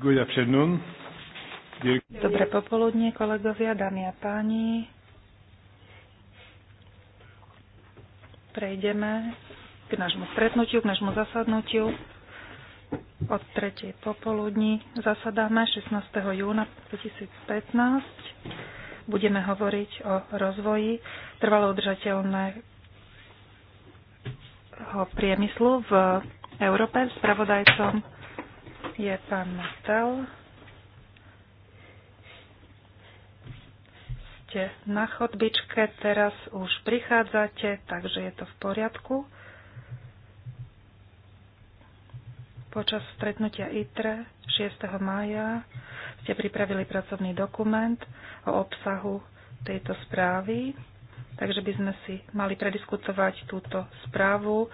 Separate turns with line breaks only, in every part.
Dobre Dobré
popoludne, kolegovia, dámy a páni. Prejdeme k nášmu stretnutiu, k nášmu zasadnutiu. Od 3. popoludní zasadáme 16. júna 2015. Budeme hovoriť o rozvoji trvalo udržateľného priemyslu v Európe. Spravodajcom je pán Mastel. Ste na chodbičke, teraz už prichádzate, takže je to v poriadku. Počas stretnutia ITRE 6. mája ste pripravili pracovný dokument o obsahu tejto správy, takže by sme si mali prediskutovať túto správu.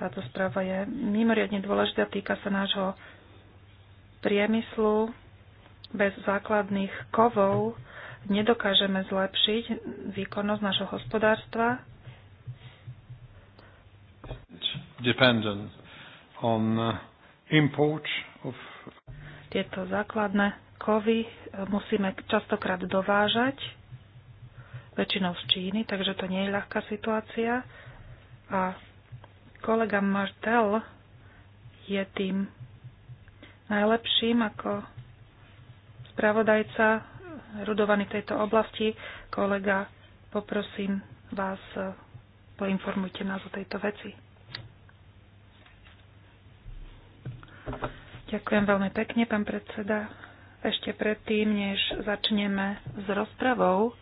Táto správa je mimoriadne dôležitá, týka sa nášho priemyslu bez základných kovov nedokážeme zlepšiť výkonnosť našho hospodárstva.
on uh, of...
Tieto základné kovy uh, musíme častokrát dovážať, väčšinou z Číny, takže to nie je ľahká situácia. A kolega Martel je tým najlepším ako spravodajca rudovaný v tejto oblasti. Kolega, poprosím vás, eh, poinformujte nás o tejto veci. Ďakujem veľmi pekne, pán predseda. Ešte predtým, než začneme s rozpravou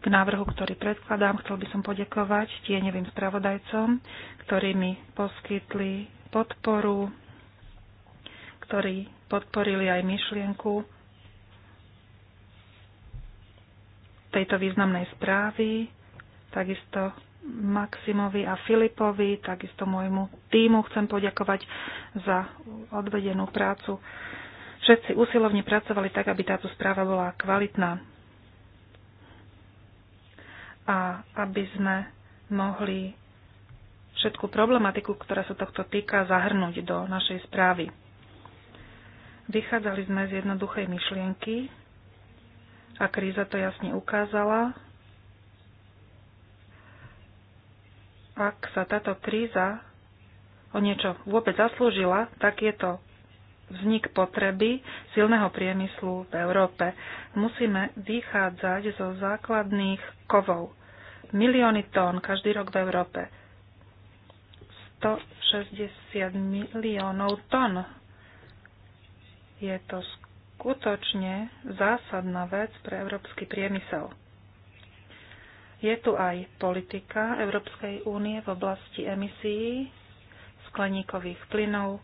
k návrhu, ktorý predkladám, chcel by som poďakovať tieňovým spravodajcom, ktorí mi poskytli podporu ktorí podporili aj myšlienku tejto významnej správy, takisto Maximovi a Filipovi, takisto môjmu týmu chcem poďakovať za odvedenú prácu. Všetci usilovne pracovali tak, aby táto správa bola kvalitná a aby sme mohli všetku problematiku, ktorá sa tohto týka, zahrnúť do našej správy. Vychádzali sme z jednoduchej myšlienky a kríza to jasne ukázala. Ak sa táto kríza o niečo vôbec zaslúžila, tak je to vznik potreby silného priemyslu v Európe. Musíme vychádzať zo základných kovov. Milióny tón každý rok v Európe. 160 miliónov tón je to skutočne zásadná vec pre európsky priemysel. Je tu aj politika Európskej únie v oblasti emisí skleníkových plynov.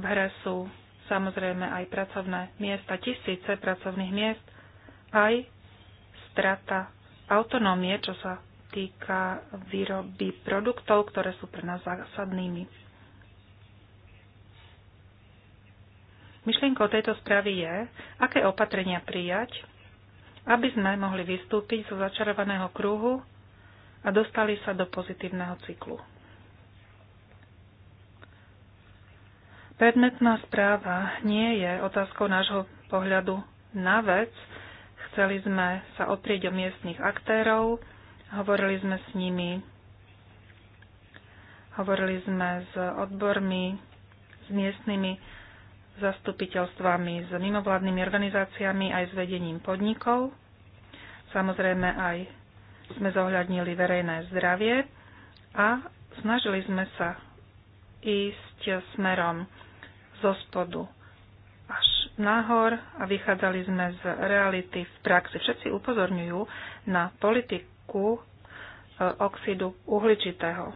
V hre sú samozrejme aj pracovné miesta, tisíce pracovných miest, aj strata autonómie, čo sa týka výroby produktov, ktoré sú pre nás zásadnými Myšlienkou tejto správy je, aké opatrenia prijať, aby sme mohli vystúpiť zo začarovaného kruhu a dostali sa do pozitívneho cyklu. Predmetná správa nie je otázkou nášho pohľadu na vec. Chceli sme sa oprieť o miestnych aktérov, hovorili sme s nimi, hovorili sme s odbormi, s miestnymi zastupiteľstvami, s mimovládnymi organizáciami aj s vedením podnikov. Samozrejme aj sme zohľadnili verejné zdravie a snažili sme sa ísť smerom zo spodu až nahor a vychádzali sme z reality v praxi. Všetci upozorňujú na politiku e, oxidu uhličitého.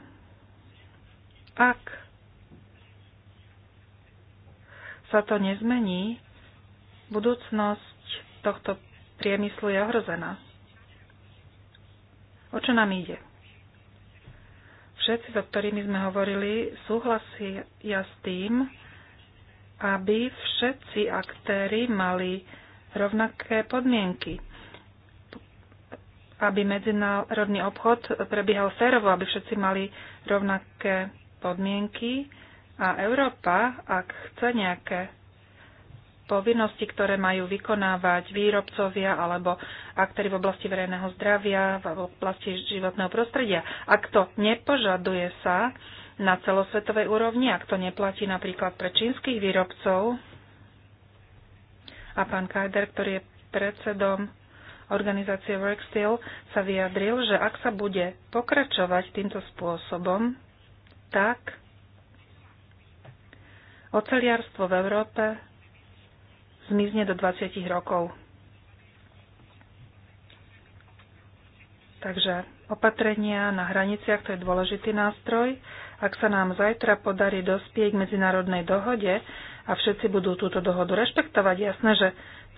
Ak sa to nezmení, budúcnosť tohto priemyslu je ohrozená. O čo nám ide? Všetci, so ktorými sme hovorili, súhlasia s tým, aby všetci aktéry mali rovnaké podmienky. Aby medzinárodný obchod prebiehal férovo, aby všetci mali rovnaké podmienky a Európa, ak chce nejaké povinnosti, ktoré majú vykonávať výrobcovia alebo aktéry v oblasti verejného zdravia, v oblasti životného prostredia. Ak to nepožaduje sa na celosvetovej úrovni, ak to neplatí napríklad pre čínskych výrobcov, a pán Kajder, ktorý je predsedom organizácie Worksteel, sa vyjadril, že ak sa bude pokračovať týmto spôsobom, tak Oceliarstvo v Európe zmizne do 20 rokov. Takže opatrenia na hraniciach to je dôležitý nástroj. Ak sa nám zajtra podarí dospieť k medzinárodnej dohode a všetci budú túto dohodu rešpektovať, jasné, že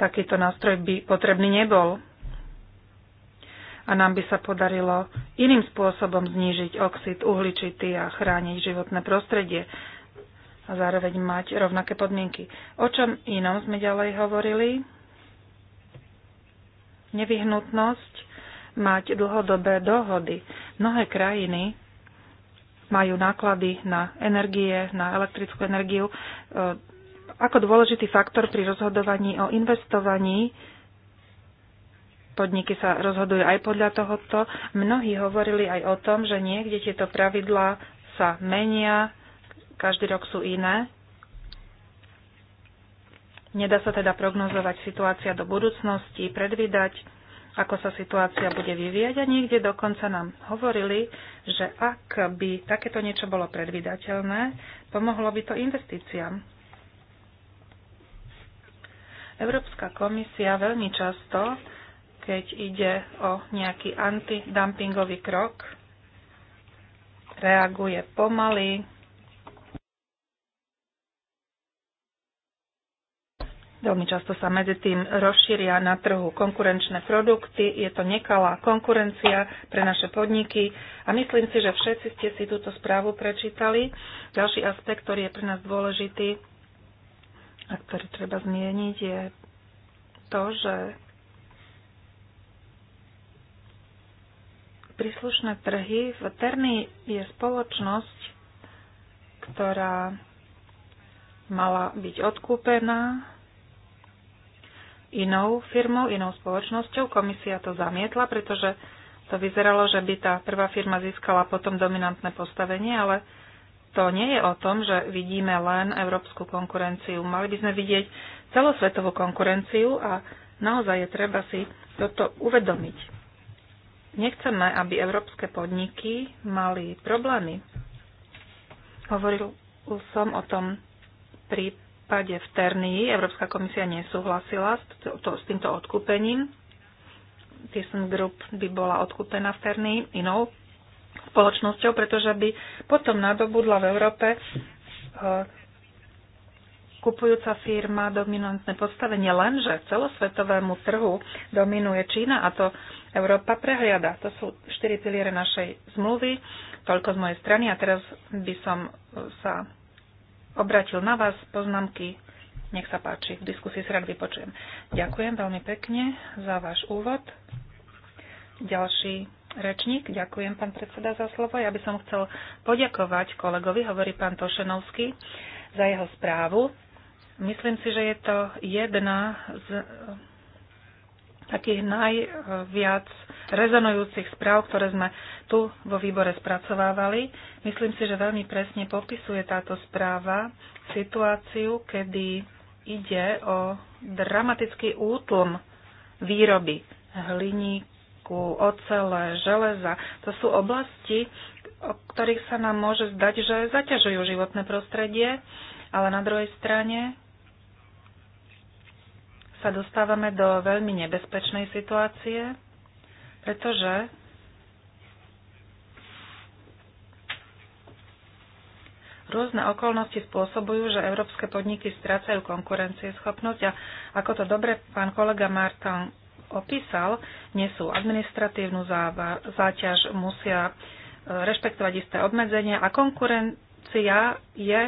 takýto nástroj by potrebný nebol. A nám by sa podarilo iným spôsobom znížiť oxid uhličitý a chrániť životné prostredie a zároveň mať rovnaké podmienky. O čom inom sme ďalej hovorili? Nevyhnutnosť mať dlhodobé dohody. Mnohé krajiny majú náklady na energie, na elektrickú energiu e, ako dôležitý faktor pri rozhodovaní o investovaní. Podniky sa rozhodujú aj podľa tohoto. Mnohí hovorili aj o tom, že niekde tieto pravidlá sa menia, každý rok sú iné. Nedá sa teda prognozovať situácia do budúcnosti, predvídať, ako sa situácia bude vyvíjať. a niekde dokonca nám hovorili, že ak by takéto niečo bolo predvídateľné, pomohlo by to investíciám. Európska komisia veľmi často, keď ide o nejaký antidumpingový krok, reaguje pomaly, Veľmi často sa medzi tým rozšíria na trhu konkurenčné produkty, je to nekalá konkurencia pre naše podniky a myslím si, že všetci ste si túto správu prečítali. Ďalší aspekt, ktorý je pre nás dôležitý a ktorý treba zmieniť, je to, že príslušné trhy v Terni je spoločnosť, ktorá mala byť odkúpená inou firmou, inou spoločnosťou. Komisia to zamietla, pretože to vyzeralo, že by tá prvá firma získala potom dominantné postavenie, ale to nie je o tom, že vidíme len európsku konkurenciu. Mali by sme vidieť celosvetovú konkurenciu a naozaj je treba si toto uvedomiť. Nechceme, aby európske podniky mali problémy. Hovoril som o tom pri prípade v Ternii Európska komisia nesúhlasila s, to, s týmto odkúpením. Thyssen Group by bola odkúpená v Ternii inou spoločnosťou, pretože by potom nadobudla v Európe e, kupujúca firma dominantné postavenie, lenže celosvetovému trhu dominuje Čína a to Európa prehliada. To sú štyri piliere našej zmluvy, toľko z mojej strany a teraz by som sa obratil na vás poznámky. Nech sa páči, v diskusii s rád vypočujem. Ďakujem veľmi pekne za váš úvod. Ďalší rečník, ďakujem pán predseda za slovo. Ja by som chcel poďakovať kolegovi, hovorí pán Tošenovský, za jeho správu. Myslím si, že je to jedna z takých najviac rezonujúcich správ, ktoré sme tu vo výbore spracovávali. Myslím si, že veľmi presne popisuje táto správa situáciu, kedy ide o dramatický útlom výroby hliníku, ocele, železa. To sú oblasti, o ktorých sa nám môže zdať, že zaťažujú životné prostredie, ale na druhej strane sa dostávame do veľmi nebezpečnej situácie, pretože Rôzne okolnosti spôsobujú, že európske podniky strácajú konkurencieschopnosť a ako to dobre pán kolega Martin opísal, nesú administratívnu záťaž, musia e, rešpektovať isté obmedzenia a konkurencia je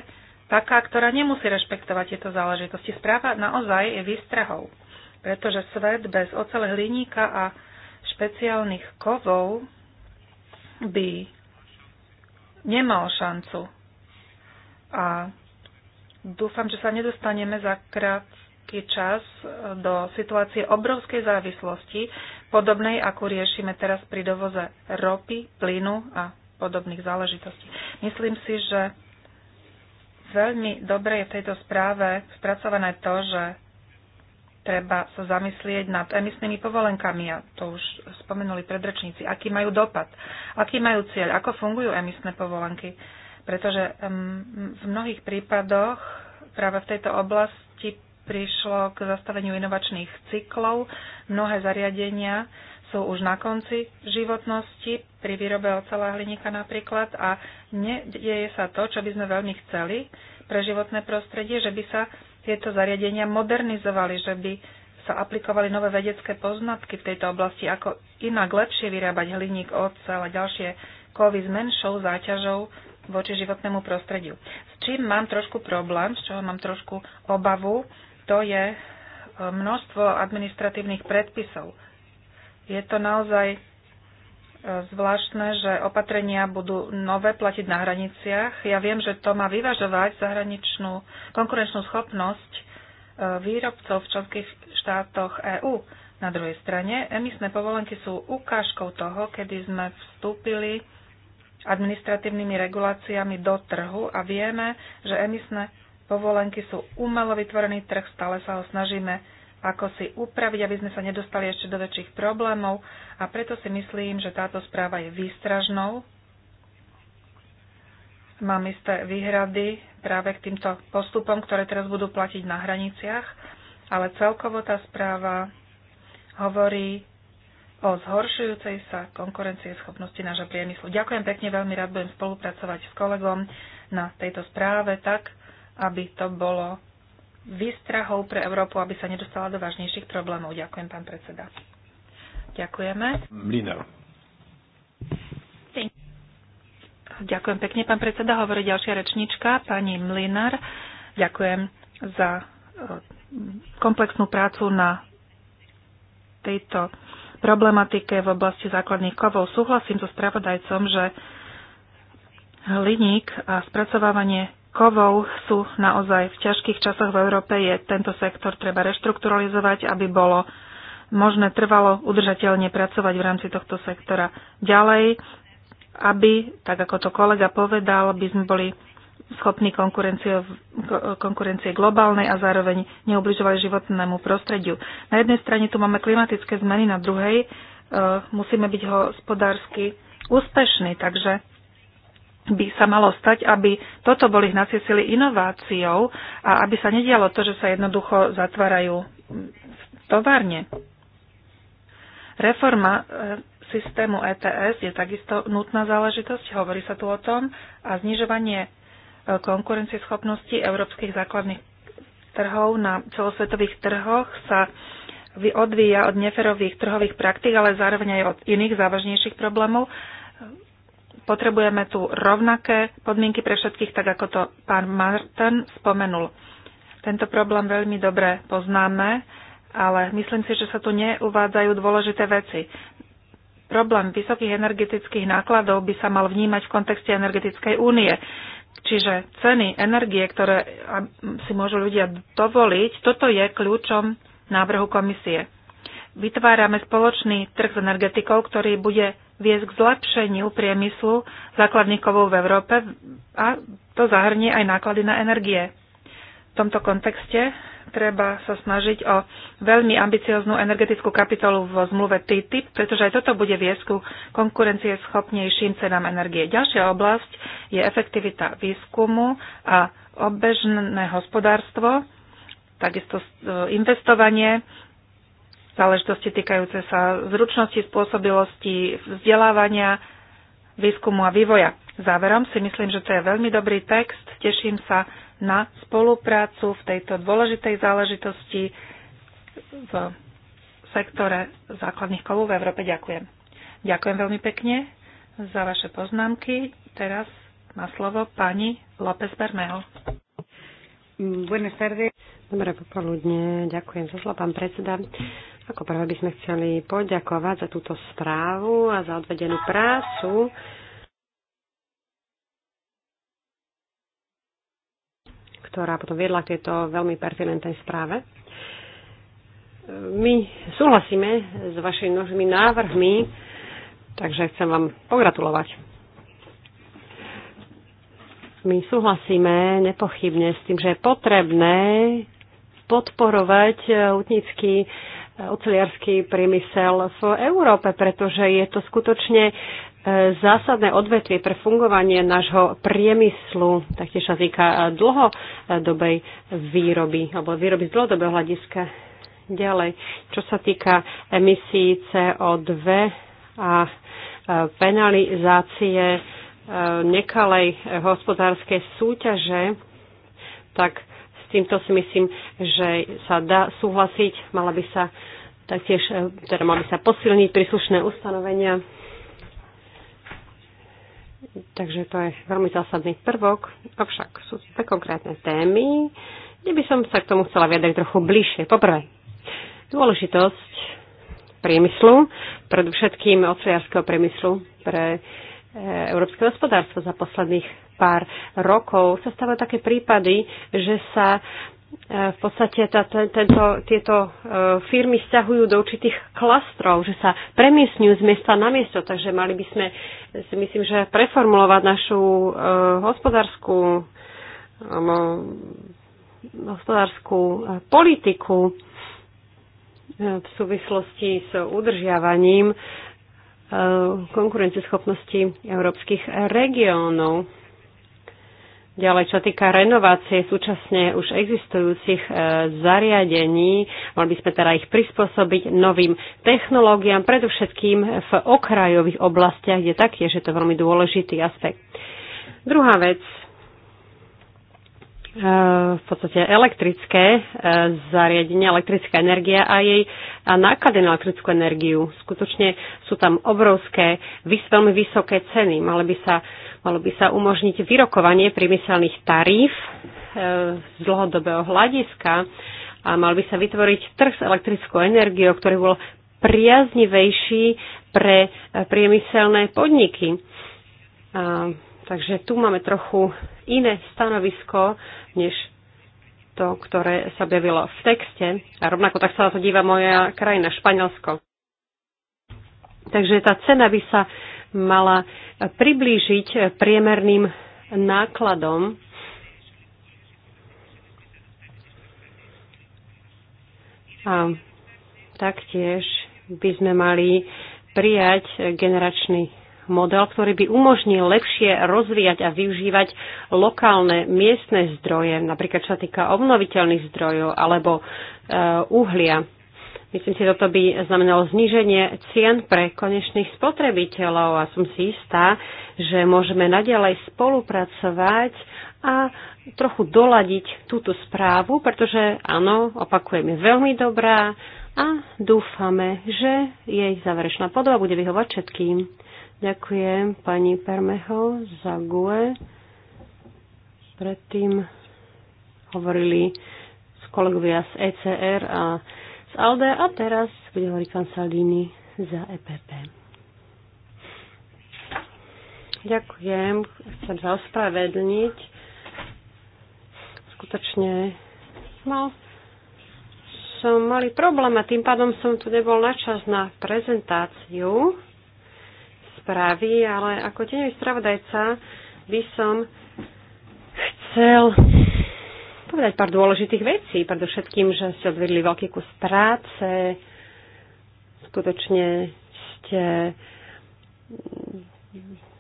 taká, ktorá nemusí rešpektovať tieto záležitosti. Správa naozaj je výstrahou, pretože svet bez ocele hliníka a špeciálnych kovov by nemal šancu. A dúfam, že sa nedostaneme za krátky čas do situácie obrovskej závislosti, podobnej, ako riešime teraz pri dovoze ropy, plynu a podobných záležitostí. Myslím si, že veľmi dobre je v tejto správe spracované to, že treba sa zamyslieť nad emisnými povolenkami, a to už spomenuli predrečníci, aký majú dopad, aký majú cieľ, ako fungujú emisné povolenky. Pretože v mnohých prípadoch práve v tejto oblasti prišlo k zastaveniu inovačných cyklov. Mnohé zariadenia sú už na konci životnosti, pri výrobe ocelá hliníka napríklad, a nedieje sa to, čo by sme veľmi chceli pre životné prostredie, že by sa tieto zariadenia modernizovali, že by sa aplikovali nové vedecké poznatky v tejto oblasti, ako inak lepšie vyrábať hliník, ocel a ďalšie kovy s menšou záťažou voči životnému prostrediu. S čím mám trošku problém, z čoho mám trošku obavu, to je e, množstvo administratívnych predpisov. Je to naozaj zvláštne, že opatrenia budú nové platiť na hraniciach. Ja viem, že to má vyvažovať zahraničnú konkurenčnú schopnosť e, výrobcov v členských štátoch EÚ. Na druhej strane, emisné povolenky sú ukážkou toho, kedy sme vstúpili administratívnymi reguláciami do trhu a vieme, že emisné povolenky sú umelo vytvorený trh, stále sa ho snažíme ako si upraviť, aby sme sa nedostali ešte do väčších problémov a preto si myslím, že táto správa je výstražnou. Mám isté výhrady práve k týmto postupom, ktoré teraz budú platiť na hraniciach, ale celkovo tá správa hovorí o zhoršujúcej sa konkurencie schopnosti nášho priemyslu. Ďakujem pekne, veľmi rád budem spolupracovať s kolegom na tejto správe tak, aby to bolo výstrahou pre Európu, aby sa nedostala do vážnejších problémov. Ďakujem, pán predseda. Ďakujeme. Mlinar. Ďakujem pekne, pán predseda. Hovorí ďalšia rečnička, pani Mlinar. Ďakujem za e, komplexnú prácu na tejto problematike v oblasti základných kovov. Súhlasím so spravodajcom, že hliník a spracovávanie kovov sú naozaj v ťažkých časoch v Európe. Je tento sektor treba reštrukturalizovať, aby bolo možné trvalo udržateľne pracovať v rámci tohto sektora ďalej, aby, tak ako to kolega povedal, by sme boli schopní konkurencie, konkurencie globálnej a zároveň neubližovali životnému prostrediu. Na jednej strane tu máme klimatické zmeny, na druhej e, musíme byť hospodársky úspešní, takže by sa malo stať, aby toto boli hnacie sily inováciou a aby sa nedialo to, že sa jednoducho zatvárajú v továrne. Reforma e, systému ETS je takisto nutná záležitosť, hovorí sa tu o tom, a znižovanie e, konkurencieschopnosti európskych základných trhov na celosvetových trhoch sa odvíja od neferových trhových praktík, ale zároveň aj od iných závažnejších problémov potrebujeme tu rovnaké podmienky pre všetkých, tak ako to pán Martin spomenul. Tento problém veľmi dobre poznáme, ale myslím si, že sa tu neuvádzajú dôležité veci. Problém vysokých energetických nákladov by sa mal vnímať v kontexte energetickej únie. Čiže ceny energie, ktoré si môžu ľudia dovoliť, toto je kľúčom návrhu komisie vytvárame spoločný trh s energetikou, ktorý bude viesť k zlepšeniu priemyslu základných kovov v Európe a to zahrnie aj náklady na energie. V tomto kontexte treba sa snažiť o veľmi ambicioznú energetickú kapitolu vo zmluve TTIP, pretože aj toto bude viesť ku schopnejším cenám energie. Ďalšia oblasť je efektivita výskumu a obežné hospodárstvo, takisto e, investovanie záležitosti týkajúce sa zručnosti, spôsobilosti, vzdelávania, výskumu a vývoja. Záverom si myslím, že to je veľmi dobrý text. Teším sa na spoluprácu v tejto dôležitej záležitosti v sektore základných kovov v Európe. Ďakujem. Ďakujem veľmi pekne za vaše poznámky. Teraz má slovo pani López Bermeho. Buenas tardes.
popoludne. Ďakujem za slovo, pán predseda. Ako prvé by sme chceli poďakovať za túto správu a za odvedenú prácu. ktorá potom viedla k tejto veľmi pertinentnej správe. My súhlasíme s vašimi mnohými návrhmi, takže chcem vám pogratulovať. My súhlasíme nepochybne s tým, že je potrebné podporovať hutnícky oceliarský priemysel v Európe, pretože je to skutočne e, zásadné odvetvie pre fungovanie nášho priemyslu, taktiež sa týka e, dlhodobej výroby, alebo výroby z dlhodobého hľadiska. Ďalej, čo sa týka emisí CO2 a e, penalizácie nekalej hospodárskej súťaže, tak s týmto si myslím, že sa dá súhlasiť. Mala by sa taktiež, e, teda mali sa posilniť príslušné ustanovenia. Takže to je veľmi zásadný prvok. Avšak sú to konkrétne témy, kde by som sa k tomu chcela vyjadriť trochu bližšie. Poprvé, dôležitosť priemyslu, predovšetkým oceliarského priemyslu pre E, európske hospodárstvo za posledných pár rokov. Sa stávajú také prípady, že sa e, v podstate tá, tento, tieto e, firmy stiahujú do určitých klastrov, že sa premiesňujú z miesta na miesto, takže mali by sme si myslím, že preformulovať našu uh, hospodárskú, um, hospodárskú politiku v súvislosti s udržiavaním Eh, konkurencieschopnosti európskych regiónov. Ďalej, čo týka renovácie súčasne už existujúcich eh, zariadení, mali by sme teda ich prispôsobiť novým technológiám, predovšetkým v okrajových oblastiach, kde taktiež je to veľmi dôležitý aspekt. Druhá vec, E, v podstate elektrické e, zariadenie, elektrická energia a jej a náklady na elektrickú energiu. Skutočne sú tam obrovské, veľmi vysoké ceny. Malo by sa, malo by sa umožniť vyrokovanie priemyselných taríf e, z dlhodobého hľadiska a mal by sa vytvoriť trh s elektrickou energiou, ktorý bol priaznivejší pre priemyselné podniky. A, takže tu máme trochu iné stanovisko, než to, ktoré sa objavilo v texte. A rovnako tak sa na to díva moja krajina, Španielsko. Takže tá cena by sa mala priblížiť priemerným nákladom A taktiež by sme mali prijať generačný model, ktorý by umožnil lepšie rozvíjať a využívať lokálne miestne zdroje, napríklad čo sa týka obnoviteľných zdrojov alebo e, uhlia. Myslím si, že toto by znamenalo zníženie cien pre konečných spotrebiteľov a som si istá, že môžeme naďalej spolupracovať a trochu doladiť túto správu, pretože áno, opakujem, je veľmi dobrá a dúfame, že jej záverečná podoba bude vyhovať všetkým. Ďakujem pani Permeho za GUE. Predtým hovorili kolegovia z ECR a z ALDE a teraz bude hovoriť pán Saldini za EPP. Ďakujem, chcem sa ospravedlniť. Skutočne, no, som mali problém a tým pádom som tu nebol na čas na prezentáciu správy, ale ako tenevý spravodajca by som chcel povedať pár dôležitých vecí. Predovšetkým, že ste odvedli veľký kus práce, skutočne ste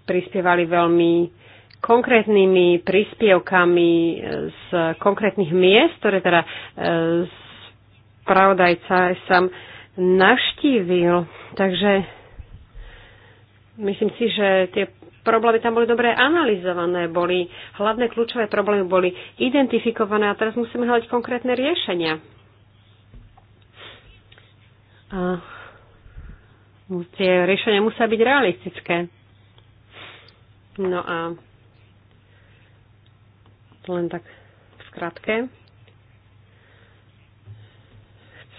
prispievali veľmi konkrétnymi príspievkami z konkrétnych miest, ktoré teda e, spravodajca aj sám naštívil. Takže Myslím si, že tie problémy tam boli dobre analyzované, boli hlavné kľúčové problémy boli identifikované a teraz musíme hľadať konkrétne riešenia. A tie riešenia musia byť realistické. No a len tak v skratke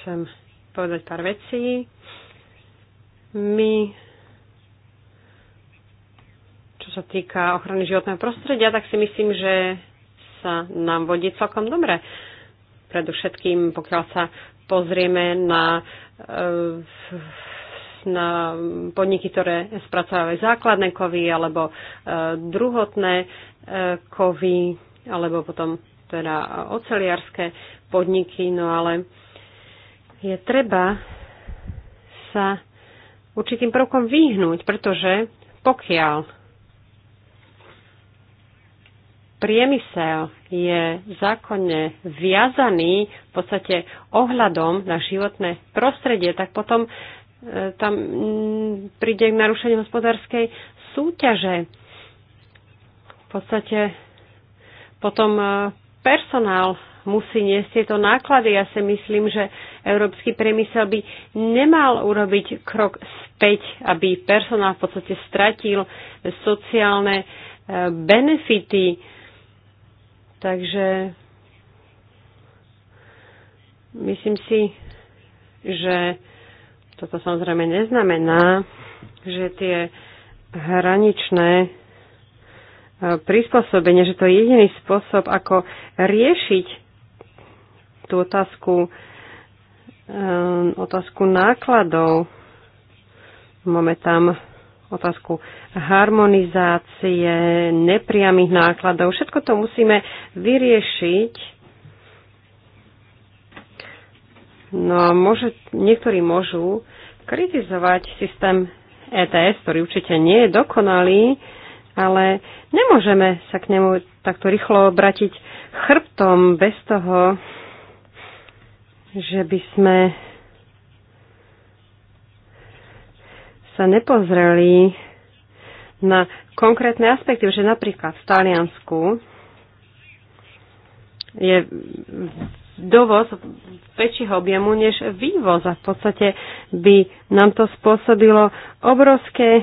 chcem povedať pár vecí. My čo sa týka ochrany životného prostredia, tak si myslím, že sa nám vodí celkom dobre. Predovšetkým, pokiaľ sa pozrieme na, e, na podniky, ktoré spracovávajú základné kovy alebo e, druhotné e, kovy, alebo potom teda oceliarské podniky, no ale je treba sa určitým prvkom vyhnúť, pretože pokiaľ priemysel je zákonne viazaný v podstate ohľadom na životné prostredie, tak potom e, tam príde k narušeniu hospodárskej súťaže. V podstate potom e, personál musí niesť tieto náklady. Ja si myslím, že európsky priemysel by nemal urobiť krok späť, aby personál v podstate stratil sociálne e, benefity Takže myslím si, že toto samozrejme neznamená, že tie hraničné e, prispôsobenie, že to je jediný spôsob, ako riešiť tú otázku, e, otázku nákladov. Máme tam otázku harmonizácie, nepriamých nákladov. Všetko to musíme vyriešiť. No a môže, niektorí môžu kritizovať systém ETS, ktorý určite nie je dokonalý, ale nemôžeme sa k nemu takto rýchlo obratiť chrbtom bez toho, že by sme sa nepozreli na konkrétne aspekty, že napríklad v Taliansku je dovoz väčšieho objemu než vývoz a v podstate by nám to spôsobilo obrovské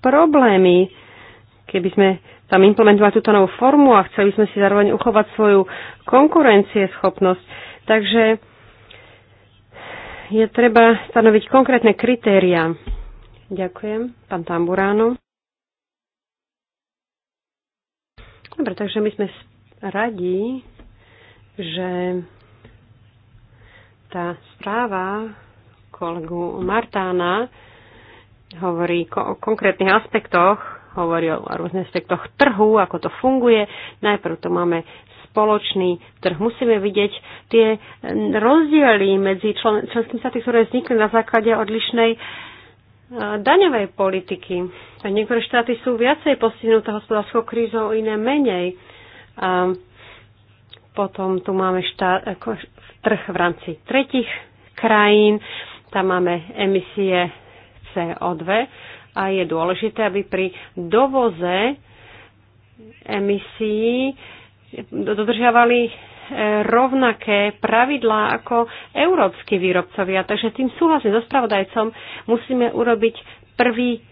problémy, keby sme tam implementovali túto novú formu a chceli sme si zároveň uchovať svoju konkurencieschopnosť. Takže je treba stanoviť konkrétne kritéria. Ďakujem. Pán Tamburáno. Dobre, takže my sme radi, že tá správa kolegu Martána hovorí o konkrétnych aspektoch, hovorí o rôznych aspektoch trhu, ako to funguje. Najprv to máme spoločný trh. Musíme vidieť tie rozdiely medzi členskými státy, ktoré vznikli na základe odlišnej daňovej politiky. A niektoré štáty sú viacej postihnuté hospodárskou krízou, iné menej. A potom tu máme štát, ako trh v rámci tretich krajín, tam máme emisie CO2 a je dôležité, aby pri dovoze emisí dodržiavali rovnaké pravidlá ako európsky výrobcovia. Takže tým súhlasím so spravodajcom, musíme urobiť prvý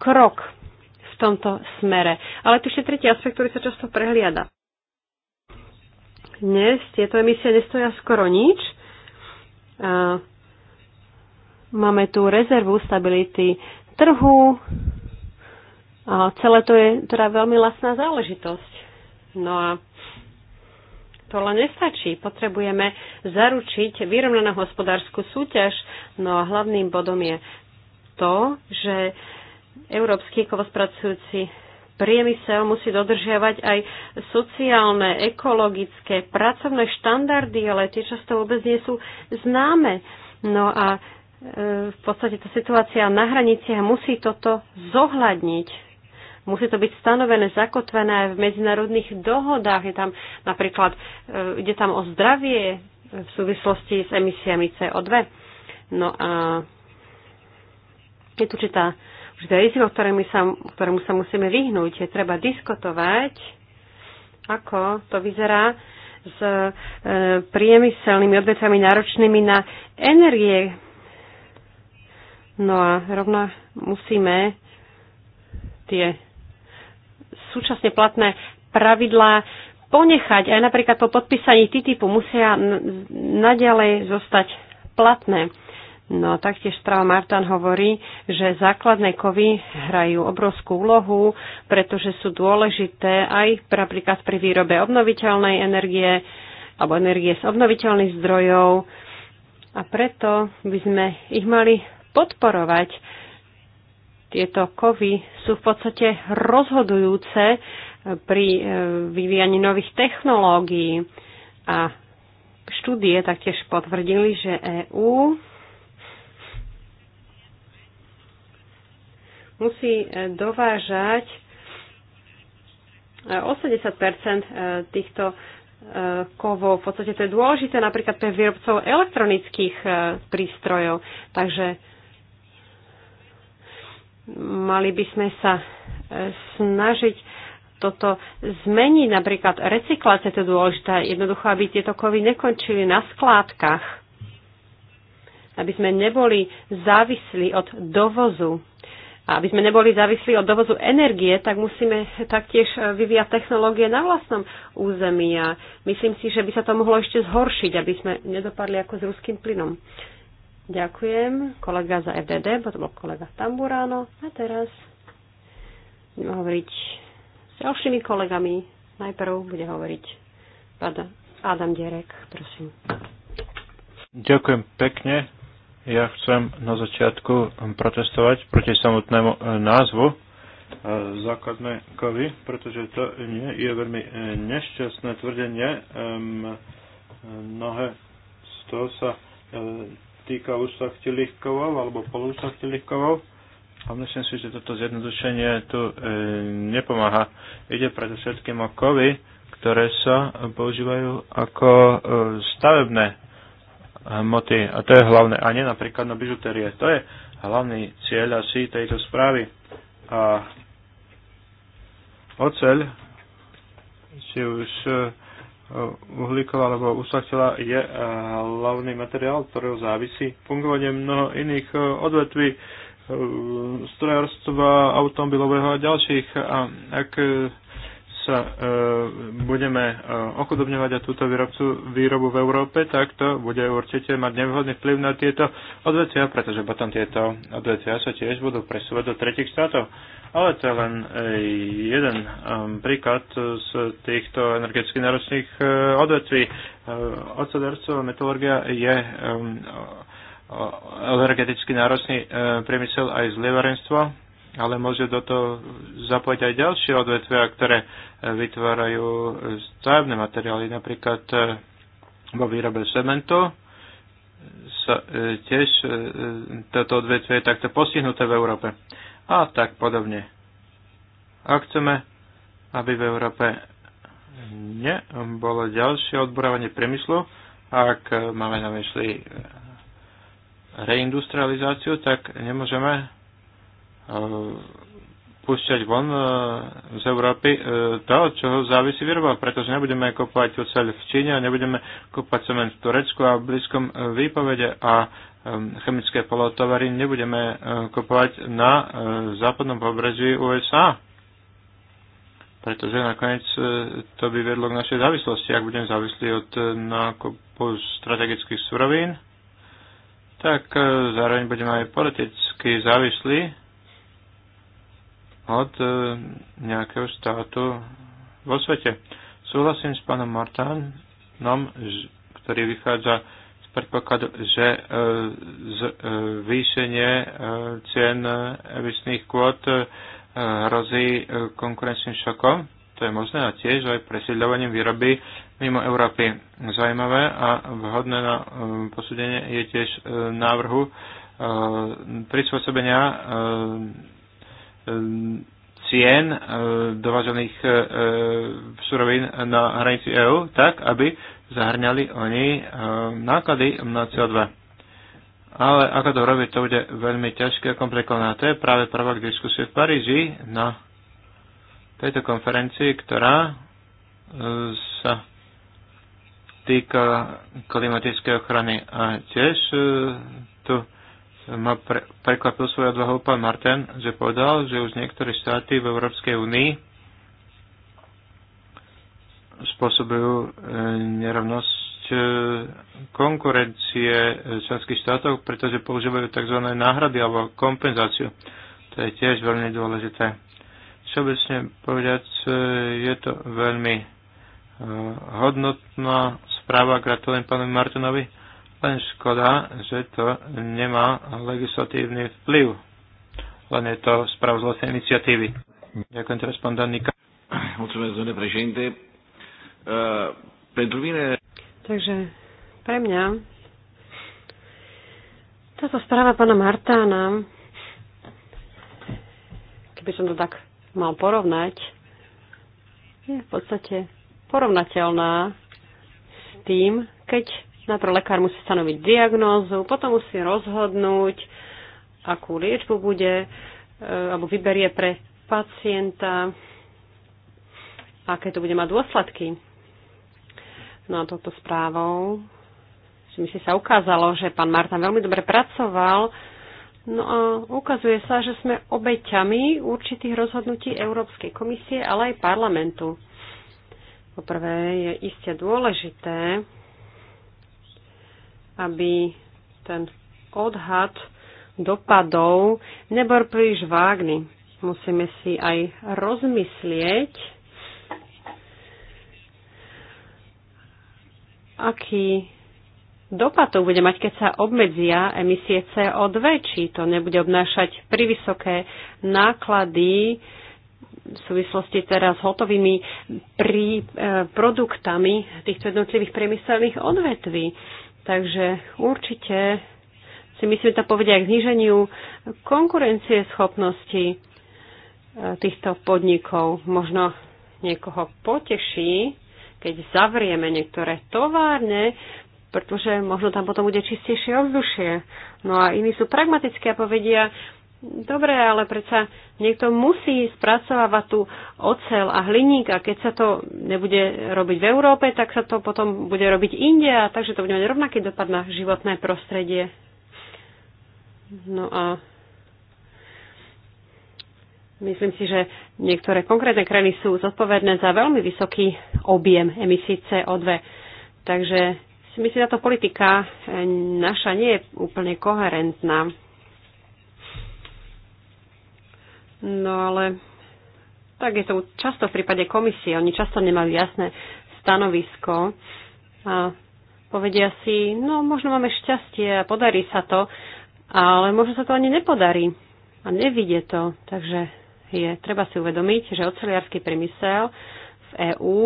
krok v tomto smere. Ale tu ešte tretí aspekt, ktorý sa často prehliada. Dnes tieto emisie nestoja skoro nič. Máme tu rezervu stability trhu. A celé to je teda veľmi lasná záležitosť. No a to len nestačí. Potrebujeme zaručiť vyrovnanú hospodárskú súťaž. No a hlavným bodom je to, že európsky kovospracujúci priemysel musí dodržiavať aj sociálne, ekologické, pracovné štandardy, ale tie často vôbec nie sú známe. No a e, v podstate tá situácia na hraniciach musí toto zohľadniť Musí to byť stanovené, zakotvené v medzinárodných dohodách. Je tam napríklad, e, ide tam o zdravie v súvislosti s emisiami CO2. No a je tu určitá, určitá riziko, ktorému sa, ktorému sa musíme vyhnúť. Je treba diskutovať, ako to vyzerá s e, priemyselnými odvetvami náročnými na energie. No a rovno musíme tie súčasne platné pravidlá ponechať. Aj napríklad po podpísaní TTIPu musia naďalej zostať platné. No a taktiež správa Martan hovorí, že základné kovy hrajú obrovskú úlohu, pretože sú dôležité aj napríklad pri výrobe obnoviteľnej energie alebo energie z obnoviteľných zdrojov. A preto by sme ich mali podporovať tieto kovy sú v podstate rozhodujúce pri e, vyvíjaní nových technológií. A štúdie taktiež potvrdili, že EÚ musí e, dovážať 80 e, týchto kovov. V podstate to je dôležité napríklad pre výrobcov elektronických prístrojov. Takže Mali by sme sa e, snažiť toto zmeniť, napríklad recyklácia to dôležité, dôležitá, jednoducho, aby tieto kovy nekončili na skládkach, aby sme neboli závislí od dovozu. A aby sme neboli závislí od dovozu energie, tak musíme taktiež vyvíjať technológie na vlastnom území. A myslím si, že by sa to mohlo ešte zhoršiť, aby sme nedopadli ako s ruským plynom. Ďakujem. Kolega za FDD, e potom bol kolega Tamburáno. A teraz budem hovoriť s ďalšími kolegami. Najprv bude hovoriť Adam Derek, prosím.
Ďakujem pekne. Ja chcem na začiatku protestovať proti samotnému e, názvu e, základné kovy, pretože to nie je veľmi nešťastné tvrdenie. Mnohé z toho sa týka úsachtých kovov alebo polúsachtých kovov. A myslím si, že toto zjednodušenie tu e, nepomáha. Ide predovšetkým o kovy, ktoré sa používajú ako e, stavebné hmoty. A to je hlavné. A nie napríklad na bižutérie. To je hlavný cieľ asi tejto správy. A oceľ si už e, uhlíková alebo usachtila je eh, hlavný materiál, ktorého závisí fungovanie mnoho iných eh, odvetví eh, strojárstva automobilového a ďalších. A ak sa e, budeme e, ochudobňovať a túto výrobcu, výrobu v Európe, tak to bude určite mať nevhodný vplyv na tieto odvetvia, pretože potom tieto odvetvia sa tiež budú presúvať do tretich štátov. Ale to je len e, jeden príklad z týchto energeticky náročných odvetví. Ocelárstvo a metalurgia je energeticky náročný priemysel aj z lievarenstvo ale môže do toho zapojiť aj ďalšie odvetvia, ktoré e, vytvárajú stavebné materiály. Napríklad e, vo výrobe cementu sa e, tiež toto odvetvie je takto postihnuté v Európe. A tak podobne. Ak chceme, aby v Európe bolo ďalšie odborovanie priemyslu, ak máme na mysli reindustrializáciu, tak nemôžeme Eh, púšťať von eh, z Európy eh, to, od čoho závisí výroba, pretože nebudeme kopať oceľ v Číne a nebudeme kopať cement v Turecku a v blízkom výpovede a chemické polotovary nebudeme kopovať na západnom pobreží USA. Pretože nakoniec to by vedlo k našej závislosti. Ak budeme závislí od nákupu strategických surovín, tak zároveň budeme aj politicky závislí od e, nejakého štátu vo svete. Súhlasím s pánom Martánom, ktorý vychádza z predpokladu, že e, e, zvýšenie cien emisných kvót hrozí konkurenčným šokom. To je možné a tiež aj presiedľovaním výroby mimo Európy. Zajímavé a vhodné na posúdenie je tiež návrhu prispôsobenia cien dovážených surovín na hranici EÚ tak, aby zahrňali oni náklady na CO2. Ale ako to robiť, to bude veľmi ťažké a komplikované. To je práve prvok diskusie v Paríži na tejto konferencii, ktorá sa týka klimatickej ochrany a tiež tu ma pre, prekvapil svoj odvahu pán Martin, že povedal, že už niektoré štáty v Európskej únii spôsobujú e, nerovnosť e, konkurencie členských štátov, pretože používajú tzv. náhrady alebo kompenzáciu. To je tiež veľmi dôležité. Všeobecne povedať, e, je to veľmi hodnotná správa. Gratulujem pánovi Martinovi len škoda, že to nemá legislatívny vplyv. Len je to správ z iniciatívy. Ďakujem teraz, pán Danika. Mulțumesc, domnule președinte. E, pentru
Takže pre mňa táto správa pána Martána, keby som to tak mal porovnať, je v podstate porovnateľná s tým, keď Najprv lekár musí stanoviť diagnózu, potom musí rozhodnúť, akú liečbu bude e, alebo vyberie pre pacienta, aké to bude mať dôsledky. No a touto správou si myslím, sa ukázalo, že pán Martin veľmi dobre pracoval. No a ukazuje sa, že sme obeťami určitých rozhodnutí Európskej komisie, ale aj parlamentu. Poprvé je iste dôležité, aby ten odhad dopadov nebol príliš vágny. Musíme si aj rozmyslieť, aký dopad to bude mať, keď sa obmedzia emisie CO2, či to nebude obnášať pri vysoké náklady v súvislosti teraz s hotovými prí, e, produktami týchto jednotlivých priemyselných odvetví. Takže určite si myslím, to povedia k zniženiu konkurencie schopnosti e, týchto podnikov. Možno niekoho poteší, keď zavrieme niektoré továrne, pretože možno tam potom bude čistejšie ovzdušie. No a iní sú pragmatické a povedia, Dobre, ale predsa niekto musí spracovávať tú ocel a hliník a keď sa to nebude robiť v Európe, tak sa to potom bude robiť inde a takže to bude mať rovnaký dopad na životné prostredie. No a myslím si, že niektoré konkrétne krajiny sú zodpovedné za veľmi vysoký objem emisí CO2. Takže si myslím, že táto politika eh, naša nie je úplne koherentná. No ale tak je to často v prípade komisie. Oni často nemajú jasné stanovisko a povedia si, no možno máme šťastie a podarí sa to, ale možno sa to ani nepodarí a nevidie to. Takže je treba si uvedomiť, že oceliarský priemysel v EÚ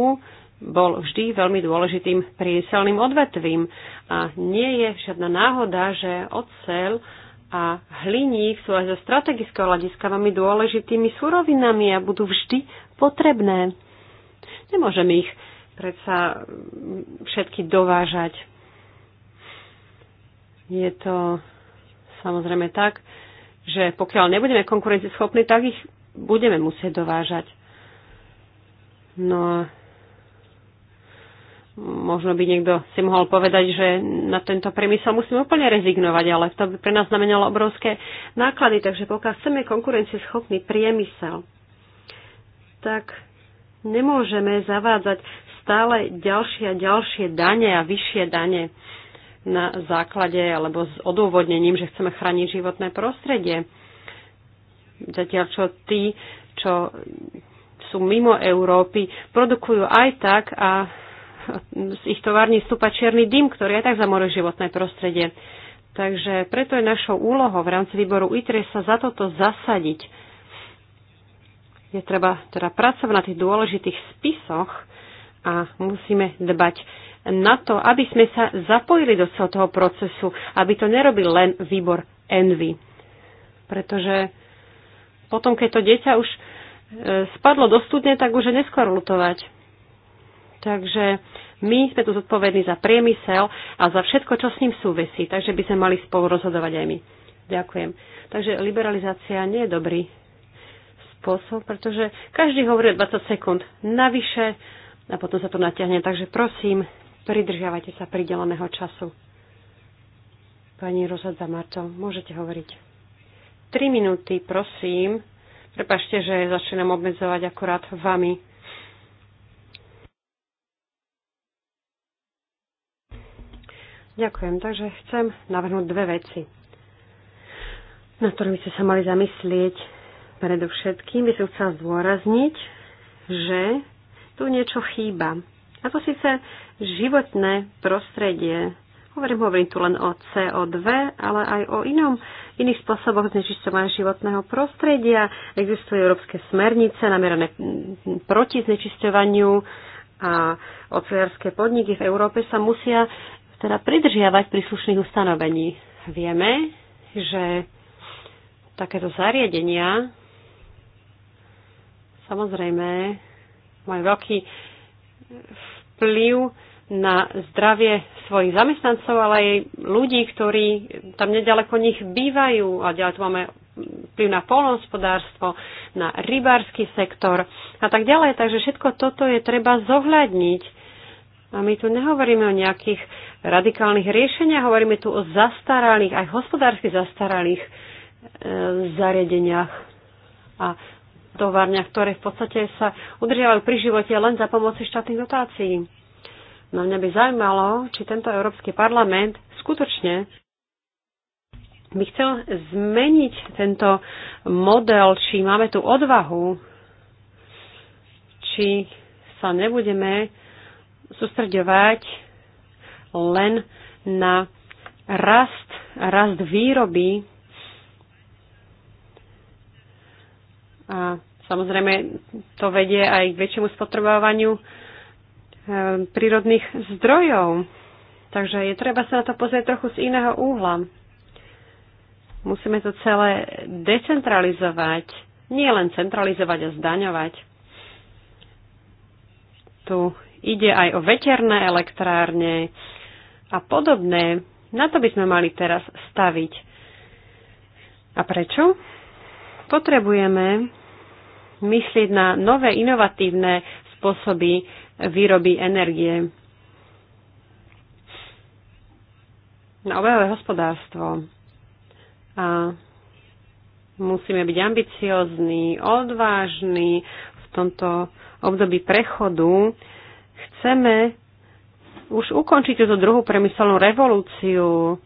bol vždy veľmi dôležitým priemyselným odvetvím a nie je žiadna náhoda, že ocel a hliník sú aj zo strategického hľadiska veľmi dôležitými surovinami a budú vždy potrebné. Nemôžeme ich predsa mm, všetky dovážať. Je to samozrejme tak, že pokiaľ nebudeme konkurencieschopní, tak ich budeme musieť dovážať. No a možno by niekto si mohol povedať, že na tento priemysel musíme úplne rezignovať, ale to by pre nás znamenalo obrovské náklady. Takže pokiaľ chceme konkurencieschopný priemysel, tak nemôžeme zavádzať stále ďalšie a ďalšie dane a vyššie dane na základe alebo s odôvodnením, že chceme chrániť životné prostredie. Zatiaľ, čo tí, čo sú mimo Európy, produkujú aj tak a z ich továrni stúpa čierny dym, ktorý aj tak zamoruje životné prostredie. Takže preto je našou úlohou v rámci výboru ITRE sa za toto zasadiť. Je treba teda pracovať na tých dôležitých spisoch a musíme dbať na to, aby sme sa zapojili do celého toho procesu, aby to nerobil len výbor Envy. Pretože potom, keď to dieťa už e, spadlo do studne, tak už je neskôr lutovať. Takže my sme tu zodpovední za priemysel a za všetko, čo s ním súvisí, takže by sme mali spolu rozhodovať aj my. Ďakujem. Takže liberalizácia nie je dobrý spôsob, pretože každý hovorí 20 sekúnd navyše a potom sa to natiahne. Takže prosím, pridržiavajte sa prideleného času. Pani Rosadza Marto, môžete hovoriť. 3 minúty, prosím. Prepašte, že začínam obmedzovať akurát vami. Ďakujem. Takže chcem navrhnúť dve veci, na by ste sa mali zamyslieť. Predovšetkým by som chcela zdôrazniť, že tu niečo chýba. A to síce životné prostredie. Hovorím, hovorím tu len o CO2, ale aj o inom, iných spôsoboch znečisťovania životného prostredia. Existujú európske smernice namerané proti znečisťovaniu a ocelárske podniky v Európe sa musia teda pridržiavať príslušných ustanovení. Vieme, že takéto zariadenia samozrejme majú veľký vplyv na zdravie svojich zamestnancov, ale aj ľudí, ktorí tam nedaleko nich bývajú. A ďalej tu máme vplyv na polnohospodárstvo, na rybársky sektor a tak ďalej. Takže všetko toto je treba zohľadniť. A my tu nehovoríme o nejakých radikálnych riešeniach, hovoríme tu o zastaralých, aj hospodársky zastaralých e, zariadeniach a továrniach, ktoré v podstate sa udržiavajú pri živote len za pomoci štátnych dotácií. No mňa by zaujímalo, či tento Európsky parlament skutočne by chcel zmeniť tento model, či máme tu odvahu, či sa nebudeme sústreďovať len na rast, rast výroby a samozrejme to vedie aj k väčšiemu spotrebovaniu eh, prírodných zdrojov. Takže je treba sa na to pozrieť trochu z iného úhla. Musíme to celé decentralizovať, nie len centralizovať a zdaňovať. Tu Ide aj o veterné elektrárne a podobné. Na to by sme mali teraz staviť. A prečo? Potrebujeme myslieť na nové inovatívne spôsoby výroby energie. Na obehové hospodárstvo. A musíme byť ambiciozní, odvážni v tomto období prechodu Chceme už ukončiť túto druhú premyselnú revolúciu.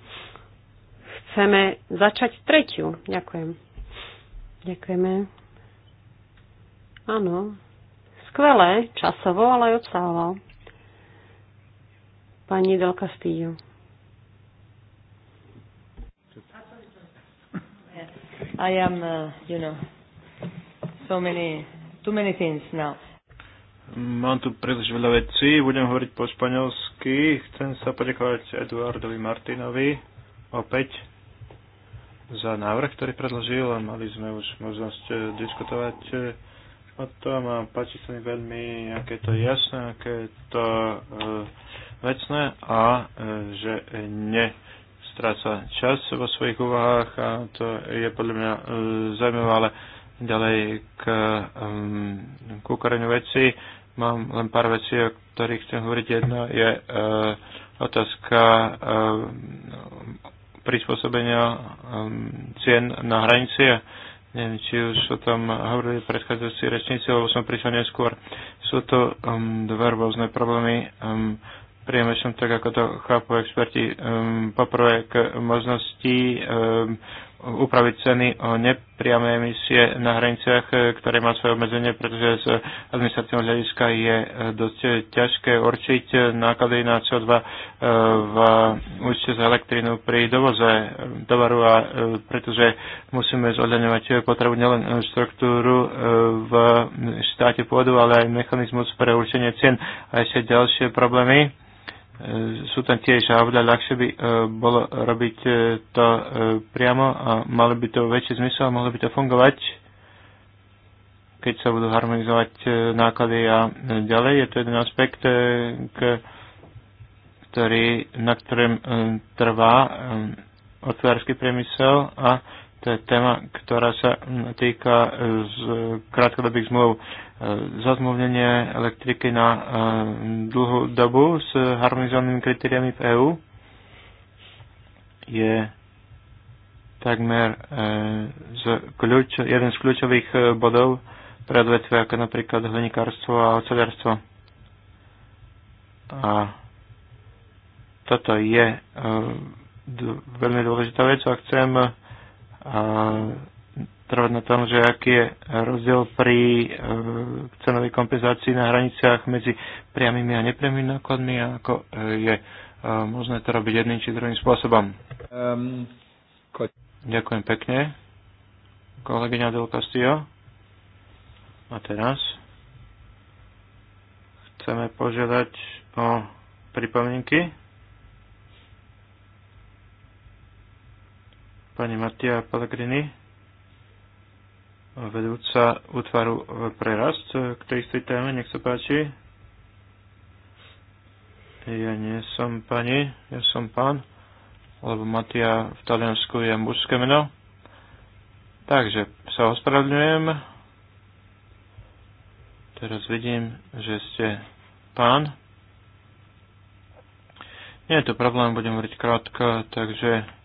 Chceme začať tretiu. Ďakujem. Ďakujeme. Áno. Skvelé, časovo, ale aj obsahovo. Pani Del Castillo. I am, uh, you know, so many, too many things now.
Mám tu príliš veľa vecí, budem hovoriť po španielsky. Chcem sa poďakovať Eduardovi Martinovi opäť za návrh, ktorý predložil a mali sme už možnosť eh, diskutovať eh, o tom a páči sa mi veľmi, aké to je jasné, aké je to e, vecné a e, že ne stráca čas vo svojich úvahách a to je podľa mňa e, zaujímavé, ale ďalej k um, kúkoreniu veci. Mám len pár vecí, o ktorých chcem hovoriť. Jedna je e, otázka e, prispôsobenia e, cien na hranici. Neviem, či už o tom hovorili predchádzajúci rečníci, lebo som prišiel neskôr. Sú to um, dva rôzne problémy. Um, som tak, ako to chápu experti. Um, poprvé k možnosti um, upraviť ceny o nepriame emisie na hraniciach, ktoré má svoje obmedzenie, pretože z administratívneho hľadiska je e, dosť ťažké určiť náklady na CO2 e, v účte za elektrínu pri dovoze e, tovaru a pretože musíme zohľadňovať potrebu nielen štruktúru v štáte pôdu, ale aj mechanizmus pre určenie cien a ešte ďalšie problémy sú tam tiež a oveľa ľahšie by e, bolo robiť e, to e, priamo a malo by to väčší zmysel a mohlo by to fungovať, keď sa budú harmonizovať náklady a ďalej. Je to jeden aspekt, ktorý, na ktorom trvá otvársky priemysel a to je téma, ktorá sa týka e, z krátkodobých zmluv e, zazmluvnenie elektriky na e, dlhú dobu s harmonizovanými kritériami v EÚ je takmer z kľúč, jeden z kľúčových bodov pre odvetve, ako napríklad hlinikárstvo a oceliarstvo. A toto je veľmi dôležitá vec a chcem trvať na tom, že aký je rozdiel pri eh, cenovej kompenzácii na hraniciach medzi priamými a nepriamými nákladmi a ako eh, je eh, možné to robiť jedným či druhým spôsobom.
Um, ko-
Ďakujem pekne. Kolegyňa Del Castillo. A teraz chceme požiadať o pripomienky. pani Mattia Pellegrini, vedúca útvaru prerast k tej istej téme, nech sa páči. Ja nie som pani, ja som pán, lebo Matia v Taliansku je mužské meno. Takže sa ospravedlňujem. Teraz vidím, že ste pán. Nie je to problém, budem hovoriť krátko, takže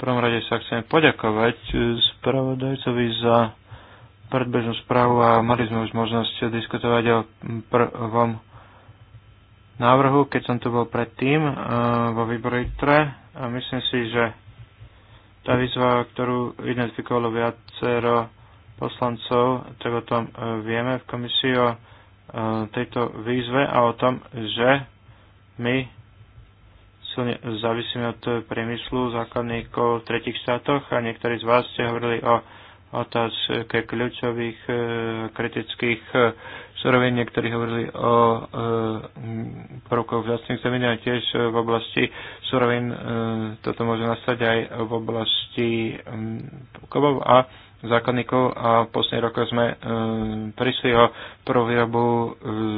prvom rade sa chcem poďakovať eh, spravodajcovi za predbežnú správu a mali sme už možnosť diskutovať o prvom návrhu, keď som tu bol predtým eh, vo výbore ITRE a myslím si, že tá výzva, ktorú identifikovalo viacero poslancov, tak o tom eh, vieme v komisii o tejto výzve a o tom, že my silne závisíme od priemyslu základníkov v tretich štátoch a niektorí z vás ste hovorili o otázke kľúčových e, kritických e, surovín. Niektorí hovorili o e, prvkoch vlastných zemín a tiež v oblasti surovín. E, toto môže nastať aj v oblasti e, kovov a základníkov a v posledných rokoch sme e, prišli o prvú výrobu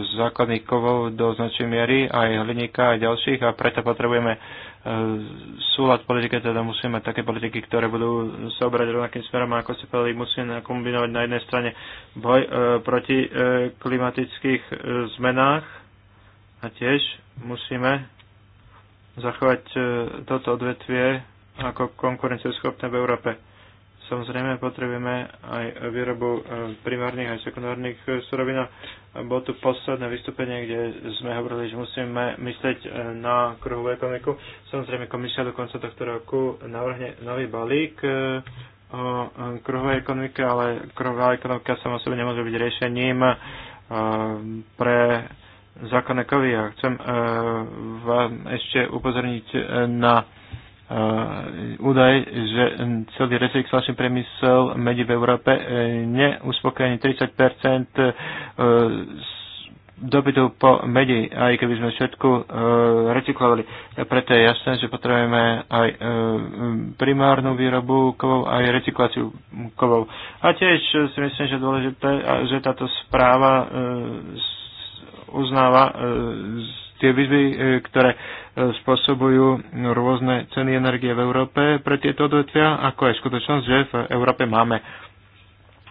e, do značnej miery, aj hliníka, aj ďalších a preto potrebujeme e, súlad politike, teda musíme také politiky, ktoré budú sa obrať rovnakým smerom a ako ste povedali, musíme kombinovať na jednej strane boj e, proti e, klimatických e, zmenách a tiež musíme zachovať e, toto odvetvie ako konkurencieschopné v Európe Samozrejme, potrebujeme aj výrobu e, primárnych aj sekundárnych e, surovín. Bolo tu posledné vystúpenie, kde sme hovorili, že musíme myslieť e, na kruhovú ekonomiku. Samozrejme, komisia do konca tohto roku navrhne nový balík o kruhovej ekonomike, ale kruhová ekonomika sama sebe nemôže byť riešením pre zákonné kovy. Ja chcem vám ešte upozorniť na Eh, údaj, že celý recyklačný priemysel medí v Európe eh, neuspokojený 30 eh, dobytu po medi, aj keby sme všetko recyklovali. Preto je jasné, že potrebujeme aj primárnu výrobu kovov, aj recykláciu kovov. A tiež si myslím, že dôležité, že táto správa uznáva z tie výzvy, e, ktoré e, spôsobujú rôzne ceny energie v Európe pre tieto odvetvia, ako aj skutočnosť, že v Európe máme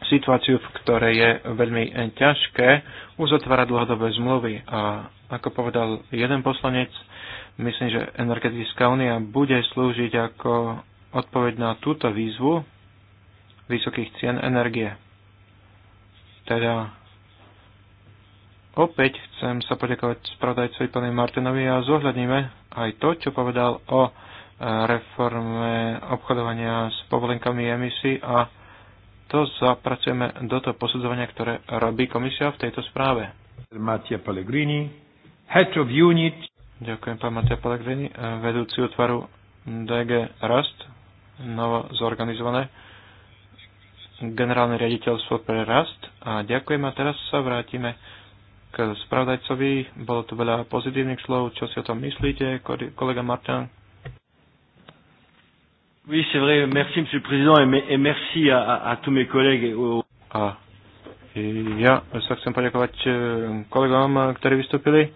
situáciu, v ktorej je veľmi e, ťažké uzatvárať dlhodobé zmluvy. A ako povedal jeden poslanec, myslím, že Energetická únia bude slúžiť ako odpoveď na túto výzvu vysokých cien energie. Teda Opäť chcem sa poďakovať spravodajcovi pani Martinovi a zohľadníme aj to, čo povedal o e, reforme obchodovania s povolenkami emisí a to zapracujeme do toho posudzovania, ktoré robí komisia v tejto správe. Matia Pellegrini, Head of Unit. Ďakujem, pán Matia Pellegrini, e, vedúci otvaru DG Rast, novo zorganizované generálne riaditeľstvo pre Rast. A ďakujem a teraz sa vrátime k spravodajcovi. Bolo tu veľa pozitívnych slov. Čo si o tom myslíte, kolega Martin? Oui, c'est vrai. Merci, Monsieur le Président, et, et merci à, à, à tous mes collègues. A ja sa chcem poďakovať eh, kolegom, ktorí vystúpili.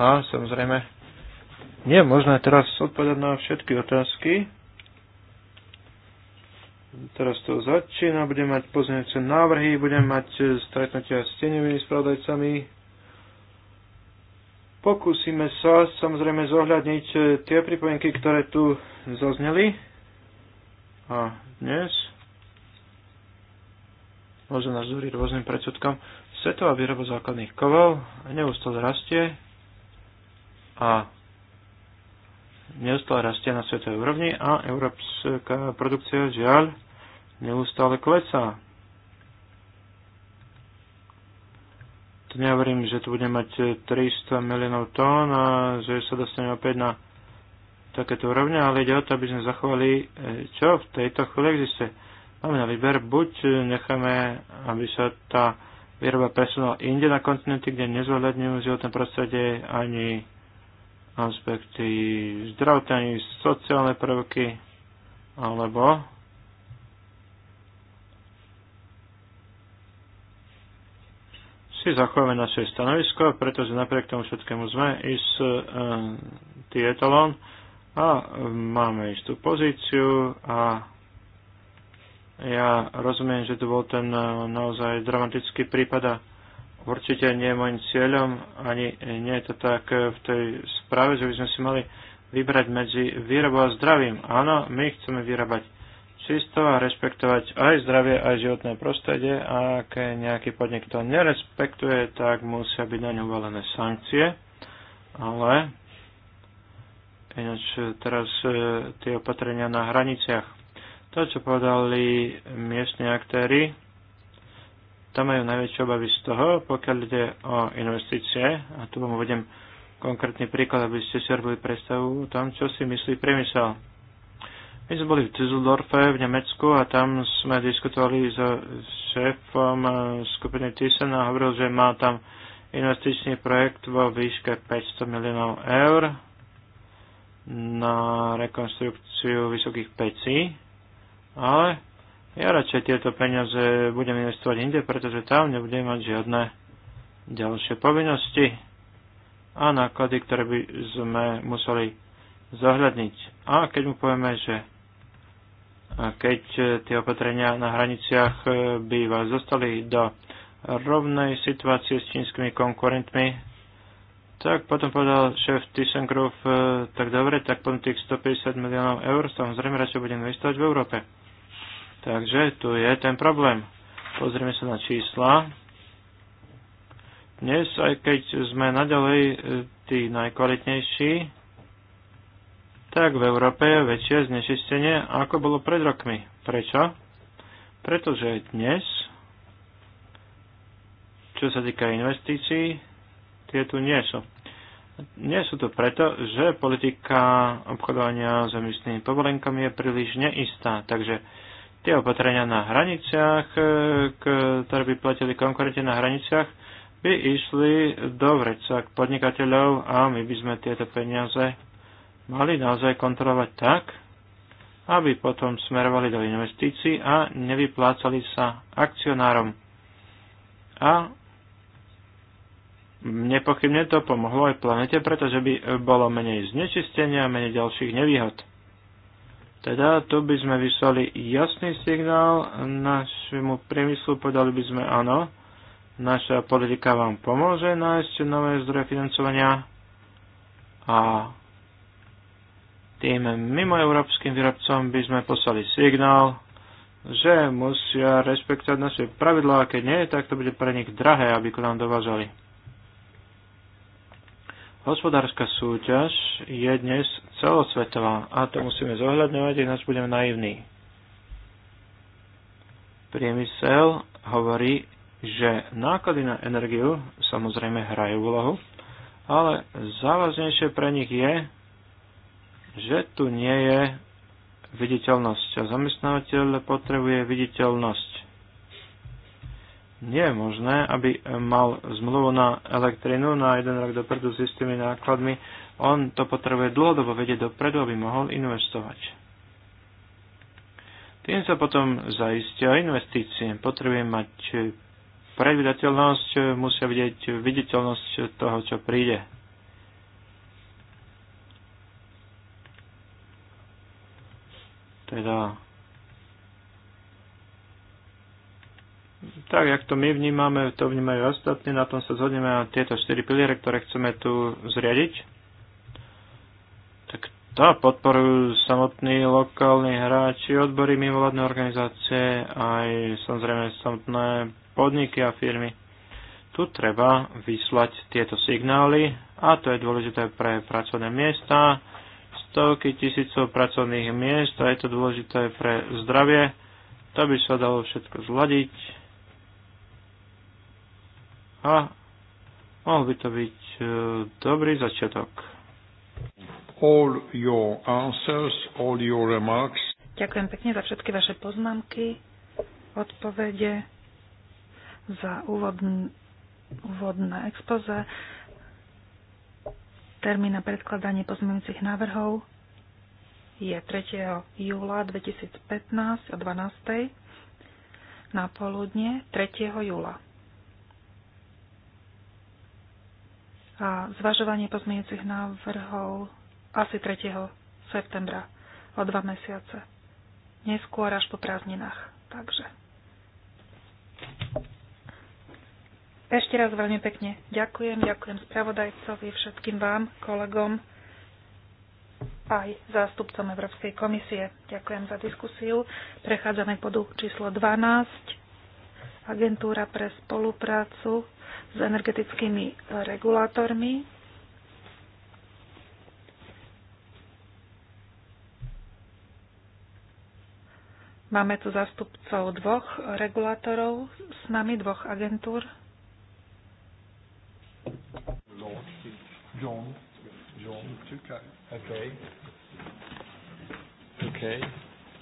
A samozrejme, nie je možné teraz odpovedať na všetky otázky teraz to začína, budem mať pozrieť návrhy, budem mať e, stretnutia s tenevými spravodajcami. Pokúsime sa samozrejme zohľadniť e, tie pripomienky, ktoré tu zazneli. A dnes môže nás zúriť rôznym predsudkom. Svetová výroba základných kovov neustále rastie a neustále rastie na svetovej úrovni a európska produkcia žiaľ neustále klesá. To nehovorím, že tu bude mať 300 miliónov tón a že sa dostaneme opäť na takéto úrovne, ale ide o to, aby sme zachovali, e, čo v tejto chvíli existuje. Máme na výber, buď necháme, aby sa tá výroba presunula inde na kontinente, kde nezohľadňujú životné prostredie ani aspekty zdravotnej, sociálne prvky, alebo si zachováme naše stanovisko, pretože napriek tomu všetkému sme i s e, tietalon a máme istú pozíciu a ja rozumiem, že to bol ten e, naozaj dramatický prípad a Určite nie je môjim cieľom, ani nie je to tak v tej správe, že by sme si mali vybrať medzi výrobou a zdravím. Áno, my chceme vyrábať čisto a rešpektovať aj zdravie, aj životné prostredie a ak nejaký podnik to nerespektuje, tak musia byť na ňu uvalené sankcie. Ale ináč teraz e, tie opatrenia na hraniciach. To, čo povedali miestni aktéry, tam majú najväčšie obavy z toho, pokiaľ ide o investície. A tu vám uvedem konkrétny príklad, aby ste si robili predstavu o tom, čo si myslí priemysel. My sme boli v Düsseldorfe v Nemecku a tam sme diskutovali so šéfom e, skupiny Thyssen a hovoril, že má tam investičný projekt vo výške 500 miliónov eur na rekonstrukciu vysokých pecí, ale ja radšej tieto peniaze budem investovať inde, pretože tam nebudem mať žiadne ďalšie povinnosti a náklady, ktoré by sme museli zohľadniť. A keď mu povieme, že keď tie opatrenia na hraniciach by vás zostali do rovnej situácie s čínskymi konkurentmi, tak potom povedal šéf ThyssenKrupp, tak dobre, tak potom tých 150 miliónov eur samozrejme radšej budem investovať v Európe. Takže tu je ten problém. Pozrieme sa na čísla. Dnes, aj keď sme naďalej e, tí najkvalitnejší, tak v Európe je väčšie znečistenie, ako bolo pred rokmi. Prečo? Pretože dnes, čo sa týka investícií, tie tu nie sú. Nie sú to preto, že politika obchodovania s emisnými povolenkami je príliš neistá, takže tie opatrenia na hraniciach, e, ktoré by platili konkurente na hraniciach, by išli do vreca k podnikateľov a my by sme tieto peniaze mali naozaj kontrolovať tak, aby potom smerovali do investícií a nevyplácali sa akcionárom. A nepochybne to pomohlo aj planete, pretože by bolo menej znečistenia a menej ďalších nevýhod. Teda tu by sme vyslali jasný signál našemu priemyslu, povedali by sme áno, naša politika vám pomôže nájsť nové zdroje financovania a tým mimo európskym výrobcom by sme poslali signál, že musia rešpektovať naše pravidlá a keď nie, tak to bude pre nich drahé, aby k nám dovážali. Hospodárska súťaž je dnes celosvetová a to musíme zohľadňovať, ináč budeme naivní. Priemysel hovorí, že náklady na energiu samozrejme hrajú úlohu, ale závaznejšie pre nich je, že tu nie je viditeľnosť a zamestnávateľ potrebuje viditeľnosť. Nie je možné, aby mal zmluvu na elektrinu na jeden rok dopredu s istými nákladmi on to potrebuje dlhodobo vedieť dopredu, aby mohol investovať. Tým sa potom zaistia investície. Potrebuje mať predvydateľnosť, musia vidieť viditeľnosť toho, čo príde. Teda tak, jak to my vnímame, to vnímajú ostatní, na tom sa zhodneme na tieto 4 piliere, ktoré chceme tu zriadiť to podporujú samotní lokálni hráči, odbory, mimovládne organizácie, aj samozrejme samotné podniky a firmy. Tu treba vyslať tieto signály a to je dôležité pre pracovné miesta, stovky tisícov pracovných miest a je to dôležité pre zdravie. To by sa dalo všetko zladiť a mohol by to byť e, dobrý začiatok all your answers, all your remarks.
Ďakujem pekne za všetky vaše poznámky, odpovede, za úvodn, úvodné expoze, termín na predkladanie pozmeňujúcich návrhov je 3. júla 2015 o 12. na poludne 3. júla. A zvažovanie pozmeňujúcich návrhov asi 3. septembra o dva mesiace. Neskôr až po prázdninách. Takže. Ešte raz veľmi pekne ďakujem, ďakujem spravodajcovi, všetkým vám, kolegom, aj zástupcom Európskej komisie. Ďakujem za diskusiu. Prechádzame k bodu číslo 12. Agentúra pre spoluprácu s energetickými regulátormi. Máme tu zastupcov dvoch regulátorov s nami, dvoch agentúr.
John. John. Okay. Okay.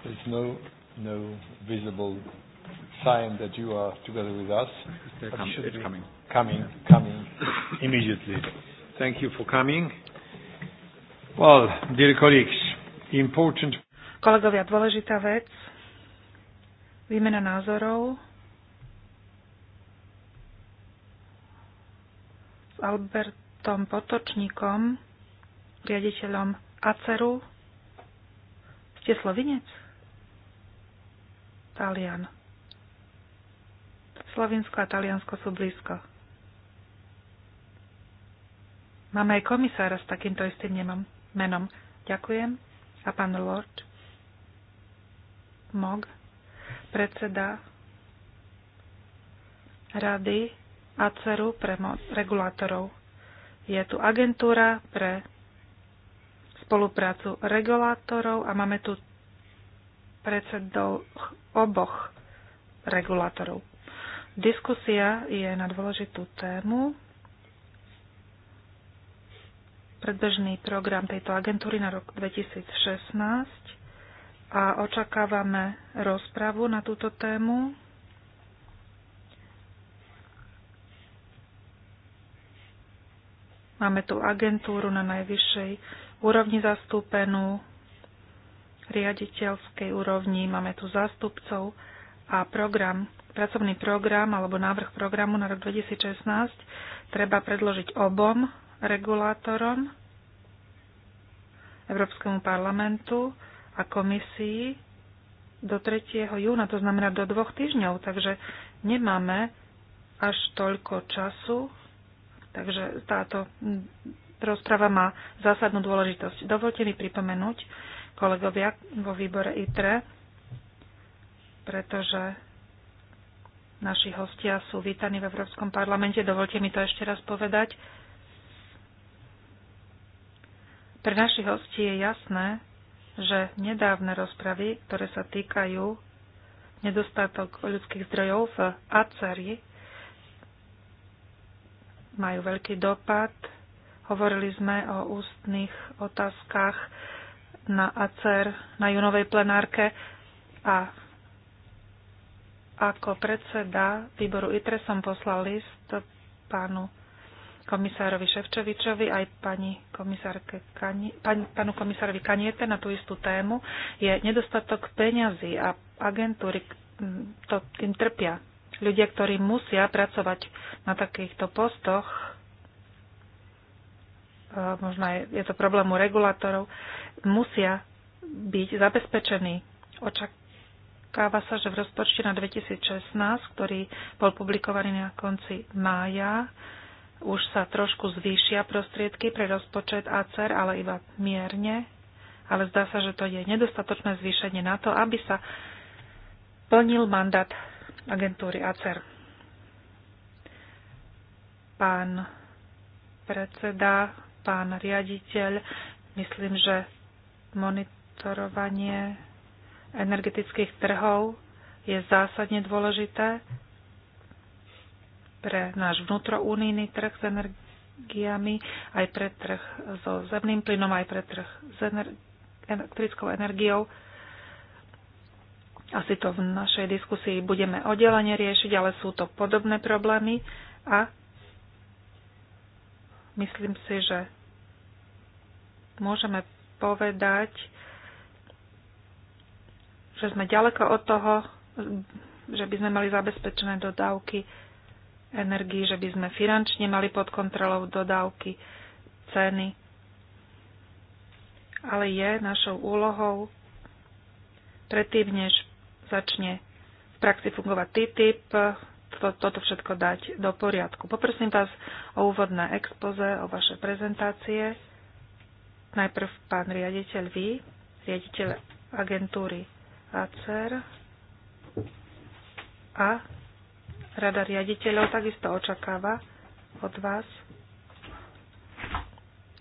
There's no, no visible
sign that you are together with us. They're com- it's coming. Coming, coming immediately. Thank you for coming. Well, dear colleagues, important...
Kolegovia, dôležitá vec výmena názorov s Albertom Potočníkom, riaditeľom ACERu. Ste slovinec? Talian. Slovinsko a Taliansko sú blízko. Máme aj komisára s takýmto istým nemom, menom. Ďakujem. A pán Lord? Mog? predseda rady ACERu pre regulátorov. Je tu agentúra pre spoluprácu regulátorov a máme tu predsedov oboch regulátorov. Diskusia je na dôležitú tému. Predbežný program tejto agentúry na rok 2016 a očakávame rozpravu na túto tému. Máme tu agentúru na najvyššej úrovni zastúpenú, riaditeľskej úrovni, máme tu zástupcov a program, pracovný program alebo návrh programu na rok 2016 treba predložiť obom regulátorom Európskemu parlamentu a komisii do 3. júna, to znamená do dvoch týždňov, takže nemáme až toľko času, takže táto rozprava má zásadnú dôležitosť. Dovolte mi pripomenúť, kolegovia vo výbore ITRE, pretože naši hostia sú vítaní v Európskom parlamente. Dovolte mi to ešte raz povedať. Pre našich hostí je jasné, že nedávne rozpravy, ktoré sa týkajú nedostatok ľudských zdrojov v ACERI, majú veľký dopad. Hovorili sme o ústnych otázkach na ACER, na junovej plenárke a ako predseda výboru ITRE som poslal list pánu komisárovi Ševčovičovi aj pani komisárke Kani, pani, panu komisárovi Kaniete na tú istú tému je nedostatok peňazí a agentúry mm, to tým trpia. Ľudia, ktorí musia pracovať na takýchto postoch, e, možno aj je to problém u regulátorov, musia byť zabezpečení. Očakáva sa, že v rozpočte na 2016, ktorý bol publikovaný na konci mája, už sa trošku zvýšia prostriedky pre rozpočet ACER, ale iba mierne. Ale zdá sa, že to je nedostatočné zvýšenie na to, aby sa plnil mandát agentúry ACER. Pán predseda, pán riaditeľ, myslím, že monitorovanie energetických trhov je zásadne dôležité pre náš vnútrounijný trh s energiami, aj pre trh so zemným plynom, aj pre trh s elektrickou energiou. Asi to v našej diskusii budeme oddelenie riešiť, ale sú to podobné problémy a myslím si, že môžeme povedať, že sme ďaleko od toho, že by sme mali zabezpečené dodávky energii, že by sme finančne mali pod kontrolou dodávky, ceny. Ale je našou úlohou predtým, než začne v praxi fungovať TTIP, to, toto všetko dať do poriadku. Poprosím vás o úvodné expoze, o vaše prezentácie. Najprv pán riaditeľ vy, riaditeľ agentúry ACER a Rada riaditeľov takisto očakáva od vás,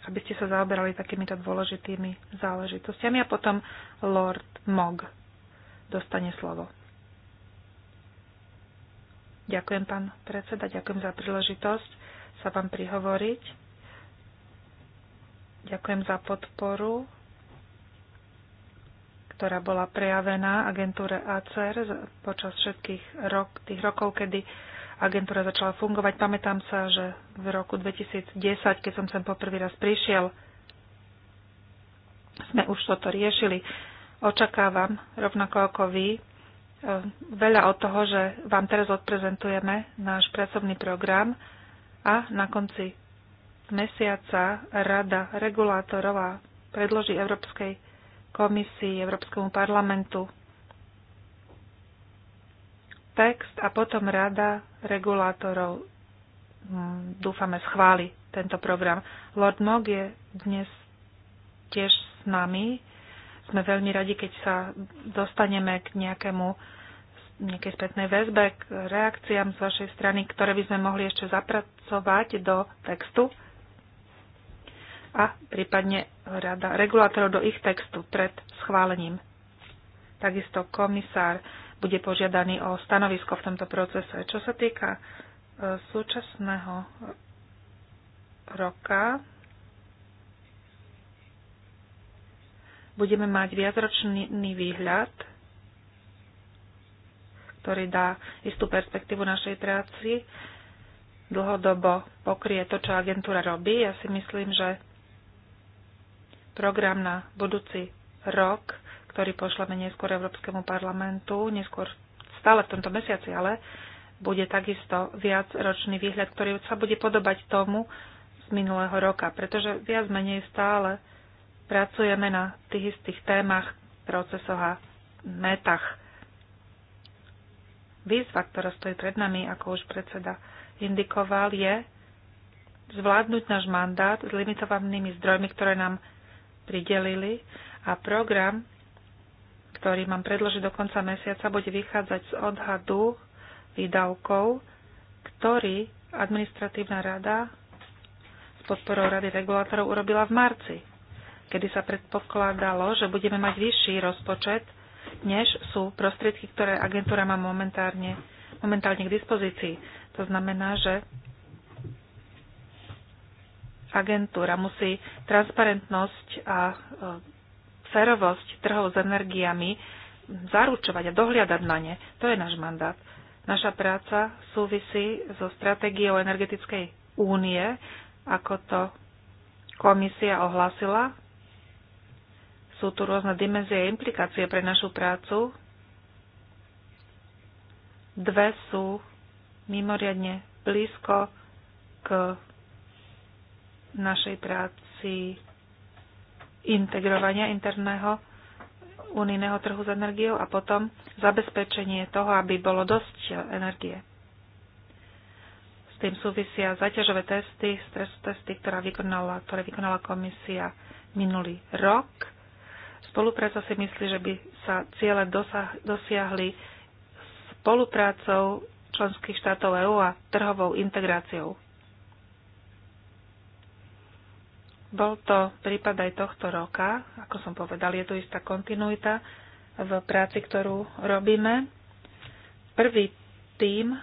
aby ste sa zaoberali takýmito dôležitými záležitostiami a potom Lord Mog dostane slovo. Ďakujem, pán predseda, ďakujem za príležitosť sa vám prihovoriť. Ďakujem za podporu ktorá bola prejavená agentúre ACER počas všetkých rok, tých rokov, kedy agentúra začala fungovať. Pamätám sa, že v roku 2010, keď som sem poprvý raz prišiel, sme už toto riešili. Očakávam, rovnako ako vy, e, veľa od toho, že vám teraz odprezentujeme náš pracovný program a na konci mesiaca Rada regulátorov a predloží Európskej komisii, Európskemu parlamentu. Text a potom rada regulátorov hm, dúfame schváli tento program. Lord Mog je dnes tiež s nami. Sme veľmi radi, keď sa dostaneme k nejakému nejakej spätnej väzbe, k reakciám z vašej strany, ktoré by sme mohli ešte zapracovať do textu a prípadne rada regulátorov do ich textu pred schválením. Takisto komisár bude požiadaný o stanovisko v tomto procese. Čo sa týka e, súčasného roka, budeme mať viacročný výhľad, ktorý dá istú perspektívu našej práci, dlhodobo pokrie to, čo agentúra robí. Ja si myslím, že program na budúci rok, ktorý pošleme neskôr Európskemu parlamentu, neskôr stále v tomto mesiaci, ale bude takisto viacročný výhľad, ktorý sa bude podobať tomu z minulého roka, pretože viac menej stále pracujeme na tých istých témach, procesoch a metách. Výzva, ktorá stojí pred nami, ako už predseda indikoval, je zvládnuť náš mandát s limitovanými zdrojmi, ktoré nám pridelili a program, ktorý mám predložiť do konca mesiaca, bude vychádzať z odhadu výdavkov, ktorý administratívna rada s podporou Rady regulátorov urobila v marci, kedy sa predpokladalo, že budeme mať vyšší rozpočet, než sú prostriedky, ktoré agentúra má momentárne, momentálne k dispozícii. To znamená, že agentúra musí transparentnosť a e, férovosť trhov s energiami zaručovať a dohliadať na ne. To je náš mandát. Naša práca súvisí so stratégiou energetickej únie, ako to komisia ohlásila. Sú tu rôzne dimenzie a implikácie pre našu prácu. Dve sú mimoriadne blízko k našej práci integrovania interného unijného trhu s energiou a potom zabezpečenie toho, aby bolo dosť energie. S tým súvisia zaťažové testy, stres testy, ktorá vykonala, ktoré vykonala komisia minulý rok. Spolupráca si myslí, že by sa ciele dosah, dosiahli spoluprácou členských štátov EÚ a trhovou integráciou. Bol to prípad aj tohto roka, ako som povedal, je tu istá kontinuita v práci, ktorú robíme. Prvý tým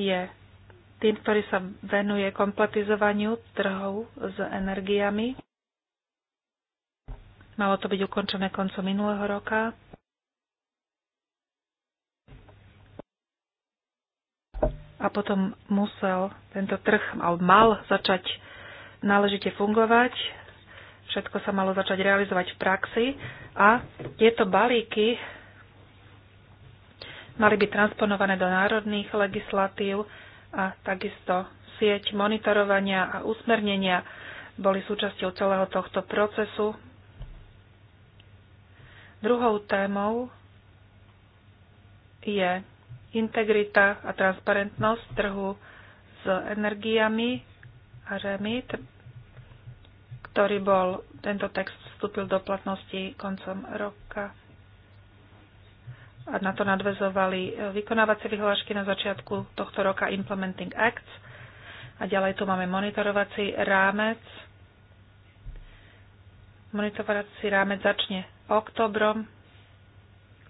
je tým, ktorý sa venuje kompletizovaniu trhov s energiami. Malo to byť ukončené koncom minulého roka. A potom musel tento trh, mal, mal začať náležite fungovať, všetko sa malo začať realizovať v praxi a tieto balíky mali byť transponované do národných legislatív a takisto sieť monitorovania a usmernenia boli súčasťou celého tohto procesu. Druhou témou je integrita a transparentnosť trhu s energiami Remit, ktorý bol, tento text vstúpil do platnosti koncom roka a na to nadvezovali e, vykonávacie vyhlášky na začiatku tohto roka Implementing Acts a ďalej tu máme monitorovací rámec. Monitorovací rámec začne oktobrom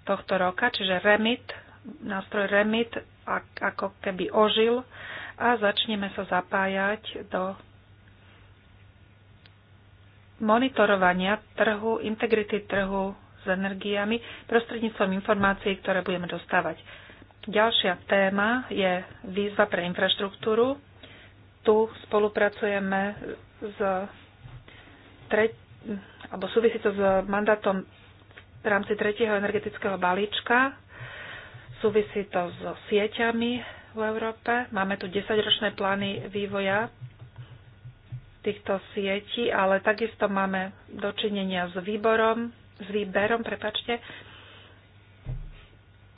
tohto roka, čiže REMIT, nástroj REMIT ako keby ožil a začneme sa zapájať do monitorovania trhu, integrity trhu s energiami prostredníctvom informácií, ktoré budeme dostávať. Ďalšia téma je výzva pre infraštruktúru. Tu spolupracujeme s tre, alebo súvisí to s mandátom v rámci tretieho energetického balíčka. Súvisí to so sieťami v Európe. Máme tu 10-ročné plány vývoja týchto sietí, ale takisto máme dočinenia s výborom, s výberom, prepačte,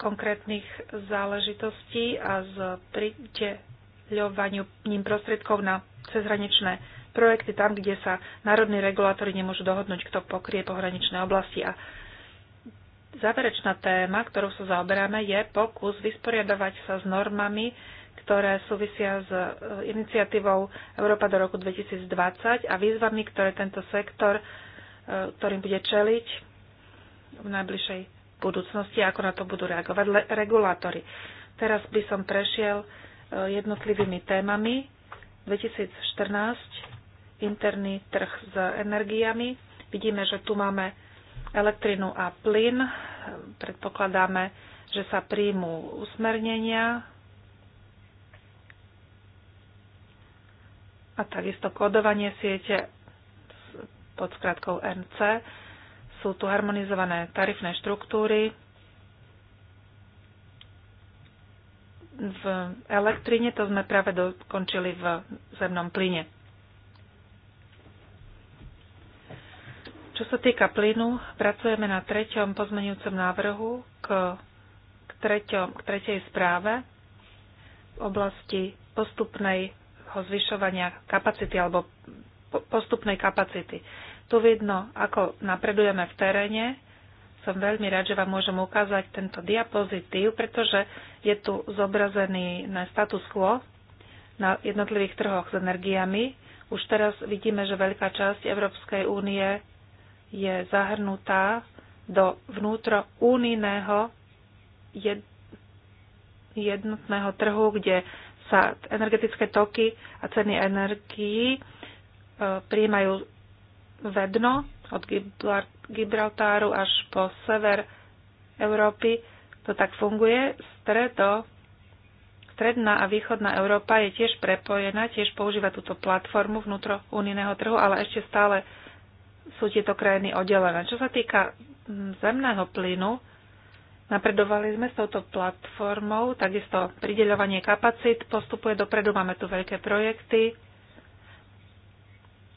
konkrétnych záležitostí a s prideľovaním prostriedkov na cezhraničné projekty tam, kde sa národní regulátory nemôžu dohodnúť, kto pokrie pohraničné oblasti a Záverečná téma, ktorou sa zaoberáme, je pokus vysporiadovať sa s normami, ktoré súvisia s e, iniciatívou Európa do roku 2020 a výzvami, ktoré tento sektor, e, ktorým bude čeliť v najbližšej budúcnosti, ako na to budú reagovať le- regulátory. Teraz by som prešiel e, jednotlivými témami. 2014, interný trh s energiami. Vidíme, že tu máme elektrinu a plyn. Predpokladáme, že sa príjmú usmernenia a takisto kodovanie siete pod skratkou NC. Sú tu harmonizované tarifné štruktúry, v elektrine, to sme práve dokončili v zemnom plyne. Čo sa týka plynu, pracujeme na treťom pozmenujúcom návrhu k, k, treťom, k tretej správe v oblasti postupnej zvyšovania kapacity alebo postupnej kapacity. Tu vidno, ako napredujeme v teréne. Som veľmi rád, že vám môžem ukázať tento diapozitív, pretože je tu zobrazený na status quo na jednotlivých trhoch s energiami. Už teraz vidíme, že veľká časť Európskej únie je zahrnutá do vnútroúnijného jednotného trhu, kde sa energetické toky a ceny energií e, príjmajú vedno od Gibraltáru až po sever Európy. To tak funguje. Stredo, stredná a východná Európa je tiež prepojená, tiež používa túto platformu vnútro unijného trhu, ale ešte stále sú tieto krajiny oddelené. Čo sa týka mm, zemného plynu, napredovali sme s touto platformou, takisto prideľovanie kapacít postupuje dopredu, máme tu veľké projekty,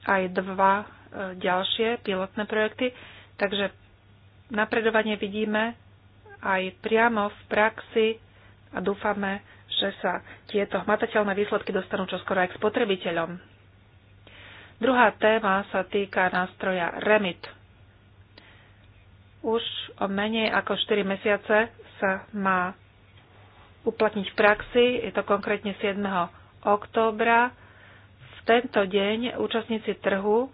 aj dva e, ďalšie pilotné projekty, takže napredovanie vidíme aj priamo v praxi a dúfame, že sa tieto hmatateľné výsledky dostanú čoskoro aj k spotrebiteľom. Druhá téma sa týka nástroja REMIT. Už o menej ako 4 mesiace sa má uplatniť v praxi, je to konkrétne 7. októbra. V tento deň účastníci trhu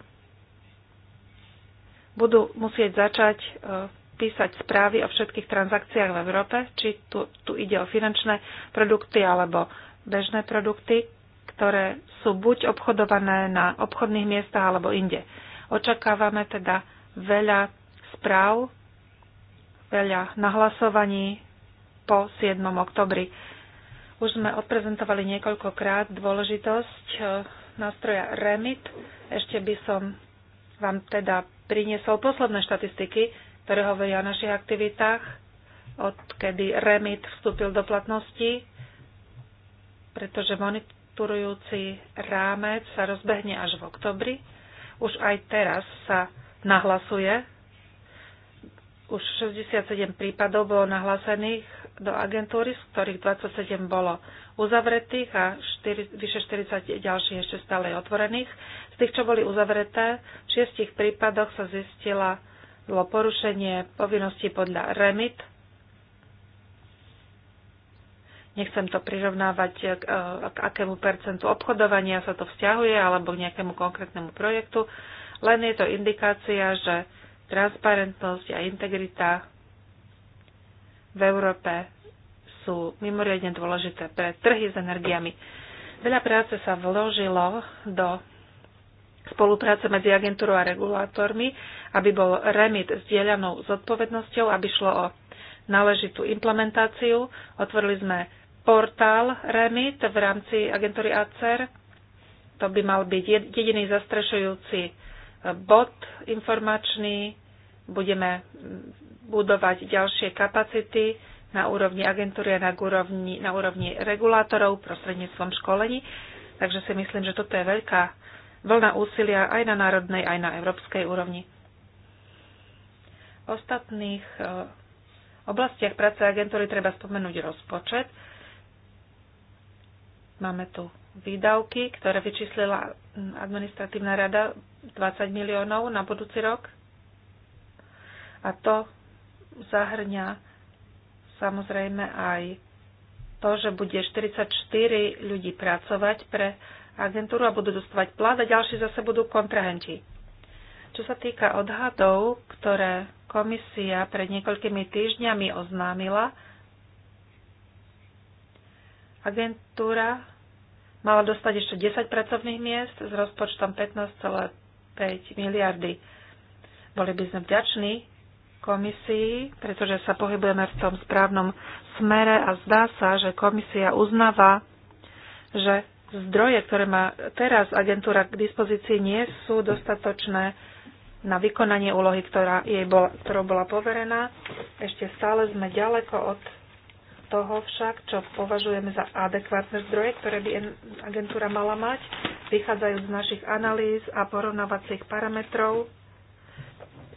budú musieť začať e, písať správy o všetkých transakciách v Európe, či tu, tu ide o finančné produkty alebo bežné produkty ktoré sú buď obchodované na obchodných miestach alebo inde. Očakávame teda veľa správ, veľa nahlasovaní po 7. oktobri. Už sme odprezentovali niekoľkokrát dôležitosť eh, nástroja REMIT. Ešte by som vám teda priniesol posledné štatistiky, ktoré hovoria o našich aktivitách, odkedy REMIT vstúpil do platnosti, pretože monitor podporujúci rámec sa rozbehne až v oktobri. Už aj teraz sa nahlasuje. Už 67 prípadov bolo nahlasených do agentúry, z ktorých 27 bolo uzavretých a 4, vyše 40 ďalších ešte stále otvorených. Z tých, čo boli uzavreté, v šiestich prípadoch sa zistila porušenie povinností podľa REMIT, Nechcem to prirovnávať k, e, k akému percentu obchodovania sa to vzťahuje alebo k nejakému konkrétnemu projektu, len je to indikácia, že transparentnosť a integrita v Európe sú mimoriadne dôležité pre trhy s energiami. Veľa práce sa vložilo do spolupráce medzi agentúrou a regulátormi, aby bol remit dielanou zodpovednosťou, aby šlo o náležitú implementáciu. Otvorili sme portál REMIT v rámci agentúry ACER. To by mal byť jediný zastrešujúci e, bod informačný. Budeme budovať ďalšie kapacity na úrovni agentúry a na úrovni, na úrovni regulátorov prostredníctvom školení. Takže si myslím, že toto je veľká vlna úsilia aj na národnej, aj na európskej úrovni. V ostatných e, oblastiach práce agentúry treba spomenúť rozpočet. Máme tu výdavky, ktoré vyčíslila hm, administratívna rada 20 miliónov na budúci rok. A to zahrňa samozrejme aj to, že bude 44 ľudí pracovať pre agentúru a budú dostávať plat a ďalší zase budú kontrahenti. Čo sa týka odhadov, ktoré komisia pred niekoľkými týždňami oznámila, agentúra mala dostať ešte 10 pracovných miest s rozpočtom 15,5 miliardy. Boli by sme vďační komisii, pretože sa pohybujeme v tom správnom smere a zdá sa, že komisia uznáva, že zdroje, ktoré má teraz agentúra k dispozícii, nie sú dostatočné na vykonanie úlohy, ktorá jej bola, ktorou bola poverená. Ešte stále sme ďaleko od toho však, čo považujeme za adekvátne zdroje, ktoré by agentúra mala mať, vychádzajú z našich analýz a porovnávacích parametrov e,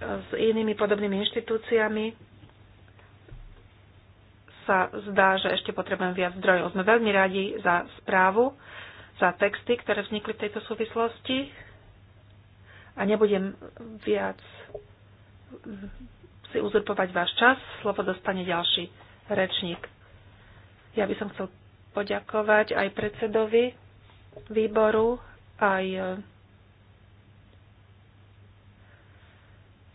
s inými podobnými inštitúciami, sa zdá, že ešte potrebujem viac zdrojov. Sme veľmi radi za správu, za texty, ktoré vznikli v tejto súvislosti a nebudem viac si uzurpovať váš čas. Slovo dostane ďalší rečník. Ja by som chcel poďakovať aj predsedovi výboru, aj e,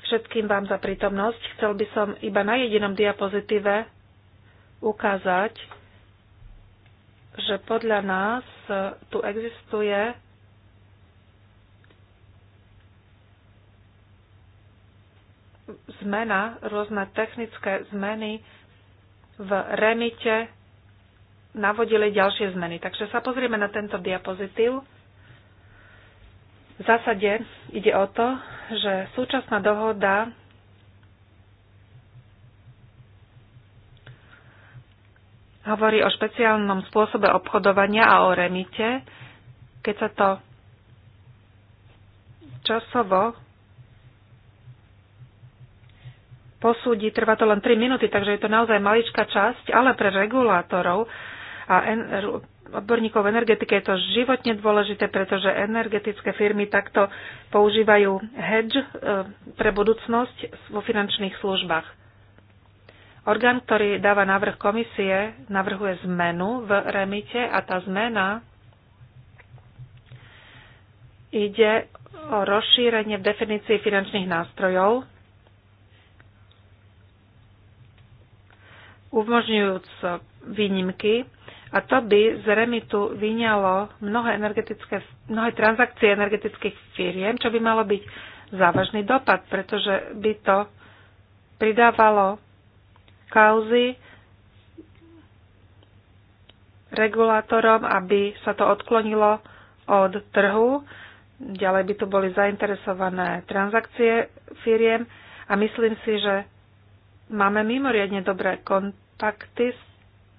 všetkým vám za prítomnosť. Chcel by som iba na jedinom diapozitíve ukázať, že podľa nás e, tu existuje zmena, rôzne technické zmeny v remite navodili ďalšie zmeny. Takže sa pozrieme na tento diapozitív. V zásade ide o to, že súčasná dohoda hovorí o špeciálnom spôsobe obchodovania a o remite, keď sa to časovo posúdi, trvá to len 3 minúty, takže je to naozaj maličká časť, ale pre regulátorov a en- odborníkov energetiky energetike je to životne dôležité, pretože energetické firmy takto používajú hedge e, pre budúcnosť vo finančných službách. Orgán, ktorý dáva návrh komisie, navrhuje zmenu v remite a tá zmena ide o rozšírenie v definícii finančných nástrojov, umožňujúc výnimky a to by z remitu vyňalo mnohé, energetické, mnohé transakcie energetických firiem, čo by malo byť závažný dopad, pretože by to pridávalo kauzy regulátorom, aby sa to odklonilo od trhu. Ďalej by tu boli zainteresované transakcie firiem a myslím si, že máme mimoriadne dobré kontakty s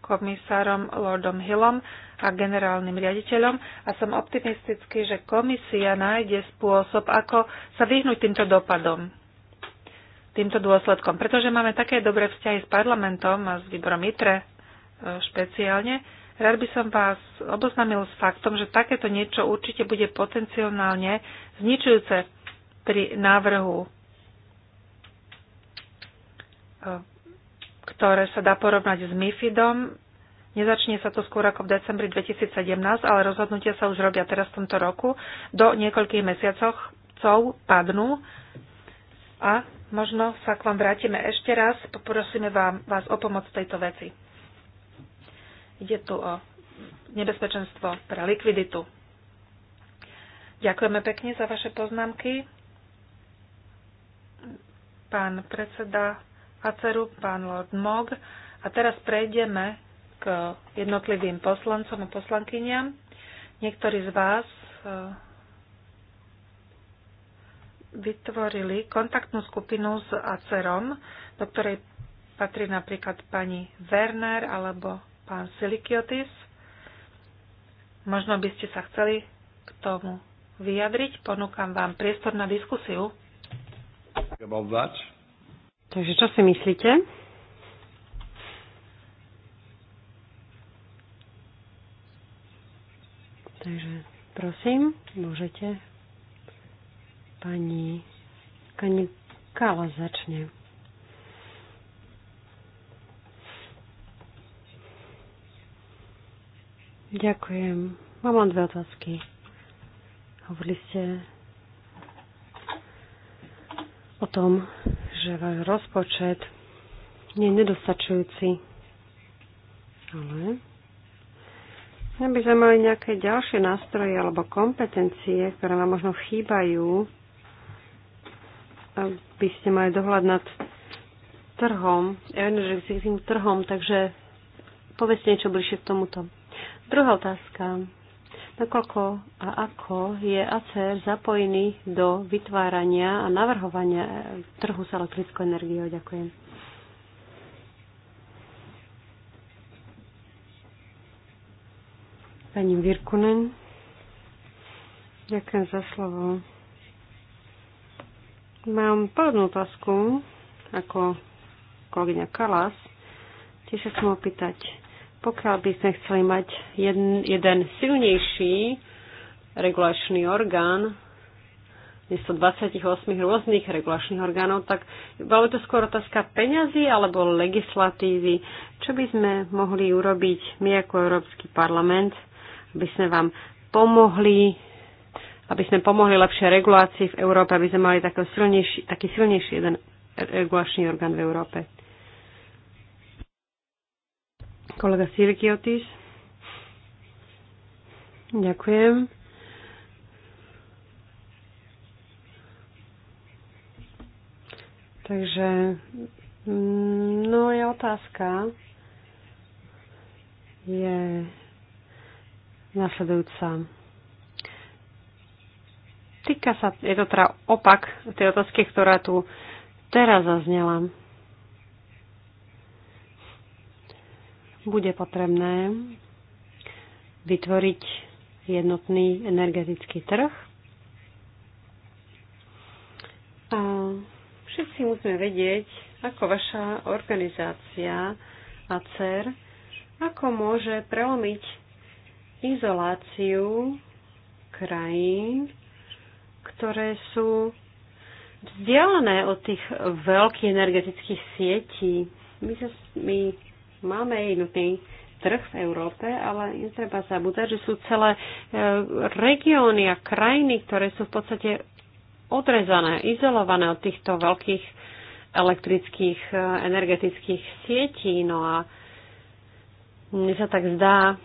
komisárom Lordom Hillom a generálnym riaditeľom a som optimistický, že komisia nájde spôsob, ako sa vyhnúť týmto dopadom, týmto dôsledkom. Pretože máme také dobré vzťahy s parlamentom a s výborom ITRE e, špeciálne, rád by som vás oboznámil s faktom, že takéto niečo určite bude potenciálne zničujúce pri návrhu e, ktoré sa dá porovnať s MIFIDom. Nezačne sa to skôr ako v decembri 2017, ale rozhodnutia sa už robia teraz v tomto roku. Do niekoľkých mesiacoch cov padnú a možno sa k vám vrátime ešte raz. Poprosíme vám, vás o pomoc v tejto veci. Ide tu o nebezpečenstvo pre likviditu. Ďakujeme pekne za vaše poznámky. Pán predseda a pán Lord Mog. A teraz prejdeme k jednotlivým poslancom a poslankyniam. Niektorí z vás eh, vytvorili kontaktnú skupinu s ACERom, do ktorej patrí napríklad pani Werner alebo pán Silikiotis. Možno by ste sa chceli k tomu vyjadriť. Ponúkam vám priestor na diskusiu. About that. Takže čo si myslíte?
Takže prosím, môžete. Pani Kala začne. Ďakujem. Mám len dve otázky. Hovorili ste o tom, že váš rozpočet je nedostačujúci. Ale aby sme mali nejaké ďalšie nástroje alebo kompetencie, ktoré vám možno chýbajú, aby ste mali dohľad nad trhom, energetickým trhom, takže povedzte niečo bližšie k tomuto. Druhá otázka. Nakoľko a ako je ACR zapojený do vytvárania a navrhovania e, trhu s elektrickou energiou? Ďakujem. Pani Virkunen. Ďakujem za slovo. Mám podobnú otázku ako kolegyňa Kalas. Tiež sa chcem opýtať, pokiaľ by sme chceli mať jeden, jeden silnejší regulačný orgán, miesto 28 rôznych regulačných orgánov, tak bola to skôr otázka peňazí alebo legislatívy. Čo by sme mohli urobiť my ako Európsky parlament, aby sme vám pomohli, aby sme pomohli lepšej regulácii v Európe, aby sme mali taký silnejší, taký silnejší jeden regulačný orgán v Európe. Kolega Sirkiotis. Ďakujem. Takže, no je otázka, je nasledujúca. Týka sa, je to teda opak tej otázky, ktorá tu teraz zaznela. bude potrebné vytvoriť jednotný energetický trh. A všetci musíme vedieť, ako vaša organizácia CER, ako môže prelomiť izoláciu krajín, ktoré sú vzdialené od tých veľkých energetických sietí. My, sa, my Máme jednotný trh v Európe, ale netreba zabúdať, že sú celé e, regióny a krajiny, ktoré sú v podstate odrezané, izolované od týchto veľkých elektrických e, energetických sietí. No a mne sa tak zdá,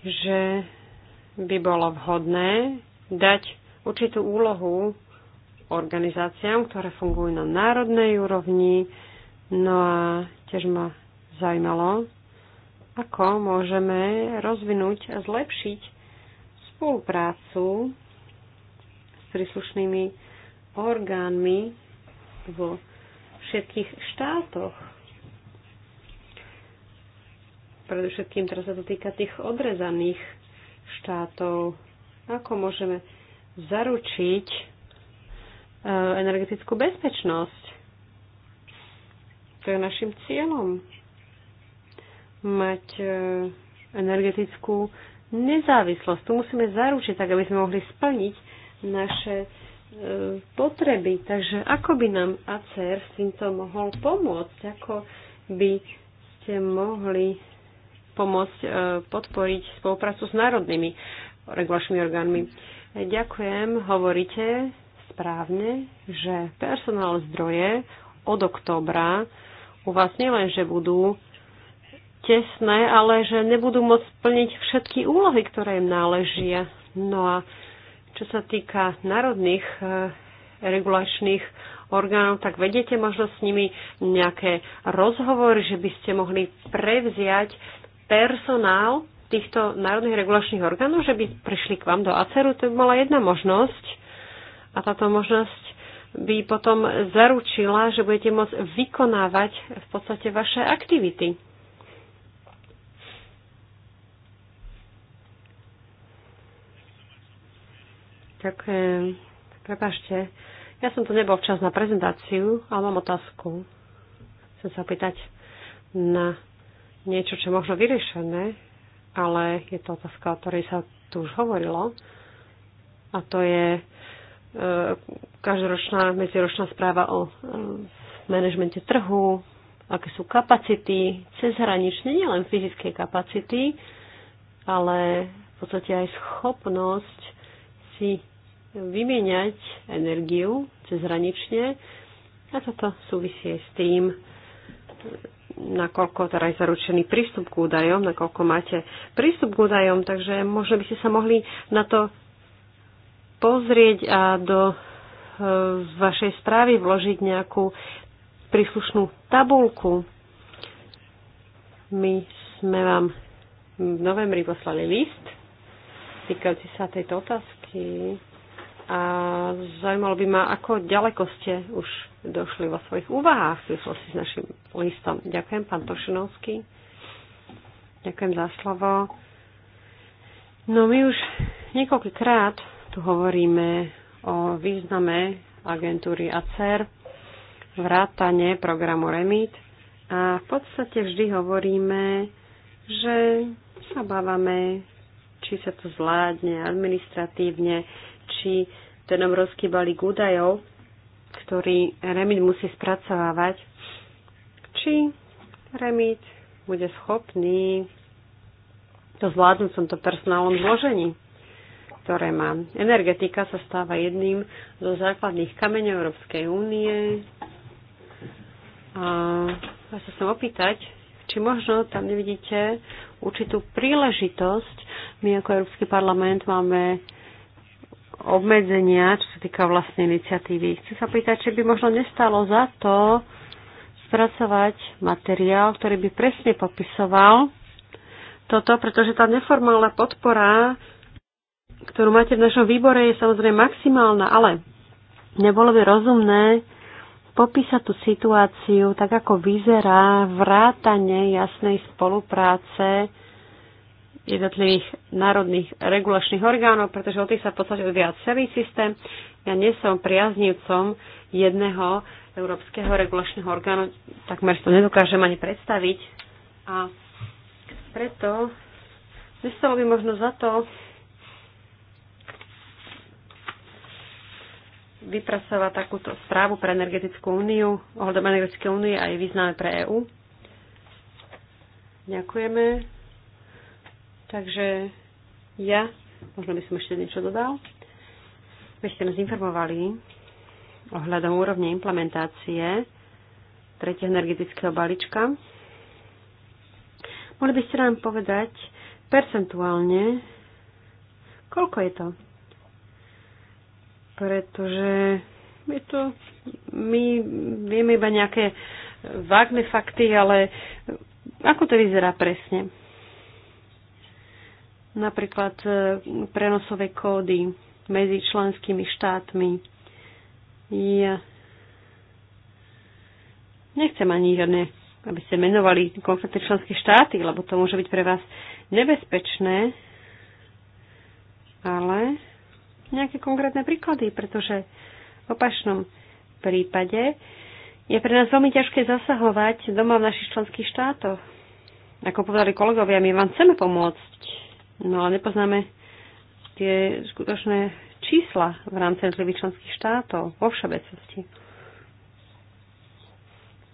že by bolo vhodné dať určitú úlohu organizáciám, ktoré fungujú na národnej úrovni. No a tiež ma zaujímalo, ako môžeme rozvinúť a zlepšiť spoluprácu s príslušnými orgánmi vo všetkých štátoch. Predovšetkým teraz sa to týka tých odrezaných štátov. Ako môžeme zaručiť e, energetickú bezpečnosť? To je našim cieľom mať e, energetickú nezávislosť. Tu musíme zaručiť tak, aby sme mohli splniť naše e, potreby. Takže ako by nám ACR s týmto mohol pomôcť? Ako by ste mohli pomôcť e, podporiť spoluprácu s národnými regulačnými orgánmi? Ďakujem, hovoríte správne, že personál zdroje od októbra u vás nielen, že budú tesné, ale že nebudú môcť splniť všetky úlohy, ktoré im náležia. No a čo sa týka národných e, regulačných orgánov, tak vedete možno s nimi nejaké rozhovory, že by ste mohli prevziať personál týchto národných regulačných orgánov, že by prišli k vám do ACERu, to by bola jedna možnosť. A táto možnosť by potom zaručila, že budete môcť vykonávať v podstate vaše aktivity. Ďakujem. Prepašte, ja som tu nebol včas na prezentáciu, ale mám otázku. Chcem sa pýtať na niečo, čo je možno vyriešené, ale je to otázka, o ktorej sa tu už hovorilo. A to je e, každoročná, medziročná správa o e, manažmente trhu, aké sú kapacity, cezhranične, nielen fyzické kapacity, ale v podstate aj schopnosť si vymieňať energiu cezhranične a toto súvisí s tým, nakoľko teda je zaručený prístup k údajom, nakoľko máte prístup k údajom, takže možno by ste sa mohli na to pozrieť a do e, vašej správy vložiť nejakú príslušnú tabulku. My sme vám v novembri poslali list týkajúci sa tejto otázky. A zaujímalo by ma, ako ďaleko ste už došli vo svojich úvahách v súvislosti s našim listom. Ďakujem, pán Tošinovský. Ďakujem za slovo. No my už niekoľkokrát tu hovoríme o význame agentúry ACER, vrátane programu REMIT a v podstate vždy hovoríme, že sa bávame, či sa to zvládne administratívne, rieši ten obrovský balík údajov, ktorý Remit musí spracovávať, či Remit bude schopný to zvládnuť som to personálnom zložení, ktoré má. Energetika sa stáva jedným zo základných kameňov Európskej únie. A ja sa chcem opýtať, či možno tam nevidíte určitú príležitosť. My ako Európsky parlament máme obmedzenia, čo sa týka vlastnej iniciatívy. Chcem sa pýtať, či by možno nestalo za to spracovať materiál, ktorý by presne popisoval toto, pretože tá neformálna podpora, ktorú máte v našom výbore, je samozrejme maximálna, ale nebolo by rozumné popísať tú situáciu tak, ako vyzerá vrátanie jasnej spolupráce jednotlivých národných regulačných orgánov, pretože o tých sa v podstate odvíja celý systém. Ja nie som priaznivcom jedného európskeho regulačného orgánu, takmer si to nedokážem ani predstaviť. A preto nestalo by možno za to vypracovať takúto správu pre energetickú úniu, ohľadom energetickej únie a je významné pre EÚ. Ďakujeme. Takže ja, možno by som ešte niečo dodal. Vy ste nás informovali ohľadom úrovne implementácie tretieho energetického balíčka. Mohli by ste nám povedať percentuálne, koľko je to? Pretože je to, my vieme iba nejaké vágne fakty, ale ako to vyzerá presne? napríklad e, prenosové kódy medzi členskými štátmi. Ja nechcem ani žiadne, aby ste menovali konkrétne členské štáty, lebo to môže byť pre vás nebezpečné, ale nejaké konkrétne príklady, pretože v opačnom prípade je pre nás veľmi ťažké zasahovať doma v našich členských štátoch. Ako povedali kolegovia, my vám chceme pomôcť, No a nepoznáme tie skutočné čísla v rámci jednotlivých členských štátov vo všeobecnosti.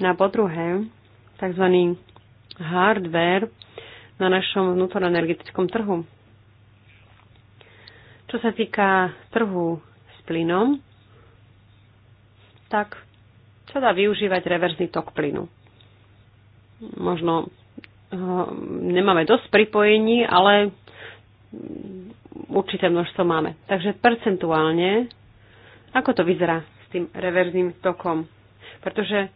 Na no po druhé, tzv. hardware na našom vnútorno trhu. Čo sa týka trhu s plynom, tak sa dá využívať reverzný tok plynu. Možno eh, nemáme dosť pripojení, ale určité množstvo máme. Takže percentuálne, ako to vyzerá s tým reverzným tokom? Pretože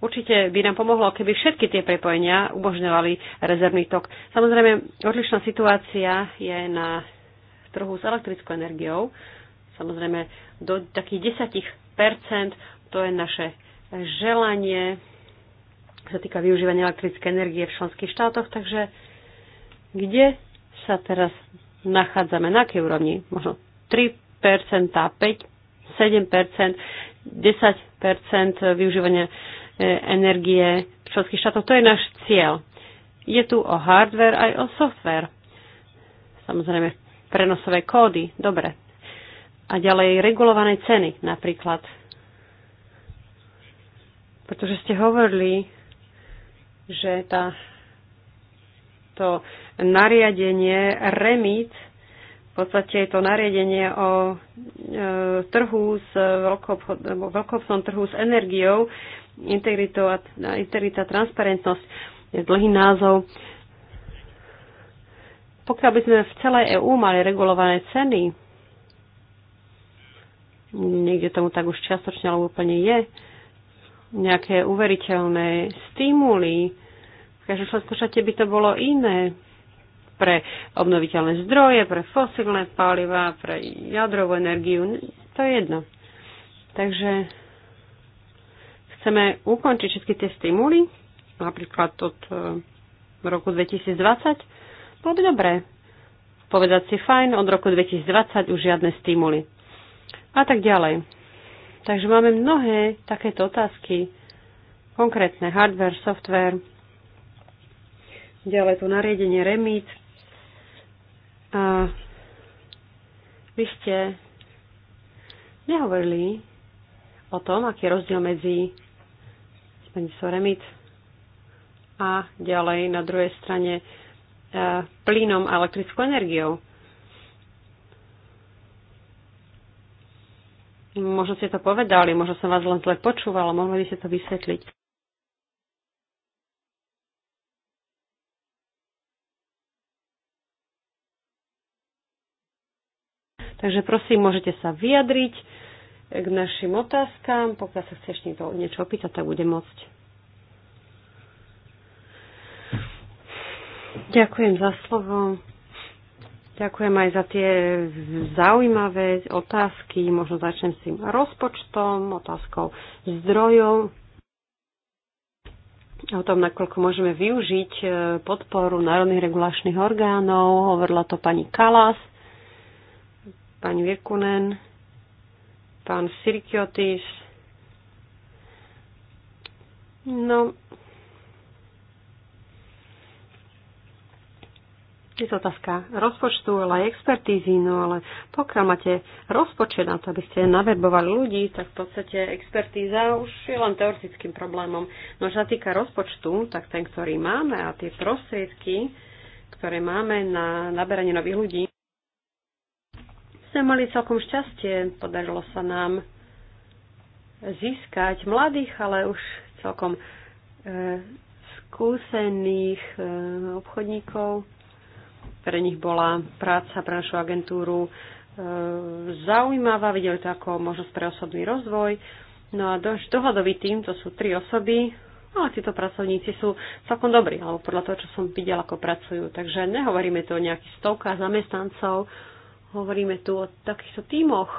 určite by nám pomohlo, keby všetky tie prepojenia umožňovali rezervný tok. Samozrejme, odlišná situácia je na trhu s elektrickou energiou. Samozrejme, do takých 10 to je naše želanie, sa týka využívania elektrické energie v členských štátoch, takže kde sa teraz nachádzame na akej úrovni? Možno 3%, 5%, 7%, 10% využívania e, energie členských štátov. To je náš cieľ. Je tu o hardware aj o software. Samozrejme, prenosové kódy, dobre. A ďalej regulované ceny napríklad. Pretože ste hovorili, že tá to nariadenie REMIT, v podstate je to nariadenie o e, trhu s veľkoobchodnom trhu s energiou, integrita, integrita transparentnosť, je dlhý názov. Pokiaľ by sme v celej EÚ mali regulované ceny, niekde tomu tak už čiastočne alebo úplne je, nejaké uveriteľné stimuly, Takže členskom by to bolo iné pre obnoviteľné zdroje, pre fosilné paliva, pre jadrovú energiu. To je jedno. Takže chceme ukončiť všetky tie stimuly, napríklad od e, roku 2020. Bolo by dobré povedať si fajn, od roku 2020 už žiadne stimuly. A tak ďalej. Takže máme mnohé takéto otázky, konkrétne hardware, software, ďalej to nariadenie remit. A vy ste nehovorili o tom, aký je rozdiel medzi smernicou remit a ďalej na druhej strane e, plynom a elektrickou energiou. Možno ste to povedali, možno som vás len zle počúvala, mohli by ste to
vysvetliť. Takže prosím,
môžete sa vyjadriť k našim otázkam. Pokiaľ sa chceš niečo, niečo opýtať, tak bude môcť. Ďakujem za slovo. Ďakujem aj za tie zaujímavé otázky. Možno začnem s tým rozpočtom, otázkou zdrojov, o tom, nakoľko môžeme využiť eh, podporu národných regulačných orgánov. Hovorila to pani Kalas pani Virkunen, pán Sirkiotis. No, je to otázka rozpočtu, ale aj expertízy, no ale pokiaľ máte rozpočet na to, aby ste naverbovali ľudí, tak v podstate expertíza už je len teoretickým problémom. No čo sa týka rozpočtu, tak ten, ktorý máme a tie prostriedky, ktoré máme na naberanie nových ľudí, sme mali celkom šťastie. Podarilo sa nám získať mladých, ale už celkom e, skúsených e, obchodníkov. Pre nich bola práca pre našu agentúru e, zaujímavá, videli to ako možnosť pre osobný rozvoj. No a do, dohľadový tým, to sú tri osoby, ale títo pracovníci sú celkom dobrí, alebo podľa toho, čo som videl, ako pracujú. Takže nehovoríme to o nejakých stovkách zamestnancov, Hovoríme tu o takýchto tímoch,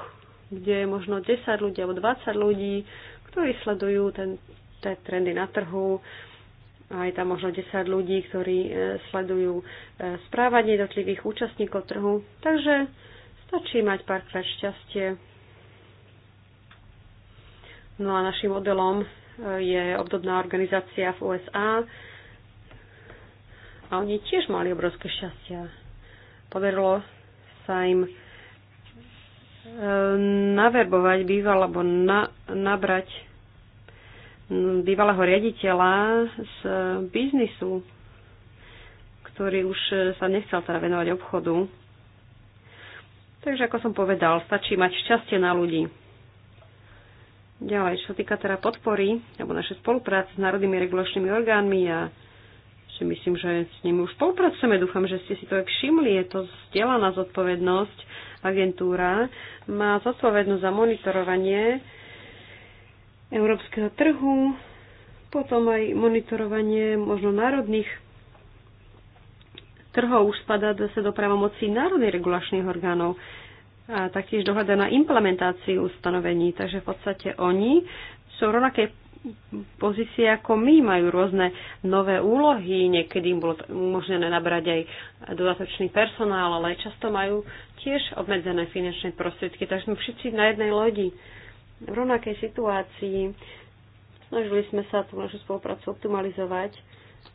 kde je možno 10 ľudí alebo 20 ľudí, ktorí sledujú ten, tie trendy na trhu. A je tam možno 10 ľudí, ktorí e, sledujú e, správanie jednotlivých účastníkov trhu. Takže stačí mať párkrát šťastie. No a našim modelom e, je obdobná organizácia v USA. A oni tiež mali obrovské šťastia. Podarilo sa im e, naverbovať býval, alebo na, nabrať bývalého riaditeľa z biznisu, ktorý už sa nechcel teda venovať obchodu. Takže ako som povedal, stačí mať šťastie na ľudí. Ďalej, čo sa týka teda podpory, alebo našej spolupráce s národnými regulačnými orgánmi a si myslím, že s ním už spolupracujeme. Dúfam, že ste si to aj všimli. Je to zdieľaná zodpovednosť. Agentúra má zodpovednosť za monitorovanie európskeho trhu, potom aj monitorovanie možno národných trhov už spada zase do právomocí národných regulačných orgánov a taktiež dohľada na implementáciu ustanovení. Takže v podstate oni sú rovnaké pozície ako my, majú rôzne nové úlohy, niekedy im bolo umožnené nabrať aj dodatočný personál, ale často majú tiež obmedzené finančné prostriedky, takže sme všetci na jednej lodi v rovnakej situácii. Snažili sme sa tú našu spoluprácu optimalizovať,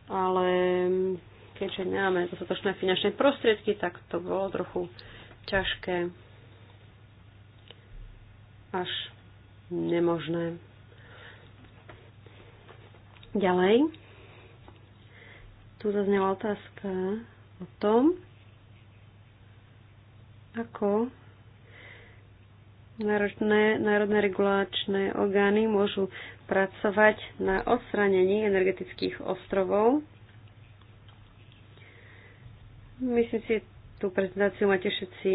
ale keďže nemáme dostatočné finančné prostriedky, tak to bolo trochu ťažké až nemožné. Ďalej. Tu zaznela otázka o tom, ako národné, národné regulačné orgány môžu pracovať na odstranení energetických ostrovov. Myslím si, tú prezentáciu máte všetci,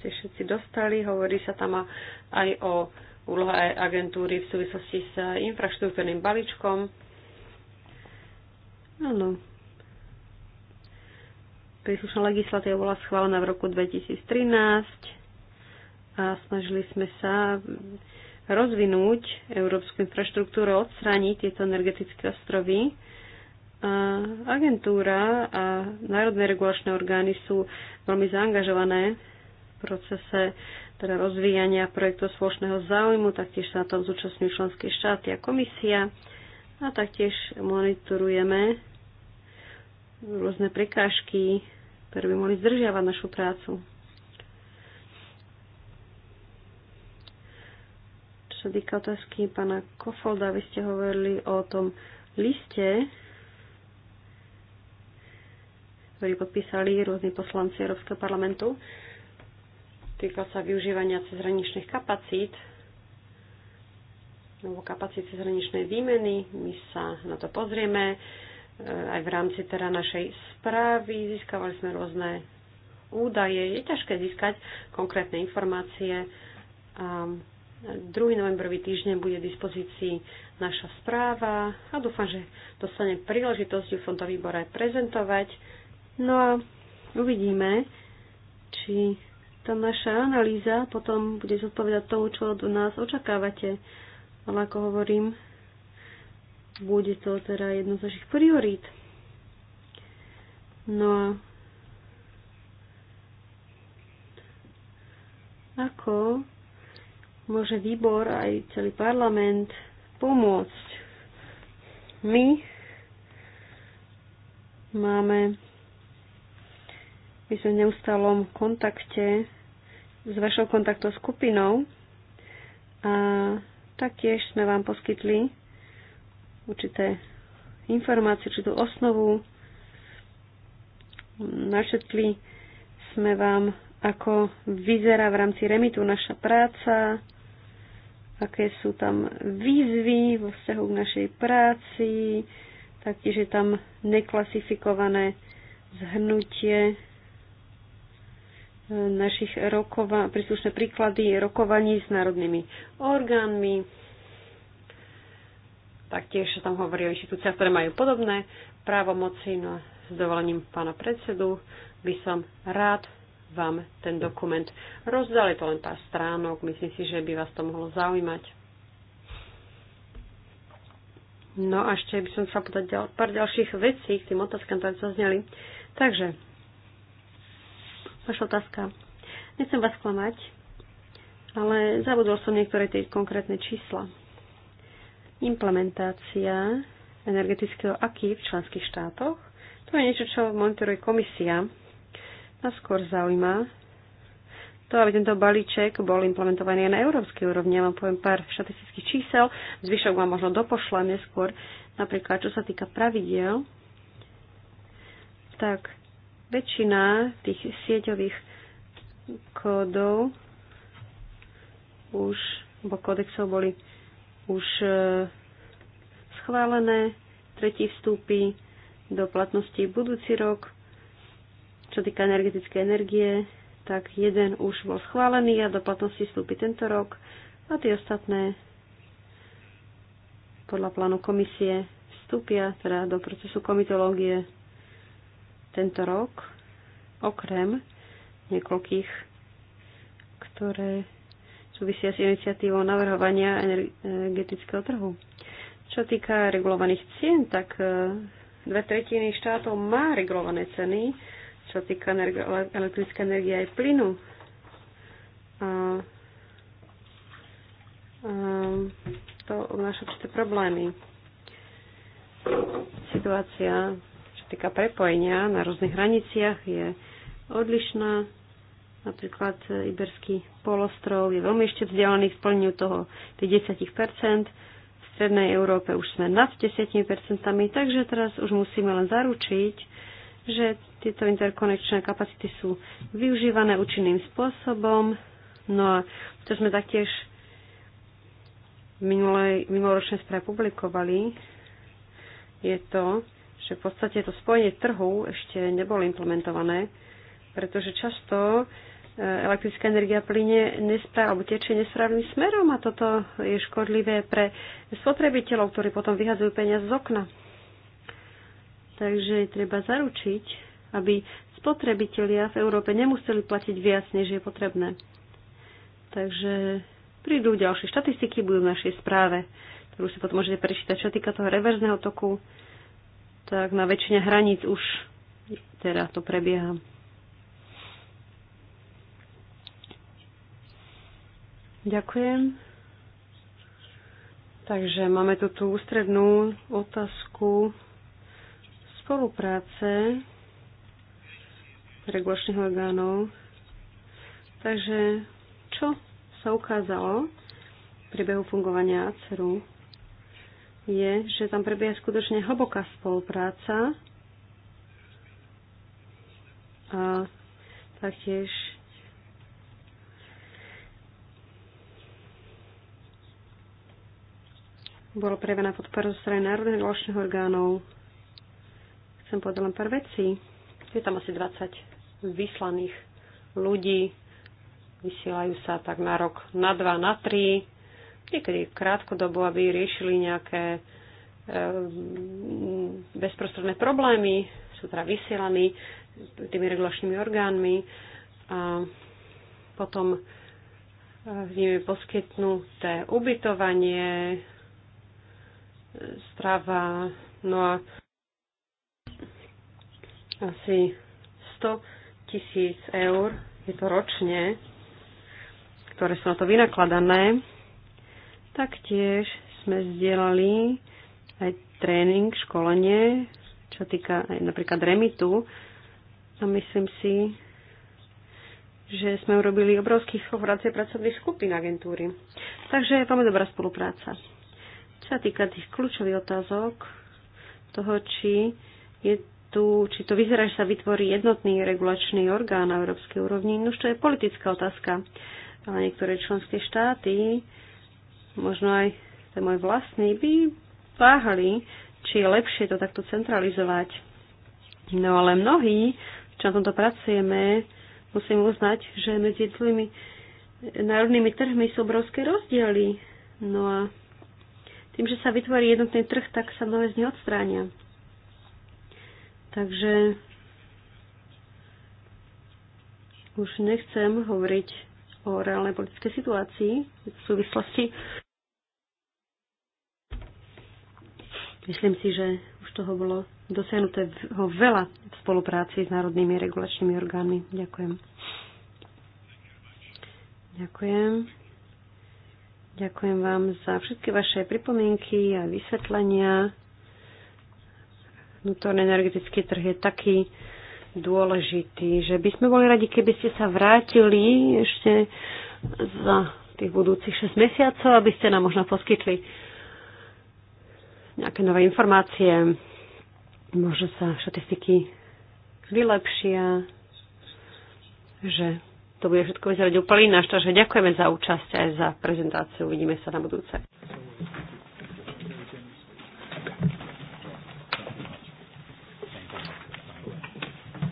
ste všetci dostali. Hovorí sa tam aj o úlohe agentúry v súvislosti s infraštruktúrnym balíčkom. Áno. Príslušná legislatíva bola schválená v roku 2013 a snažili sme sa rozvinúť európsku infraštruktúru, odstrániť tieto energetické ostrovy. A agentúra a národné regulačné orgány sú veľmi zaangažované v procese teda rozvíjania projektov spoločného záujmu, taktiež sa na tom zúčastňujú členské štáty a komisia a taktiež monitorujeme rôzne prekážky, ktoré by mohli zdržiavať našu prácu. Čo sa týka otázky pána Kofolda, vy ste hovorili o tom liste, ktorý podpísali rôzni poslanci Európskeho parlamentu. Týka sa využívania cezhraničných kapacít alebo kapacity zhraničnej výmeny. My sa na to pozrieme e, aj v rámci teda našej správy. Získavali sme rôzne údaje. Je ťažké získať konkrétne informácie. A 2. novembrový týždeň bude v dispozícii naša správa a dúfam, že dostane príležitosť ju v tomto výbore prezentovať. No a uvidíme, či tá naša analýza potom bude zodpovedať tomu, čo od nás očakávate ale ako hovorím, bude to teda jedno z našich priorít. No a ako môže výbor aj celý parlament pomôcť? My máme, my sme v neustálom kontakte s vašou kontaktou skupinou a Taktiež sme vám poskytli určité informácie, určitú osnovu. Našetli sme vám, ako vyzerá v rámci remitu naša práca, aké sú tam výzvy vo vzťahu k našej práci, taktiež je tam neklasifikované zhrnutie našich rokova- príslušné príklady rokovaní s národnými orgánmi. Taktiež sa tam hovorí o inštitúciách, ktoré majú podobné právomoci. No a s dovolením pána predsedu by som rád vám ten dokument rozdal. Je to len pár stránok. Myslím si, že by vás to mohlo zaujímať. No a ešte by som sa podať pár ďalších vecí k tým otázkam, ktoré sa zneli. Takže Vaša otázka. Nechcem vás klamať, ale zabudol som niektoré tie konkrétne čísla. Implementácia energetického aký v členských štátoch, to je niečo, čo monitoruje komisia. Nás skôr zaujíma to, aby tento balíček bol implementovaný aj na európskej úrovni. Ja vám poviem pár štatistických čísel, zvyšok vám možno dopošlem neskôr. Napríklad, čo sa týka pravidiel, tak Väčšina tých sieťových kódov už, bo kódexov boli už e, schválené, tretí vstúpi do platnosti budúci rok. Čo týka energetickej energie, tak jeden už bol schválený a do platnosti vstúpi tento rok a tie ostatné podľa plánu komisie vstúpia teda do procesu komitológie tento rok, okrem niekoľkých, ktoré súvisia s iniciatívou navrhovania energetického trhu. Čo týka regulovaných cien, tak e, dve tretiny štátov má regulované ceny, čo týka elektrické energie aj plynu. A, a to obnáša určité problémy. Situácia sa týka prepojenia na rôznych hraniciach, je odlišná. Napríklad e, Iberský polostrov je veľmi ešte vzdialený v splneniu toho 10%. V Strednej Európe už sme nad 10%, takže teraz už musíme len zaručiť, že tieto interkonečné kapacity sú využívané účinným spôsobom. No a to sme taktiež v minulej, minuloročnej správe publikovali, je to, že v podstate to spojenie trhu ešte nebolo implementované, pretože často e, elektrická energia plyne nespráv, alebo tečie nesprávnym smerom a toto je škodlivé pre spotrebiteľov, ktorí potom vyhazujú peniaze z okna. Takže treba zaručiť, aby spotrebitelia v Európe nemuseli platiť viac, než je potrebné. Takže prídu ďalšie štatistiky, budú v našej správe, ktorú si potom môžete prečítať, čo týka toho reverzného toku tak na väčšine hraníc už teraz to prebieha. Ďakujem. Takže máme tu tú ústrednú otázku spolupráce regulačných orgánov. Takže čo sa ukázalo v priebehu fungovania ACERu? je, že tam prebieha skutočne hlboká spolupráca a taktiež bolo prejavená podpora zo strany národných regulačných orgánov. Chcem povedať len pár vecí. Je tam asi 20 vyslaných ľudí. Vysielajú sa tak na rok, na dva, na tri niekedy krátkodobo, aby riešili nejaké ehm, bezprostredné problémy, sú teda vysielaní tými regulačnými orgánmi a potom e, eh, je poskytnuté ubytovanie, strava, no a asi 100 tisíc eur je to ročne, ktoré sú na to vynakladané Taktiež sme zdieľali aj tréning, školenie, čo týka aj napríklad remitu. A myslím si, že sme urobili obrovský skok v pracovných skupín agentúry. Takže je veľmi dobrá spolupráca. Čo sa týka tých kľúčových otázok, toho, či, je tu, či to vyzerá, že sa vytvorí jednotný regulačný orgán na európskej úrovni, no čo je politická otázka. Ale niektoré členské štáty možno aj ten môj vlastný, by váhali, či je lepšie to takto centralizovať. No ale mnohí, čo na tomto pracujeme, musím uznať, že medzi tými národnými trhmi sú obrovské rozdiely. No a tým, že sa vytvorí jednotný trh, tak sa mnohé z nich odstránia. Takže už nechcem hovoriť o reálnej politickej situácii v súvislosti Myslím si, že už toho bolo dosiahnuté ho veľa v spolupráci s národnými regulačnými orgánmi. Ďakujem. Ďakujem. Ďakujem vám za všetky vaše pripomienky a vysvetlenia. Vnútorný energetický trh je taký dôležitý, že by sme boli radi, keby ste sa vrátili ešte za tých budúcich 6 mesiacov, aby ste nám možno poskytli nejaké nové informácie, možno sa štatistiky vylepšia, že to bude všetko vyzerať úplne ináč. Takže ďakujeme za účasť aj za prezentáciu. Uvidíme sa na budúce.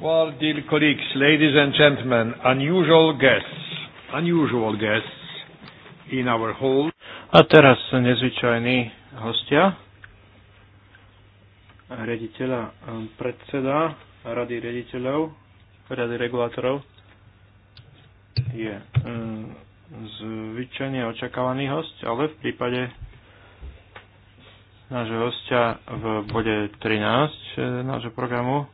Well, dear colleagues, ladies and gentlemen, unusual guests, unusual guests in our hall. A teraz nezvyčajní hostia rediteľa ehm, predseda rady rediteľov, rady regulátorov je ehm, zvyčajne očakávaný host, ale v prípade nášho hostia v bode 13 e, nášho programu,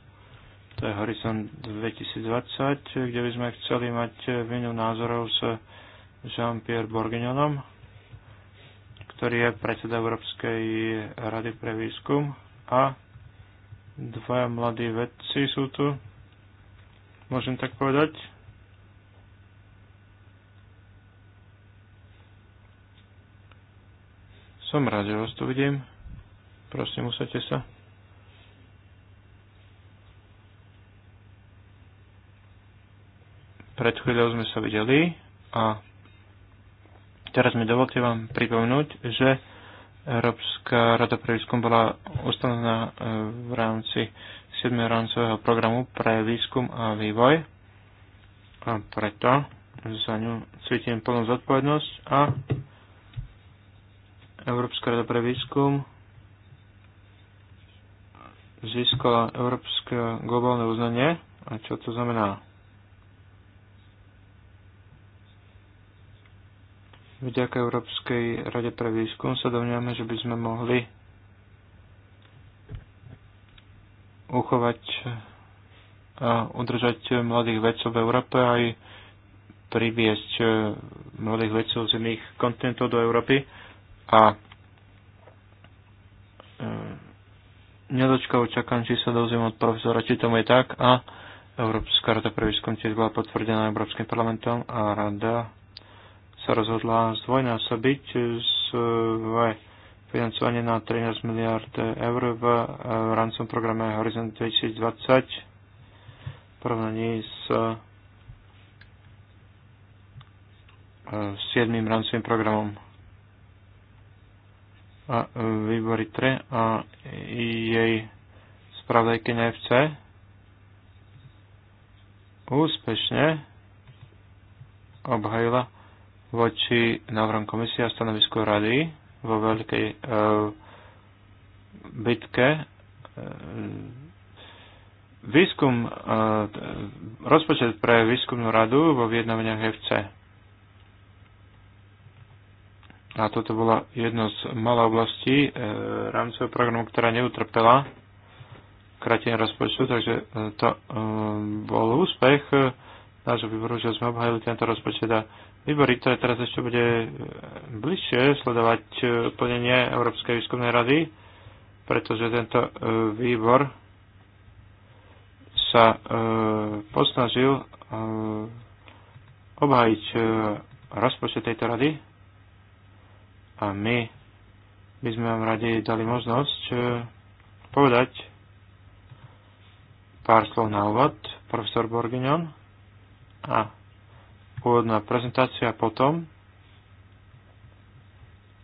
to je Horizon 2020, kde by sme chceli mať e, vinu názorov s Jean-Pierre Borgignonom, ktorý je predseda Európskej rady pre výskum a Dvaja mladí vedci sú tu, môžem tak povedať. Som rád, že vás tu vidím. Prosím, usadte sa. Pred chvíľou sme sa videli a teraz mi dovolte vám pripomenúť, že Európska rada pre výskum bola ustanovená e, v rámci 7. rámcového programu pre výskum a vývoj a preto za ňu cítim plnú zodpovednosť a Európska rada pre výskum získala európske globálne uznanie. A čo to znamená? Vďaka Európskej rade pre výskum sa domňujeme, že by sme mohli uchovať a udržať mladých vedcov v Európe aj priviesť mladých vedcov z iných kontinentov do Európy a e, nedočkavo čakám, či sa dozviem od profesora, či tomu je tak a Európska rada pre výskum tiež bola potvrdená Európskym parlamentom a rada sa rozhodla zdvojnásobiť svoje financovanie na 13 miliard eur eh, v rámcom programe Horizon 2020 v porovnaní s 7. Eh, rámcovým programom a eh, výbory 3 a jej na FC úspešne obhajila voči návrhom komisie a stanovisku rady vo veľkej uh, bitke. Uh, výskum, uh, rozpočet pre výskumnú radu vo vyjednávaniach FC. A toto bola jedna z malých oblastí uh, rámcového programu, ktorá neutrpela kratenie rozpočtu, takže to e, bol úspech e, nášho výboru, že sme obhajili tento rozpočet a Výbory, ktoré teraz ešte bude e, bližšie sledovať e, plnenie Európskej výskumnej rady, pretože tento e, výbor sa posnažil obhajiť rozpočet tejto rady a my by sme vám radi dali možnosť povedať pár slov na úvod, profesor Borgiňon A pôvodná prezentácia potom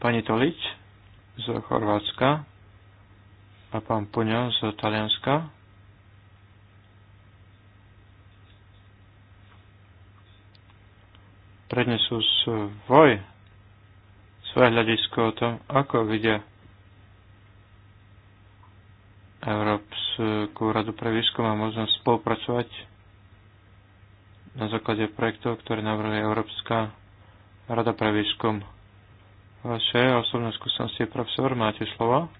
pani Tolič z Chorvátska a pán Puňo z Talianska. Prednesú svoj, svoje hľadisko o tom, ako vidia Európsku radu pre výskum a možnosť spolupracovať na základe projektov, ktoré navrhuje Európska rada pre výskum. Vaše osobné skúsenosti, profesor, máte slovo.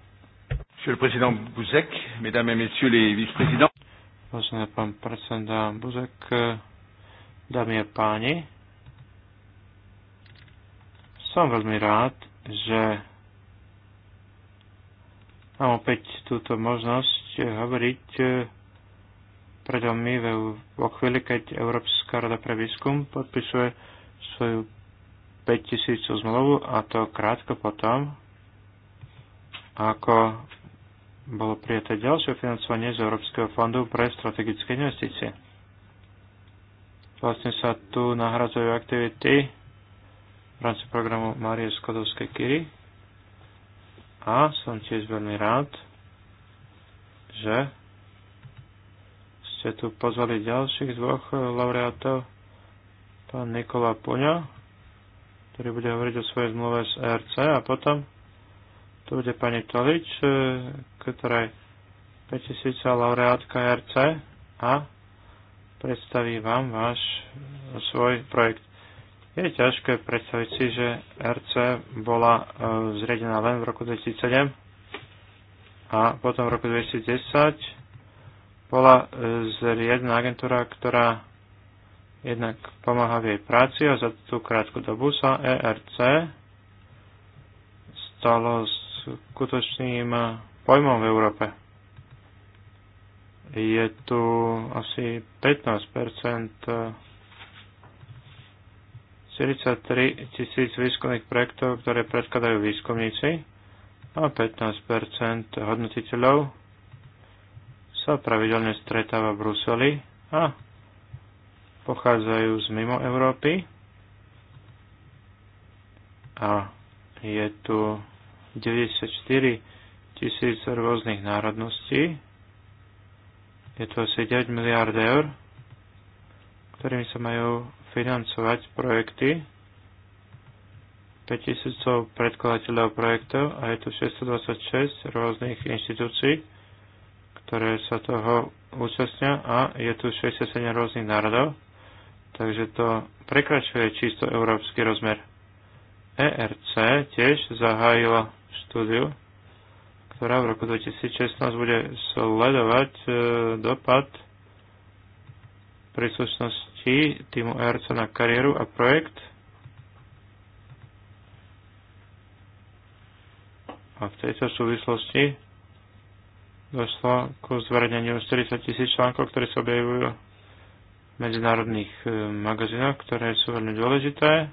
Monsieur le Président Bouzek, Mesdames et Messieurs les Vice-Présidents. Vážený pán predseda Buzek, dámy a páni, som veľmi rád, že mám opäť túto možnosť hovoriť preto my vo chvíli, keď Európska rada pre výskum podpisuje svoju 5000 zmluvu a to krátko potom, ako bolo prijaté ďalšie financovanie z Európskeho fondu pre strategické investície. Vlastne sa tu nahradzujú aktivity v rámci programu Marie Skodovskej Kiry a som tiež veľmi rád, že sme tu pozvali ďalších dvoch eh, laureátov, pán Nikola Puňo, ktorý bude hovoriť o svojej zmluve s ERC a potom tu bude pani Tolič, eh, ktorá je 5000 laureátka ERC a predstaví vám váš eh, svoj projekt. Je ťažké predstaviť si, že RC bola zriadená len v roku 2007 a potom v roku 2010 bola e, zriadená agentúra, ktorá jednak pomáha v jej práci a za tú krátku dobu sa ERC stalo skutočným pojmom v Európe. Je tu asi 15 43 tisíc výskumných projektov, ktoré predkladajú výskumníci a 15 hodnotiteľov sa pravidelne stretáva v Bruseli a pochádzajú z mimo Európy. A je tu 94 tisíc rôznych národností. Je to asi 9 miliard eur, ktorými sa majú financovať projekty. 5000 predkladateľov projektov a je tu 626 rôznych inštitúcií ktoré sa toho účastnia a je tu 67 rôznych národov, takže to prekračuje čisto európsky rozmer. ERC tiež zahájila štúdiu, ktorá v roku 2016 bude sledovať e, dopad príslušnosti týmu ERC na kariéru a projekt. A v tejto súvislosti došlo ku zverejneniu 40 tisíc článkov, ktoré sa objavujú v medzinárodných e, magazínoch, ktoré sú veľmi dôležité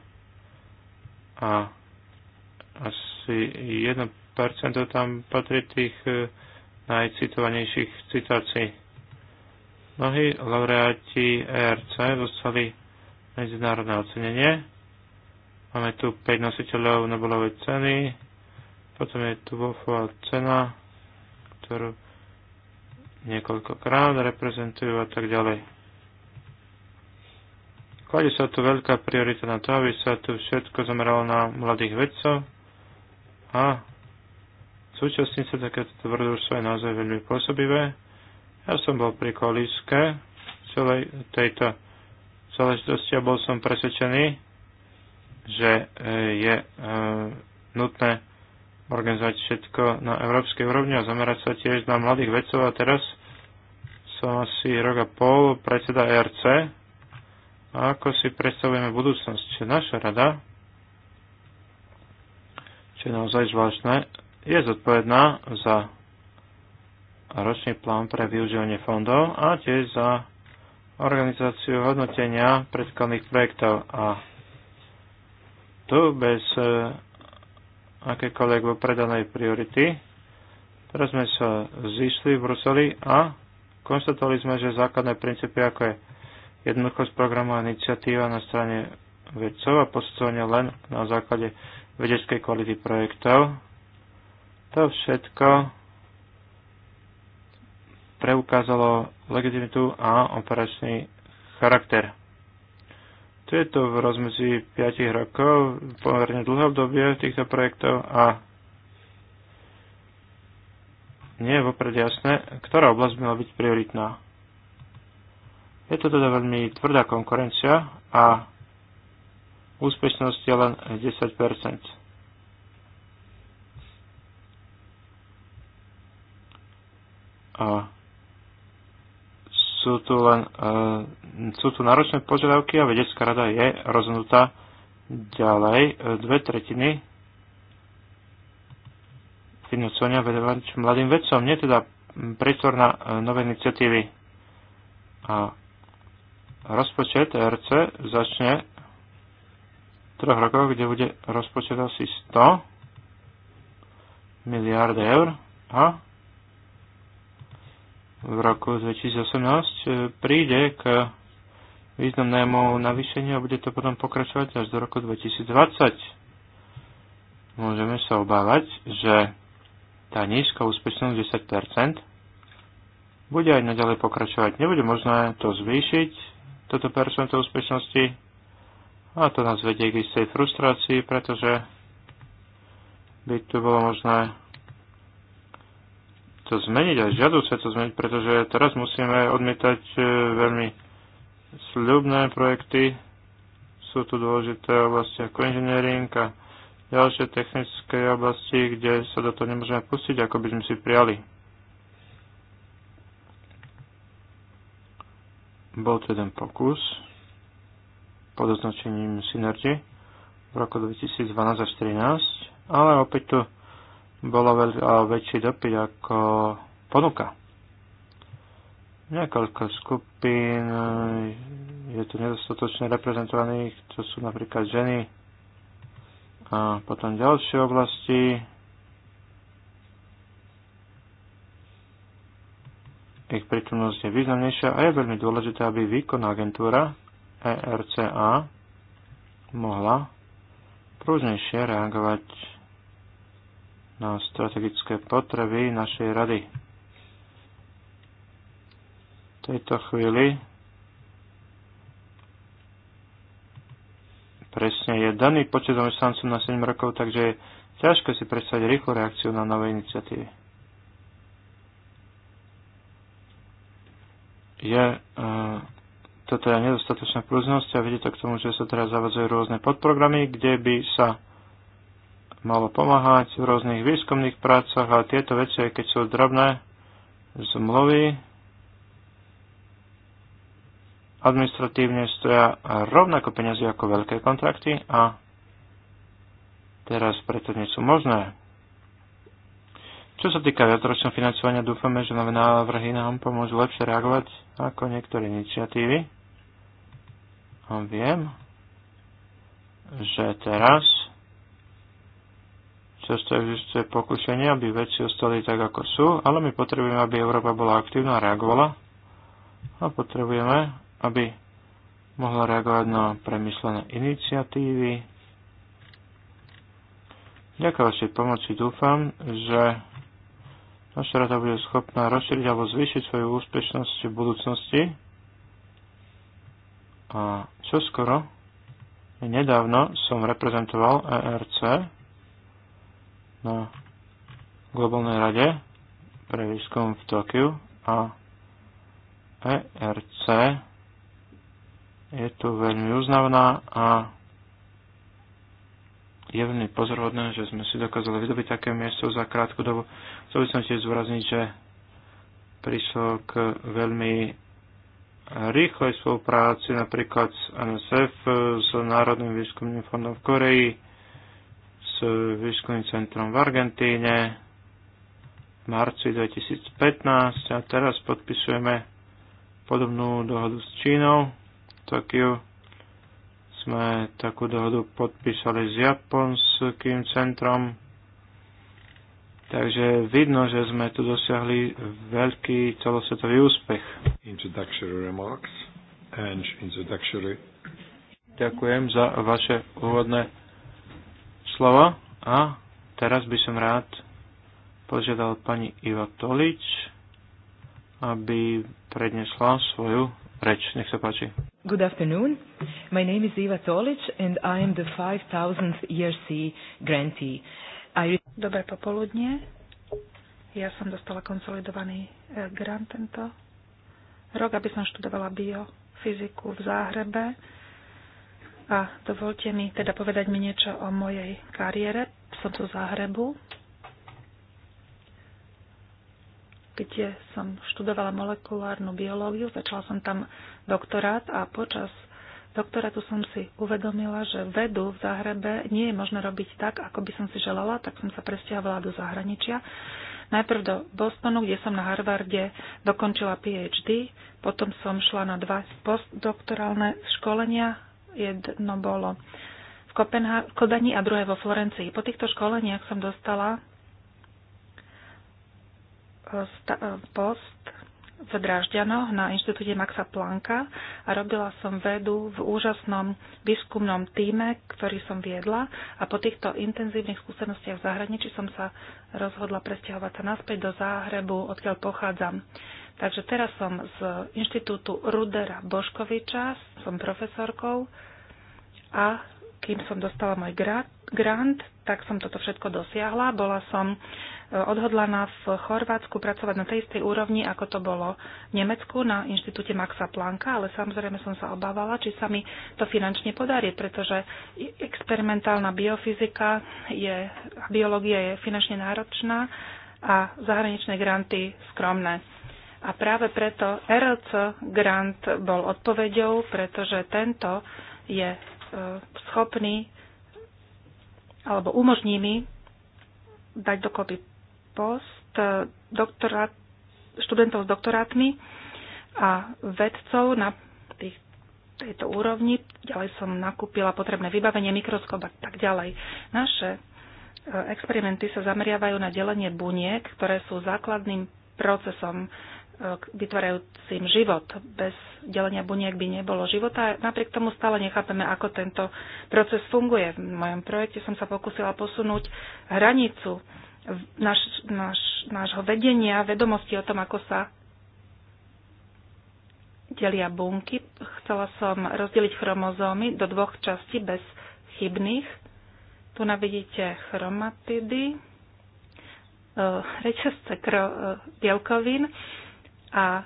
a asi 1% tam patrí tých e, najcitovanejších citácií. Mnohí laureáti ERC dostali medzinárodné ocenenie. Máme tu 5 nositeľov Nobelovej ceny, potom je tu Wolfová cena, ktorú niekoľkokrát, reprezentujú a tak ďalej. Kladie sa tu veľká priorita na to, aby sa tu všetko zameralo na mladých vedcov a súčasne sa takéto tvrdúrstvo je naozaj veľmi pôsobivé. Ja som bol pri kolíske celej tejto záležitosti a bol som presvedčený, že e, je e, nutné organizovať všetko na európskej úrovni a zamerať sa tiež na mladých vedcov. A teraz som asi rok a pol predseda ERC. A ako si predstavujeme budúcnosť? Naša rada, čo je naozaj zvláštne, je zodpovedná za ročný plán pre využívanie fondov a tiež za organizáciu hodnotenia predkladných projektov. A tu bez eh, akékoľvek predanej priority. Teraz sme sa zišli v Bruseli a konštatovali sme, že základné princípy, ako je jednoduchosť programu a iniciatíva na strane vedcov a posudzovanie len na základe vedeckej kvality projektov, to všetko preukázalo legitimitu a operačný charakter. To je to v rozmedzi 5 rokov, pomerne dlhé obdobie týchto projektov a nie je vopred jasné, ktorá oblasť mala byť prioritná. Je to teda veľmi tvrdá konkurencia a úspešnosť je len 10 a sú tu len eh, sú tu náročné požiadavky a vedecká rada je rozhodnutá ďalej e, dve tretiny financovania vedovať mladým vedcom. Nie teda priestor na e, nové iniciatívy. A rozpočet RC začne v troch rokoch, kde bude rozpočet asi 100 miliard eur. A v roku 2018 e, príde k významnému navýšeniu a bude to potom pokračovať až do roku 2020. Môžeme sa obávať, že tá nízka úspešnosť 10% bude aj naďalej pokračovať. Nebude možné to zvýšiť, toto percento úspešnosti, a to nás vedie k istej frustrácii, pretože by tu bolo možné to zmeniť, aj žiaduce to zmeniť, pretože teraz musíme odmietať e, veľmi sľubné projekty sú tu dôležité oblasti ako inžiniering a ďalšie technické oblasti, kde sa do toho nemôžeme pustiť, ako by sme si prijali. Bol tu jeden pokus pod označením Synergy v roku 2012 až 2013, ale opäť tu bolo veľa väčší dopyt ako ponuka niekoľko skupín e, je tu nedostatočne reprezentovaných, to sú napríklad ženy a potom ďalšie oblasti. Ich prítomnosť je významnejšia a je veľmi dôležité, aby výkonná agentúra ERCA mohla prúžnejšie reagovať na strategické potreby našej rady tejto chvíli presne je daný počet zamestnancov na 7 rokov, takže je ťažko si predstaviť rýchlu reakciu na nové iniciatívy. Je, uh, toto je nedostatočná prúznosť a vidíte to k tomu, že sa teraz zavadzujú rôzne podprogramy, kde by sa malo pomáhať v rôznych výskumných prácach a tieto veci, keď sú drobné zmluvy, administratívne stoja rovnako peniazy ako veľké kontrakty a teraz preto nie sú možné. Čo sa týka viacročného financovania, dúfame, že nové návrhy nám pomôžu lepšie reagovať ako niektoré iniciatívy. A viem, že teraz často existuje pokušenie, aby veci ostali tak, ako sú, ale my potrebujeme, aby Európa bola aktívna a reagovala a potrebujeme, aby mohla reagovať na premyslené iniciatívy. Ďakujem vašej pomoci dúfam, že naša rada bude schopná rozšíriť alebo zvýšiť svoju úspešnosť v budúcnosti. A čo skoro, nedávno som reprezentoval ERC na globálnej rade pre výskum v Tokiu a ERC je tu veľmi uznavná a je veľmi pozorhodné, že sme si dokázali vydobiť také miesto za krátku dobu. Chcel by som tiež zúrazniť, že prišlo k veľmi rýchlej spolupráci napríklad s NSF, s Národným výskumným fondom v Koreji, s výskumným centrom v Argentíne v marci 2015 a teraz podpisujeme podobnú dohodu s Čínou Tokiu sme takú dohodu podpísali s japonským centrom. Takže vidno, že sme tu dosiahli veľký celosvetový úspech. Introductory remarks and introductory... Ďakujem za vaše úvodné slova a teraz by som rád požiadal pani Iva Tolič, aby prednesla svoju reč. Nech sa páči.
Good afternoon. My name is Iva Tolic and I am the 5000th ERC grantee. I... Dobré popoludne. Ja som dostala konsolidovaný e, grant tento rok, aby som študovala biofyziku v Záhrebe. A dovolte mi teda povedať mi niečo o mojej kariére. Som zo Záhrebu, kde som študovala molekulárnu biológiu. Začala som tam doktorát a počas doktorátu som si uvedomila, že vedu v Záhrebe nie je možné robiť tak, ako by som si želala, tak som sa presťahovala do zahraničia. Najprv do Bostonu, kde som na Harvarde dokončila PhD, potom som šla na dva postdoktorálne školenia. Jedno bolo v Kopenha- Kodani a druhé vo Florencii. Po týchto školeniach som dostala Eh, post v Dražďanoch na inštitúte Maxa Planka a robila som vedu v úžasnom výskumnom týme, ktorý som viedla a po týchto intenzívnych skúsenostiach v zahraničí som sa rozhodla presťahovať sa naspäť do Záhrebu, odkiaľ pochádzam. Takže teraz som z inštitútu Rudera Boškoviča, som profesorkou a kým som dostala môj grant, tak som toto všetko dosiahla. Bola som e, odhodlaná v Chorvátsku pracovať na tej istej úrovni, ako to bolo v Nemecku na inštitúte Maxa Plancka, ale samozrejme som sa obávala, či sa mi to finančne podarí, pretože experimentálna biofyzika je, a biológia je finančne náročná a zahraničné granty skromné. A práve preto RLC grant bol odpoveďou, pretože tento je E, schopní alebo umožní mi dať dokopy post e, doktorát, študentov s doktorátmi a vedcov na tých, tejto úrovni. Ďalej som nakúpila potrebné vybavenie, mikroskop a tak ďalej. Naše e, experimenty sa zameriavajú na delenie buniek, ktoré sú základným procesom vytvárajúcim život. Bez delenia buniek by nebolo života. Napriek tomu stále nechápeme, ako tento proces funguje. V mojom projekte som sa pokúsila posunúť hranicu náš, náš, nášho vedenia, vedomosti o tom, ako sa delia bunky. Chcela som rozdeliť chromozómy do dvoch častí bez chybných. Tu navidíte chromatidy, eh, reťazce eh, bielkovín a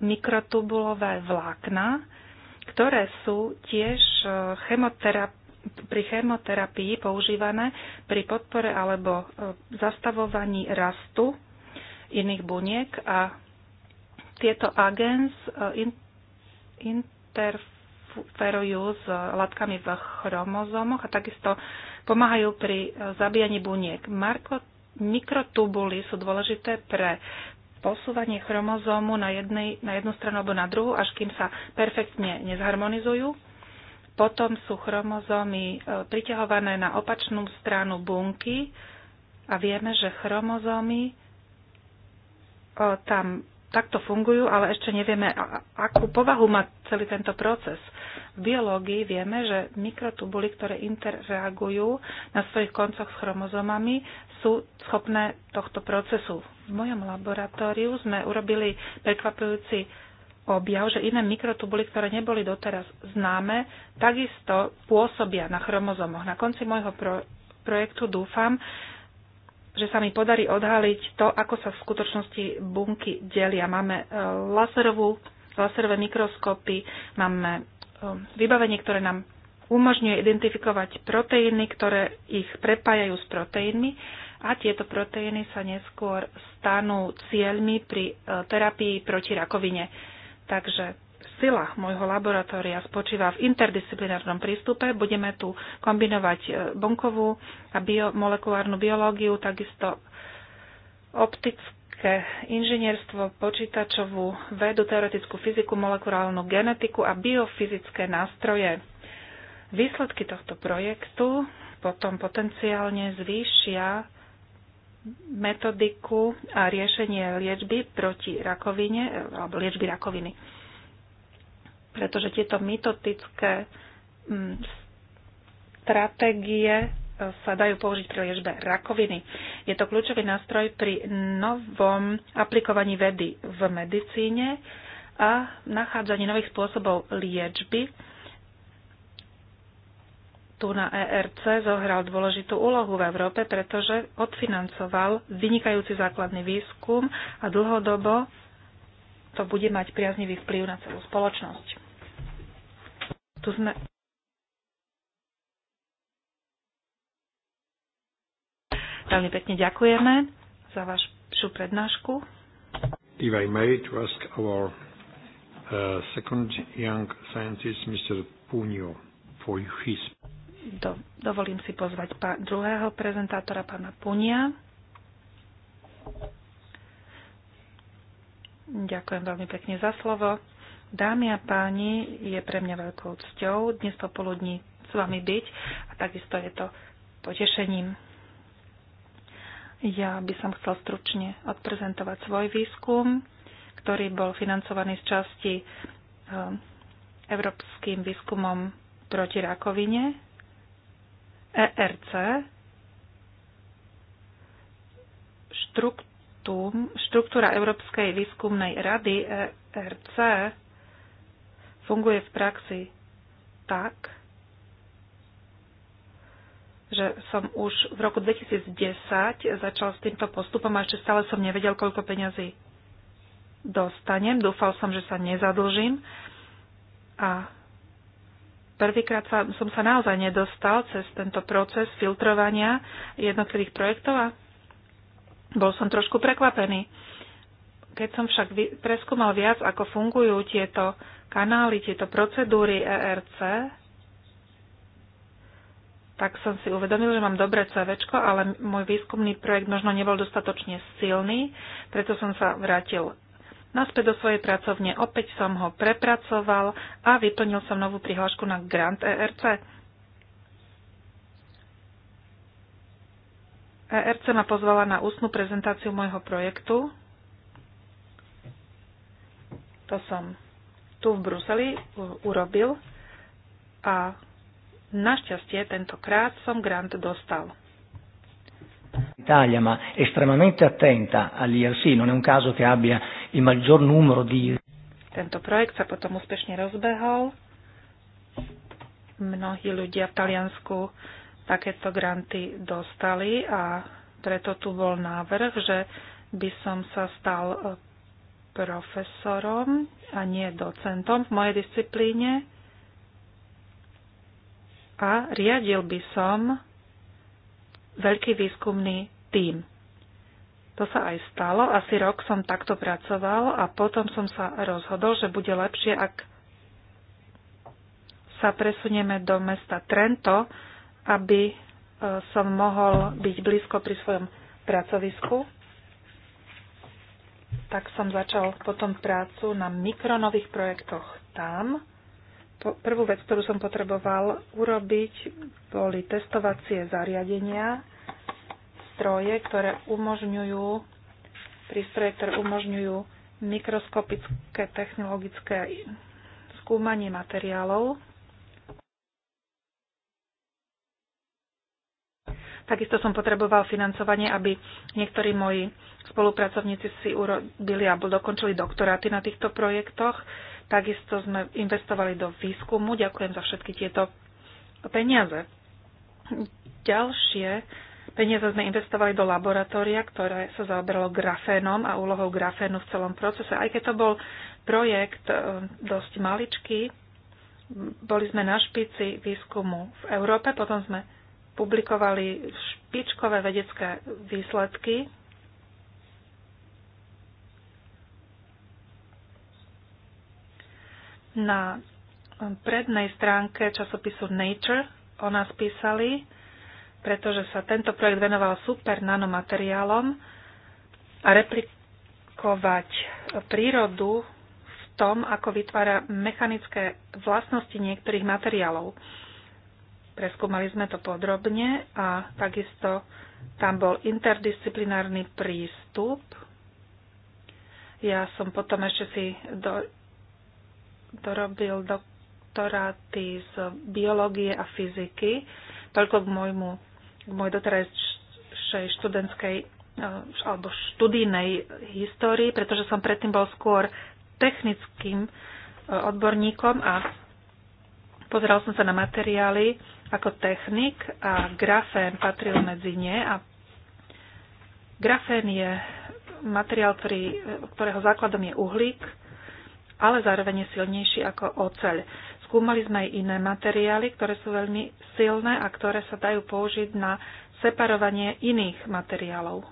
mikrotubulové vlákna, ktoré sú tiež e, chemoterap- pri chemoterapii používané pri podpore alebo e, zastavovaní rastu iných buniek a tieto agens e, interferujú s látkami v chromozomoch a takisto pomáhajú pri zabíjaní buniek. Marko, mikrotubuly sú dôležité pre posúvanie chromozómu na, jednej, na jednu stranu alebo na druhú, až kým sa perfektne nezharmonizujú. Potom sú chromozómy e, priťahované na opačnú stranu bunky a vieme, že chromozómy e, tam takto fungujú, ale ešte nevieme, akú povahu má celý tento proces. V biológii vieme, že mikrotubuly, ktoré interreagujú na svojich koncoch s chromozomami, sú schopné tohto procesu. V mojom laboratóriu sme urobili prekvapujúci objav, že iné mikrotubuly, ktoré neboli doteraz známe, takisto pôsobia na chromozomoch. Na konci môjho pro- projektu dúfam, že sa mi podarí odhaliť to, ako sa v skutočnosti bunky delia. Máme e, laserovú, laserové mikroskopy, máme e, vybavenie, ktoré nám umožňuje identifikovať proteíny, ktoré ich prepájajú s proteínmi a tieto proteíny sa neskôr stanú cieľmi pri e, terapii proti rakovine. Takže sila môjho laboratória spočíva v interdisciplinárnom prístupe. Budeme tu kombinovať e, bonkovú a bio, molekulárnu biológiu, takisto optické inžinierstvo, počítačovú vedu, teoretickú fyziku, molekulárnu genetiku a biofyzické nástroje. Výsledky tohto projektu potom potenciálne zvýšia metodiku a riešenie liečby proti rakovine, alebo liečby rakoviny. Pretože tieto mitotické mm, stratégie e, sa dajú použiť pri liečbe rakoviny. Je to kľúčový nástroj pri novom aplikovaní vedy v medicíne a nachádzaní nových spôsobov liečby tu na ERC zohral dôležitú úlohu v Európe, pretože odfinancoval vynikajúci základný výskum a dlhodobo to bude mať priaznivý vplyv na celú spoločnosť. Tu sme Veľmi pekne ďakujeme za vašu prednášku.
If I may, to ask our uh, second young scientist, Mr. Punio, for his
do, dovolím si pozvať pá, druhého prezentátora, pána Punia. Ďakujem veľmi pekne za slovo. Dámy a páni, je pre mňa veľkou cťou dnes popoludní s vami byť a takisto je to potešením. Ja by som chcel stručne odprezentovať svoj výskum, ktorý bol financovaný z časti eh, Európskym výskumom proti rakovine ERC štruktúm, štruktúra Európskej výskumnej rady ERC funguje v praxi tak, že som už v roku 2010 začal s týmto postupom a ešte stále som nevedel, koľko peňazí dostanem. Dúfal som, že sa nezadlžím a Prvýkrát sa, som sa naozaj nedostal cez tento proces filtrovania jednotlivých projektov a bol som trošku prekvapený. Keď som však preskúmal viac, ako fungujú tieto kanály, tieto procedúry ERC, tak som si uvedomil, že mám dobré CV, ale môj výskumný projekt možno nebol dostatočne silný, preto som sa vrátil naspäť do svojej pracovne. Opäť som ho prepracoval a vyplnil som novú prihlášku na grant ERC. ERC ma pozvala na ústnu prezentáciu môjho projektu. To som tu v Bruseli urobil a našťastie tentokrát som grant dostal. Italia, ma estremamente attenta all'IRC, non è un caso che abbia il maggior numero di... Tento projekt sa potom úspešne rozbehol. Mnohí ľudia v Taliansku takéto granty dostali a preto tu bol návrh, že by som sa stal e, profesorom a nie docentom v mojej disciplíne a riadil by som veľký výskumný tím. To sa aj stalo. Asi rok som takto pracoval a potom som sa rozhodol, že bude lepšie, ak sa presunieme do mesta Trento, aby e, som mohol byť blízko pri svojom pracovisku. Tak som začal potom prácu na mikronových projektoch tam. Prvú vec, ktorú som potreboval urobiť, boli testovacie zariadenia, prístroje, ktoré umožňujú prístroje, ktoré umožňujú mikroskopické technologické skúmanie materiálov. Takisto som potreboval financovanie, aby niektorí moji spolupracovníci si urobili alebo dokončili doktoráty na týchto projektoch. Takisto sme investovali do výskumu. Ďakujem za všetky tieto peniaze. Ďalšie Peniaze sme investovali do laboratória, ktoré sa zaoberalo grafénom a úlohou grafénu v celom procese. Aj keď to bol projekt e, dosť maličký, boli sme na špici výskumu v Európe, potom sme publikovali špičkové vedecké výsledky. Na prednej stránke časopisu Nature o nás písali, pretože sa tento projekt venoval super nanomateriálom a replikovať prírodu v tom, ako vytvára mechanické vlastnosti niektorých materiálov. Preskúmali sme to podrobne a takisto tam bol interdisciplinárny prístup. Ja som potom ešte si do, dorobil doktoráty z biológie a fyziky, toľko k môjmu v mojej doterajšej študentskej eh, alebo študijnej histórii, pretože som predtým bol skôr technickým eh, odborníkom a pozeral som sa na materiály ako technik a grafén patril medzi ne a grafén je materiál, ktorý, eh, ktorého základom je uhlík, ale zároveň je silnejší ako oceľ. Skúmali sme aj iné materiály, ktoré sú veľmi silné a ktoré sa dajú použiť na separovanie iných materiálov.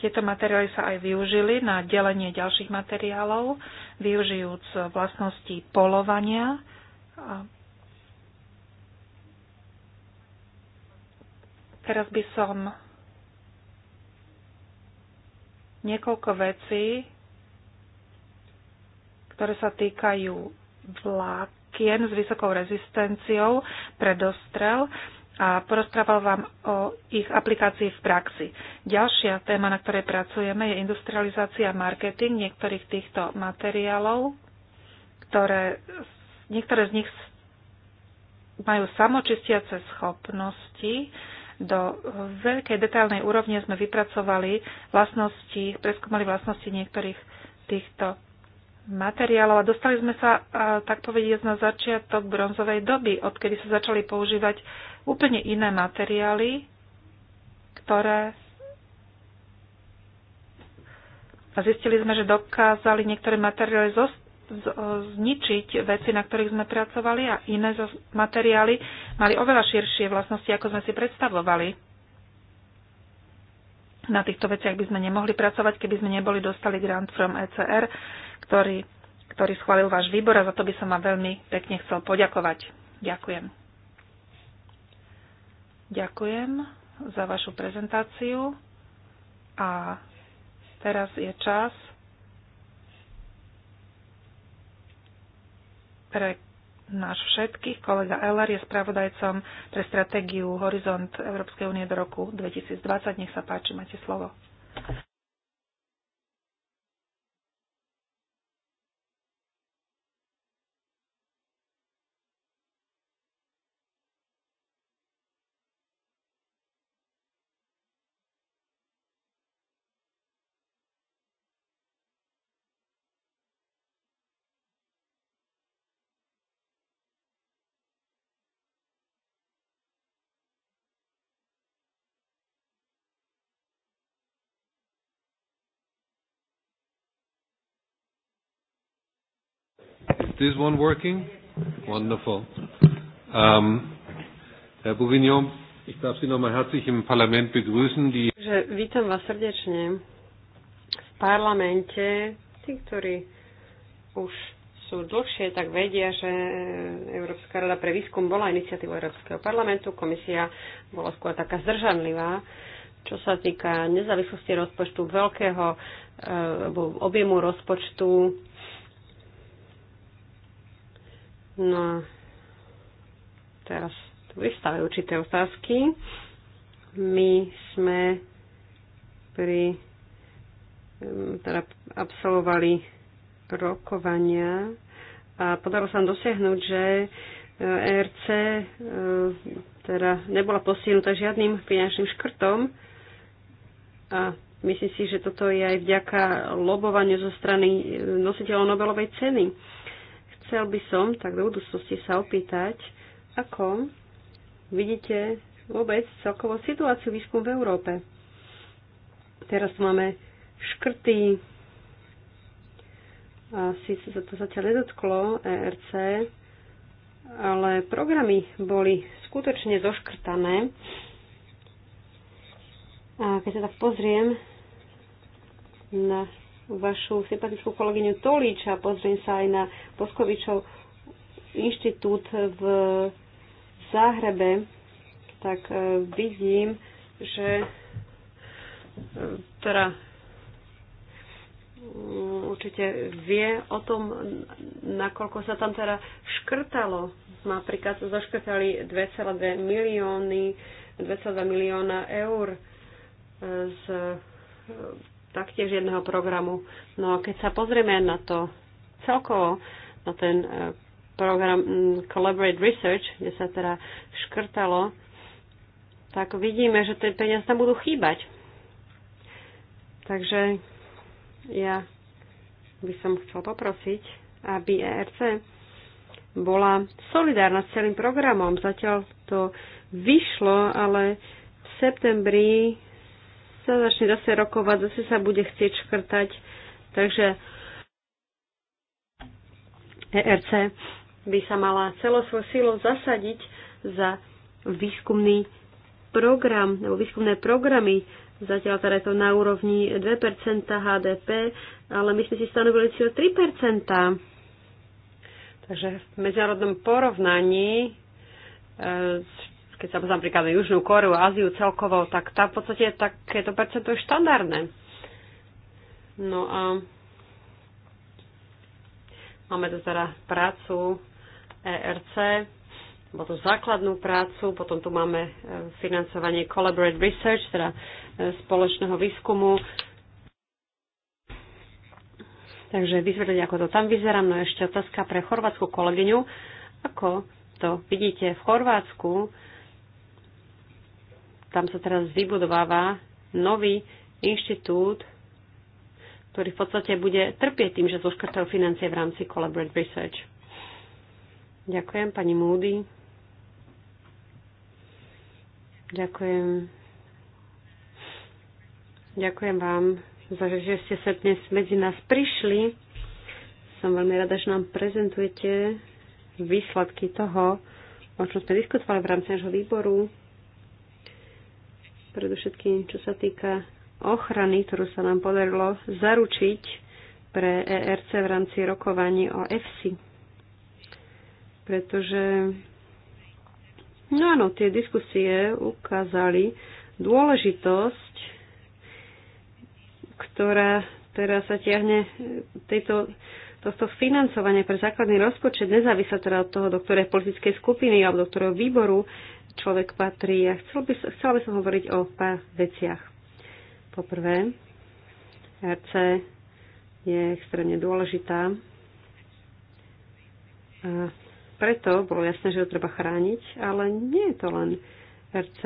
Tieto materiály sa aj využili na delenie ďalších materiálov, využijúc vlastnosti polovania Teraz by som niekoľko vecí, ktoré sa týkajú vlákien s vysokou rezistenciou pre dostrel a porozprával vám o ich aplikácii v praxi. Ďalšia téma, na ktorej pracujeme, je industrializácia a marketing niektorých týchto materiálov, ktoré, niektoré z nich majú samočistiace schopnosti, do veľkej detailnej úrovne sme vypracovali vlastnosti, preskúmali vlastnosti niektorých týchto materiálov a dostali sme sa, tak povediať, na začiatok bronzovej doby, odkedy sa začali používať úplne iné materiály, ktoré a zistili sme, že dokázali niektoré materiály zničiť veci, na ktorých sme pracovali a iné materiály mali oveľa širšie vlastnosti, ako sme si predstavovali. Na týchto veciach by sme nemohli pracovať, keby sme neboli dostali grant from ECR, ktorý, ktorý schválil váš výbor a za to by som vám veľmi pekne chcel poďakovať. Ďakujem. Ďakujem za vašu prezentáciu a teraz je čas pre náš všetkých. Kolega Eller je spravodajcom pre stratégiu Horizont Európskej únie do roku 2020. Nech sa páči, máte slovo.
this one working? Wonderful. Um, Herr Bourguignon, ich darf Sie nochmal herzlich im Parlament begrüßen. Die
že vítam vás srdečne v parlamente. Tí, ktorí už sú dlhšie, tak vedia, že Európska rada pre výskum bola iniciatíva Európskeho parlamentu. Komisia bola skôr taká zdržanlivá, čo sa týka nezávislosti rozpočtu, veľkého e, objemu rozpočtu No a teraz tu vystavujú určité otázky. My sme pri teda absolvovali rokovania a podarilo sa nám dosiahnuť, že eh, ERC eh, teda nebola postihnutá žiadnym finančným škrtom a myslím si, že toto je aj vďaka lobovaniu zo strany eh, nositeľov Nobelovej ceny. Chcel by som tak do budúcnosti sa opýtať, ako vidíte vôbec celkovú situáciu výskum v Európe. Teraz tu máme škrty, a síce sa to zatiaľ nedotklo ERC, ale programy boli skutočne zoškrtané. A keď sa tak pozriem na vašu sympatickú kolegyňu Tolič a pozriem sa aj na Poskovičov inštitút v Záhrebe, tak e, vidím, že e, teda mm, určite vie o tom, nakoľko sa tam teda škrtalo. Napríklad zaškrtali 2,2 milióny, 2,2 milióna eur e, z taktiež jedného programu. No a keď sa pozrieme na to celkovo, na ten e, program Collaborate Research, kde sa teda škrtalo, tak vidíme, že tie peniaze tam budú chýbať. Takže ja by som chcel poprosiť, aby ERC bola solidárna s celým programom. Zatiaľ to vyšlo, ale v septembri sa začne zase rokovať, zase sa bude chcieť škrtať. Takže ERC by sa mala celou svojou silou zasadiť za výskumný program, alebo výskumné programy. Zatiaľ teda je to na úrovni 2% HDP, ale my sme si stanovili cieľ 3%. Takže v medzinárodnom porovnaní e, keď sa pozriem napríklad na Južnú Koreu, Áziu celkovo, tak tam v podstate takéto percento je štandardné. No a máme tu teda prácu ERC, potom základnú prácu, potom tu máme e, financovanie Collaborate Research, teda e, spoločného výskumu. Takže vysvetliť, ako to tam vyzerá. No ešte otázka pre chorvátsku kolegyňu. Ako to vidíte v Chorvátsku, tam sa teraz vybudováva nový inštitút, ktorý v podstate bude trpieť tým, že zoškrtajú financie v rámci Collaborate Research. Ďakujem, pani Moody. Ďakujem. Ďakujem vám, za, že ste sa dnes medzi nás prišli. Som veľmi rada, že nám prezentujete výsledky toho, o čom sme diskutovali v rámci nášho výboru predovšetkým čo sa týka ochrany, ktorú sa nám podarilo zaručiť pre ERC v rámci rokovaní o EFSI. Pretože, no áno, tie diskusie ukázali dôležitosť, ktorá teraz sa tiahne tejto tohto financovania pre základný rozpočet nezávisle teda od toho, do ktorej politickej skupiny alebo do ktorého výboru človek patrí. A chcel by, chcela by som hovoriť o pár veciach. Poprvé, RC je extrémne dôležitá. A preto bolo jasné, že ho treba chrániť, ale nie je to len RC,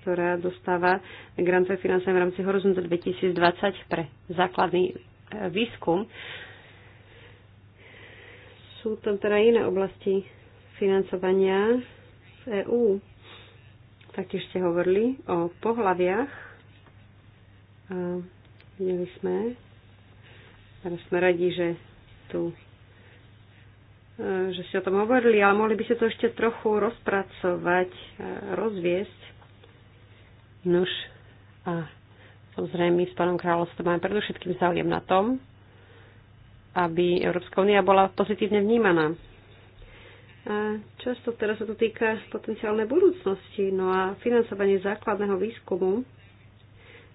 ktorá dostáva grantové financie v rámci Horizonta 2020 pre základný e, výskum. Sú tam teda iné oblasti financovania z EÚ. Taktiež ste hovorili o pohľaviach. Videli sme, teraz sme radi, že tu e, že ste o tom hovorili, ale mohli by ste to ešte trochu rozpracovať, e, rozviesť. Nož a samozrejme my s pánom kráľovstvom máme predovšetkým záujem na tom, aby Európska únia bola pozitívne vnímaná a často teraz sa to týka potenciálnej budúcnosti. No a financovanie základného výskumu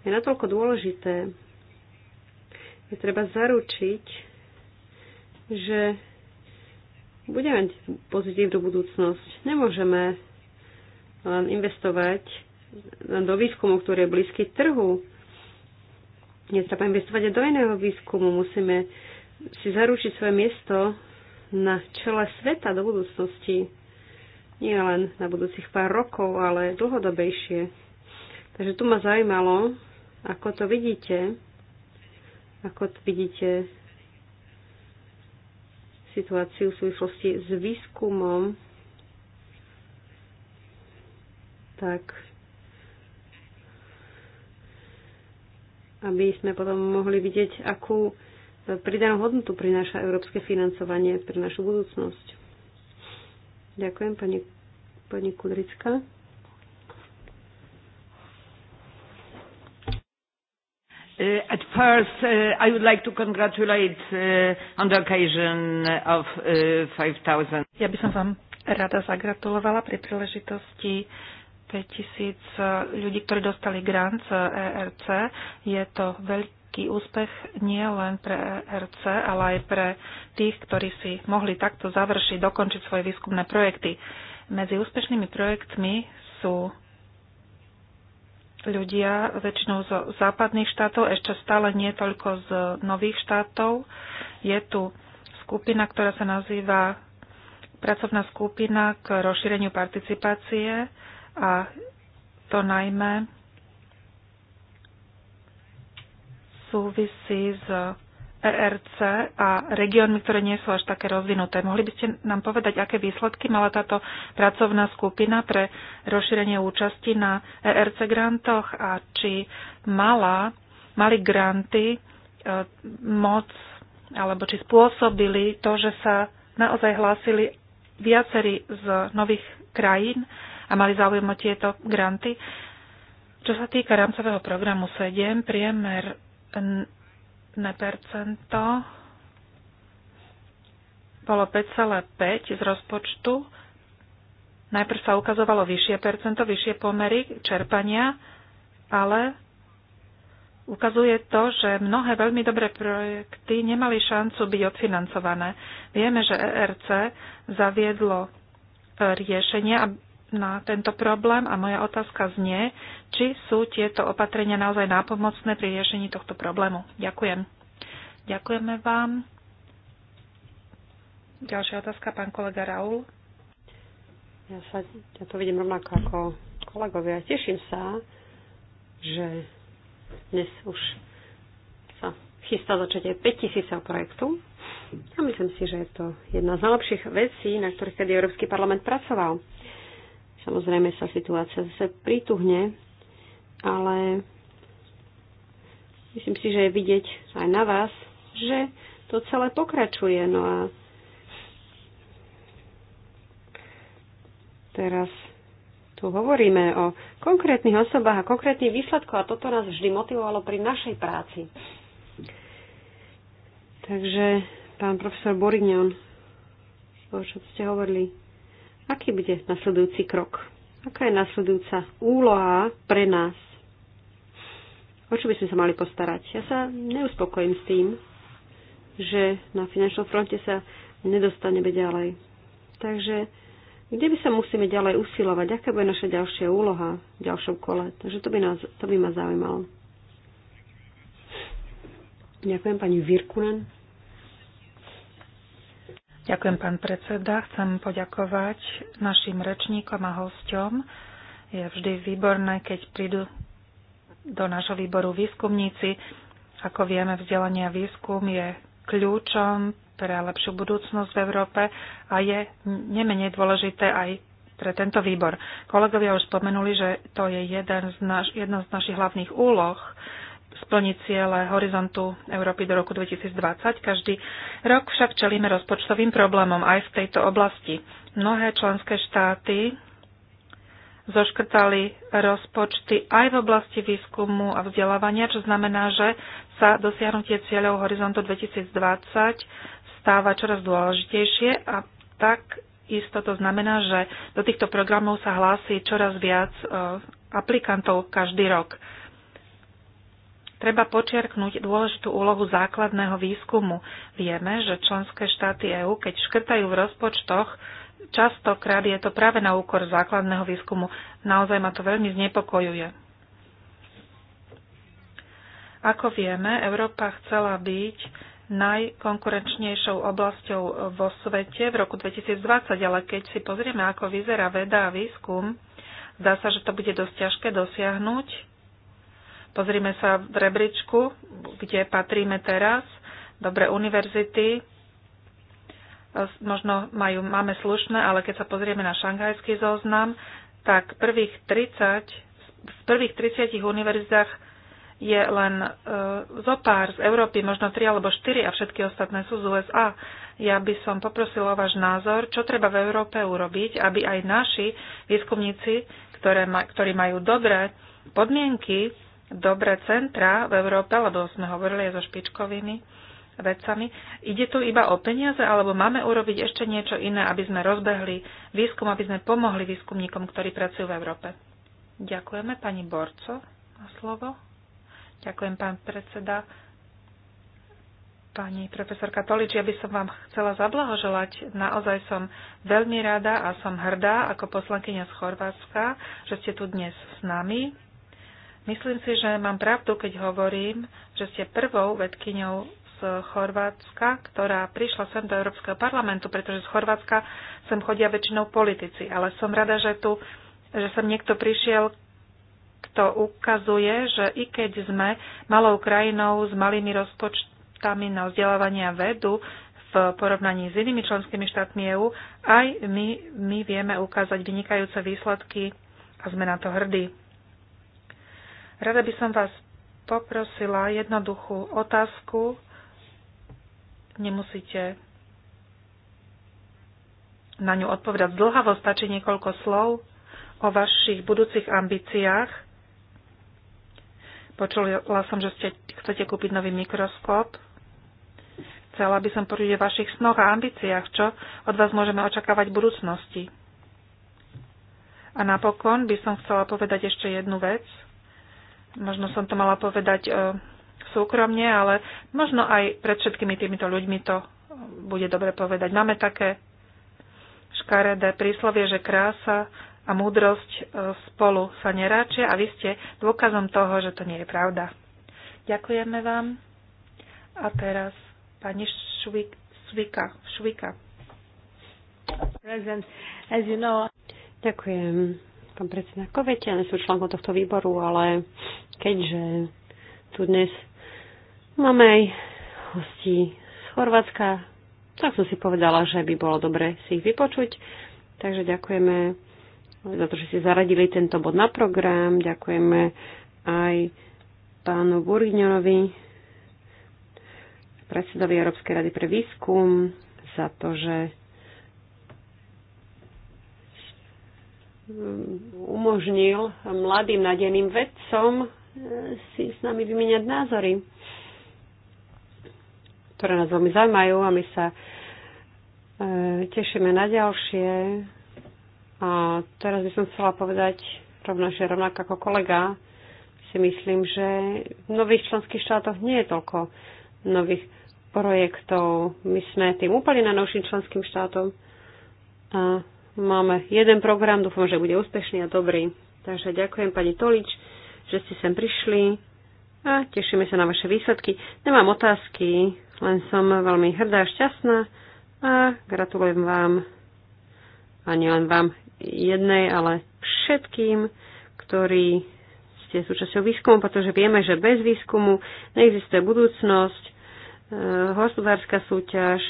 je natoľko dôležité. Je treba zaručiť, že budeme pozitívnu budúcnosť. Nemôžeme len investovať len do výskumu, ktorý je blízky trhu. Netreba investovať aj do iného výskumu. Musíme si zaručiť svoje miesto na čele sveta do budúcnosti. Nie len na budúcich pár rokov, ale dlhodobejšie. Takže tu ma zaujímalo, ako to vidíte, ako to vidíte situáciu v súvislosti s výskumom, tak aby sme potom mohli vidieť, akú pridanú hodnotu prináša európske financovanie pre našu budúcnosť. Ďakujem, pani, pani Kudrická.
Uh, at first, uh, I would like to congratulate uh, on the occasion of uh, 5,000. Ja by som vám rada zagratulovala pri príležitosti 5000 uh, ľudí, ktorí dostali grant z uh, ERC. Je to veľký veľký úspech nie len pre e RC, ale aj pre tých, ktorí si mohli takto završiť, dokončiť svoje výskumné projekty. Medzi úspešnými projektmi sú ľudia väčšinou zo západných štátov, ešte stále nie toľko z nových štátov. Je tu skupina, ktorá sa nazýva pracovná skupina k rozšíreniu participácie a to najmä súvisí s ERC a regiónmi, ktoré nie sú až také rozvinuté. Mohli by ste nám povedať, aké výsledky mala táto pracovná skupina pre rozšírenie účasti na ERC grantoch a či mala, mali granty e, moc alebo či spôsobili to, že sa naozaj hlásili viacerí z nových krajín a mali záujem o tieto granty. Čo sa týka rámcového programu 7, priemer percento bolo 5,5 z rozpočtu. Najprv sa ukazovalo vyššie percento, vyššie pomery čerpania, ale ukazuje to, že mnohé veľmi dobré projekty nemali šancu byť odfinancované. Vieme, že ERC zaviedlo e, riešenia, na tento problém a moja otázka znie, či sú tieto opatrenia naozaj nápomocné pri riešení tohto problému. Ďakujem. Ďakujeme vám. Ďalšia otázka, pán kolega Raul.
Ja, sa, ja to vidím rovnako ako kolegovia. Teším sa, že dnes už sa chystá aj 5000 projektu. A myslím si, že je to jedna z najlepších vecí, na ktorých kedy Európsky parlament pracoval. Samozrejme sa situácia zase prituhne, ale myslím si, že je vidieť aj na vás,
že to
celé pokračuje. No a teraz tu hovoríme o konkrétnych osobách a konkrétnych výsledkoch a toto nás vždy motivovalo pri našej práci.
Takže
pán profesor Borignon, o čo ste hovorili, Aký bude nasledujúci krok? Aká je nasledujúca úloha pre nás? O čo by sme sa mali postarať? Ja sa neuspokojím s tým, že na finančnom fronte sa nedostaneme ďalej. Takže kde by sa musíme ďalej usilovať? Aká bude naša ďalšia úloha v ďalšom kole? Takže to by, nás, to by ma
zaujímalo. Ďakujem pani Virkunen. Ďakujem, pán predseda. Chcem poďakovať našim rečníkom a hostom. Je vždy výborné, keď prídu do nášho výboru výskumníci. Ako vieme, vzdelanie a výskum je kľúčom pre lepšiu budúcnosť v Európe a je nemenej dôležité aj pre tento výbor. Kolegovia už spomenuli, že to je jeden z naš, jedno z našich hlavných úloh splniť ciele horizontu Európy do roku 2020. Každý rok však čelíme rozpočtovým problémom aj v tejto oblasti. Mnohé členské štáty zoškrtali rozpočty aj v oblasti výskumu a vzdelávania, čo znamená, že sa dosiahnutie cieľov horizontu 2020 stáva čoraz dôležitejšie a tak isto to znamená, že do týchto programov sa hlási čoraz viac e, aplikantov každý rok. Treba počiarknúť dôležitú úlohu základného výskumu. Vieme, že členské štáty EÚ, keď škrtajú v rozpočtoch, častokrát je to práve na úkor základného výskumu. Naozaj ma to veľmi znepokojuje. Ako vieme, Európa chcela byť najkonkurenčnejšou oblasťou vo svete v roku 2020, ale keď si pozrieme, ako vyzerá veda a výskum, zdá sa, že to bude dosť ťažké dosiahnuť Pozrime sa v rebríčku, kde patríme teraz. Dobre, univerzity, e, možno majú, máme slušné, ale keď sa pozrieme na šanghajský zoznam, tak prvých 30, v prvých 30 univerzitách je len e, zo pár z Európy, možno 3 alebo 4 a všetky ostatné sú z USA. Ja by som poprosila váš názor, čo treba v Európe urobiť, aby aj naši výskumníci, ktoré ma, ktorí majú dobré podmienky, dobré centra v Európe, lebo sme hovorili aj so špičkovými vecami. Ide tu iba o peniaze, alebo máme urobiť ešte niečo iné, aby sme rozbehli výskum, aby sme pomohli výskumníkom, ktorí pracujú v Európe? Ďakujeme pani Borco na slovo. Ďakujem pán predseda. Pani profesorka Tolič, ja by som vám chcela zablahoželať. Naozaj som veľmi rada a som hrdá ako poslankyňa z Chorvátska, že ste tu dnes s nami Myslím si, že mám pravdu, keď hovorím, že ste prvou vedkyňou z Chorvátska, ktorá prišla sem do Európskeho parlamentu, pretože z Chorvátska sem chodia väčšinou politici. Ale som rada, že tu že sem niekto prišiel, kto ukazuje, že i keď sme malou krajinou s malými rozpočtami na vzdelávanie a vedu v porovnaní s inými členskými štátmi EÚ, aj my, my vieme ukázať vynikajúce výsledky a sme na to hrdí. Rada by som vás poprosila jednoduchú otázku. Nemusíte na ňu odpovedať zdlhavo, stačí niekoľko slov o vašich budúcich ambíciách. Počula som, že ste, chcete kúpiť nový mikroskop. Chcela by som počuť o vašich snoch a ambíciách, čo od vás môžeme očakávať v budúcnosti. A napokon by som chcela povedať ešte jednu vec – možno som to mala povedať e, súkromne, ale možno aj pred všetkými týmito ľuďmi to bude dobre povedať. Máme také škaredé príslovie, že krása a múdrosť e, spolu sa neráčia a vy ste dôkazom toho, že to nie je pravda. Ďakujeme vám. A teraz pani Švik, Švika. Švika. Present, as you know.
Ďakujem pán predseda. Ako viete, ja nie sú členkou tohto výboru, ale keďže tu dnes máme aj hosti z Chorvátska, tak som si povedala, že by bolo dobre si ich vypočuť. Takže ďakujeme za to, že ste zaradili tento bod na program. Ďakujeme aj pánu Burgňovi, predsedovi Európskej rady pre výskum, za to, že umožnil mladým nadeným vedcom eh, si s nami vymeniať názory, ktoré nás veľmi zaujímajú a my sa eh, tešíme na ďalšie. A teraz by som chcela povedať rovno, že rovnako ako kolega si myslím, že v nových členských štátoch nie je toľko nových projektov. My sme tým úplne na novším členským štátom. A Máme jeden program, dúfam, že bude úspešný a dobrý. Takže ďakujem pani Tolič, že ste sem prišli a tešíme sa na vaše výsledky. Nemám otázky, len som veľmi hrdá a šťastná a gratulujem vám a nielen vám jednej, ale všetkým, ktorí ste súčasťou výskumu, pretože vieme, že bez výskumu neexistuje budúcnosť, eh, hospodárska súťaž,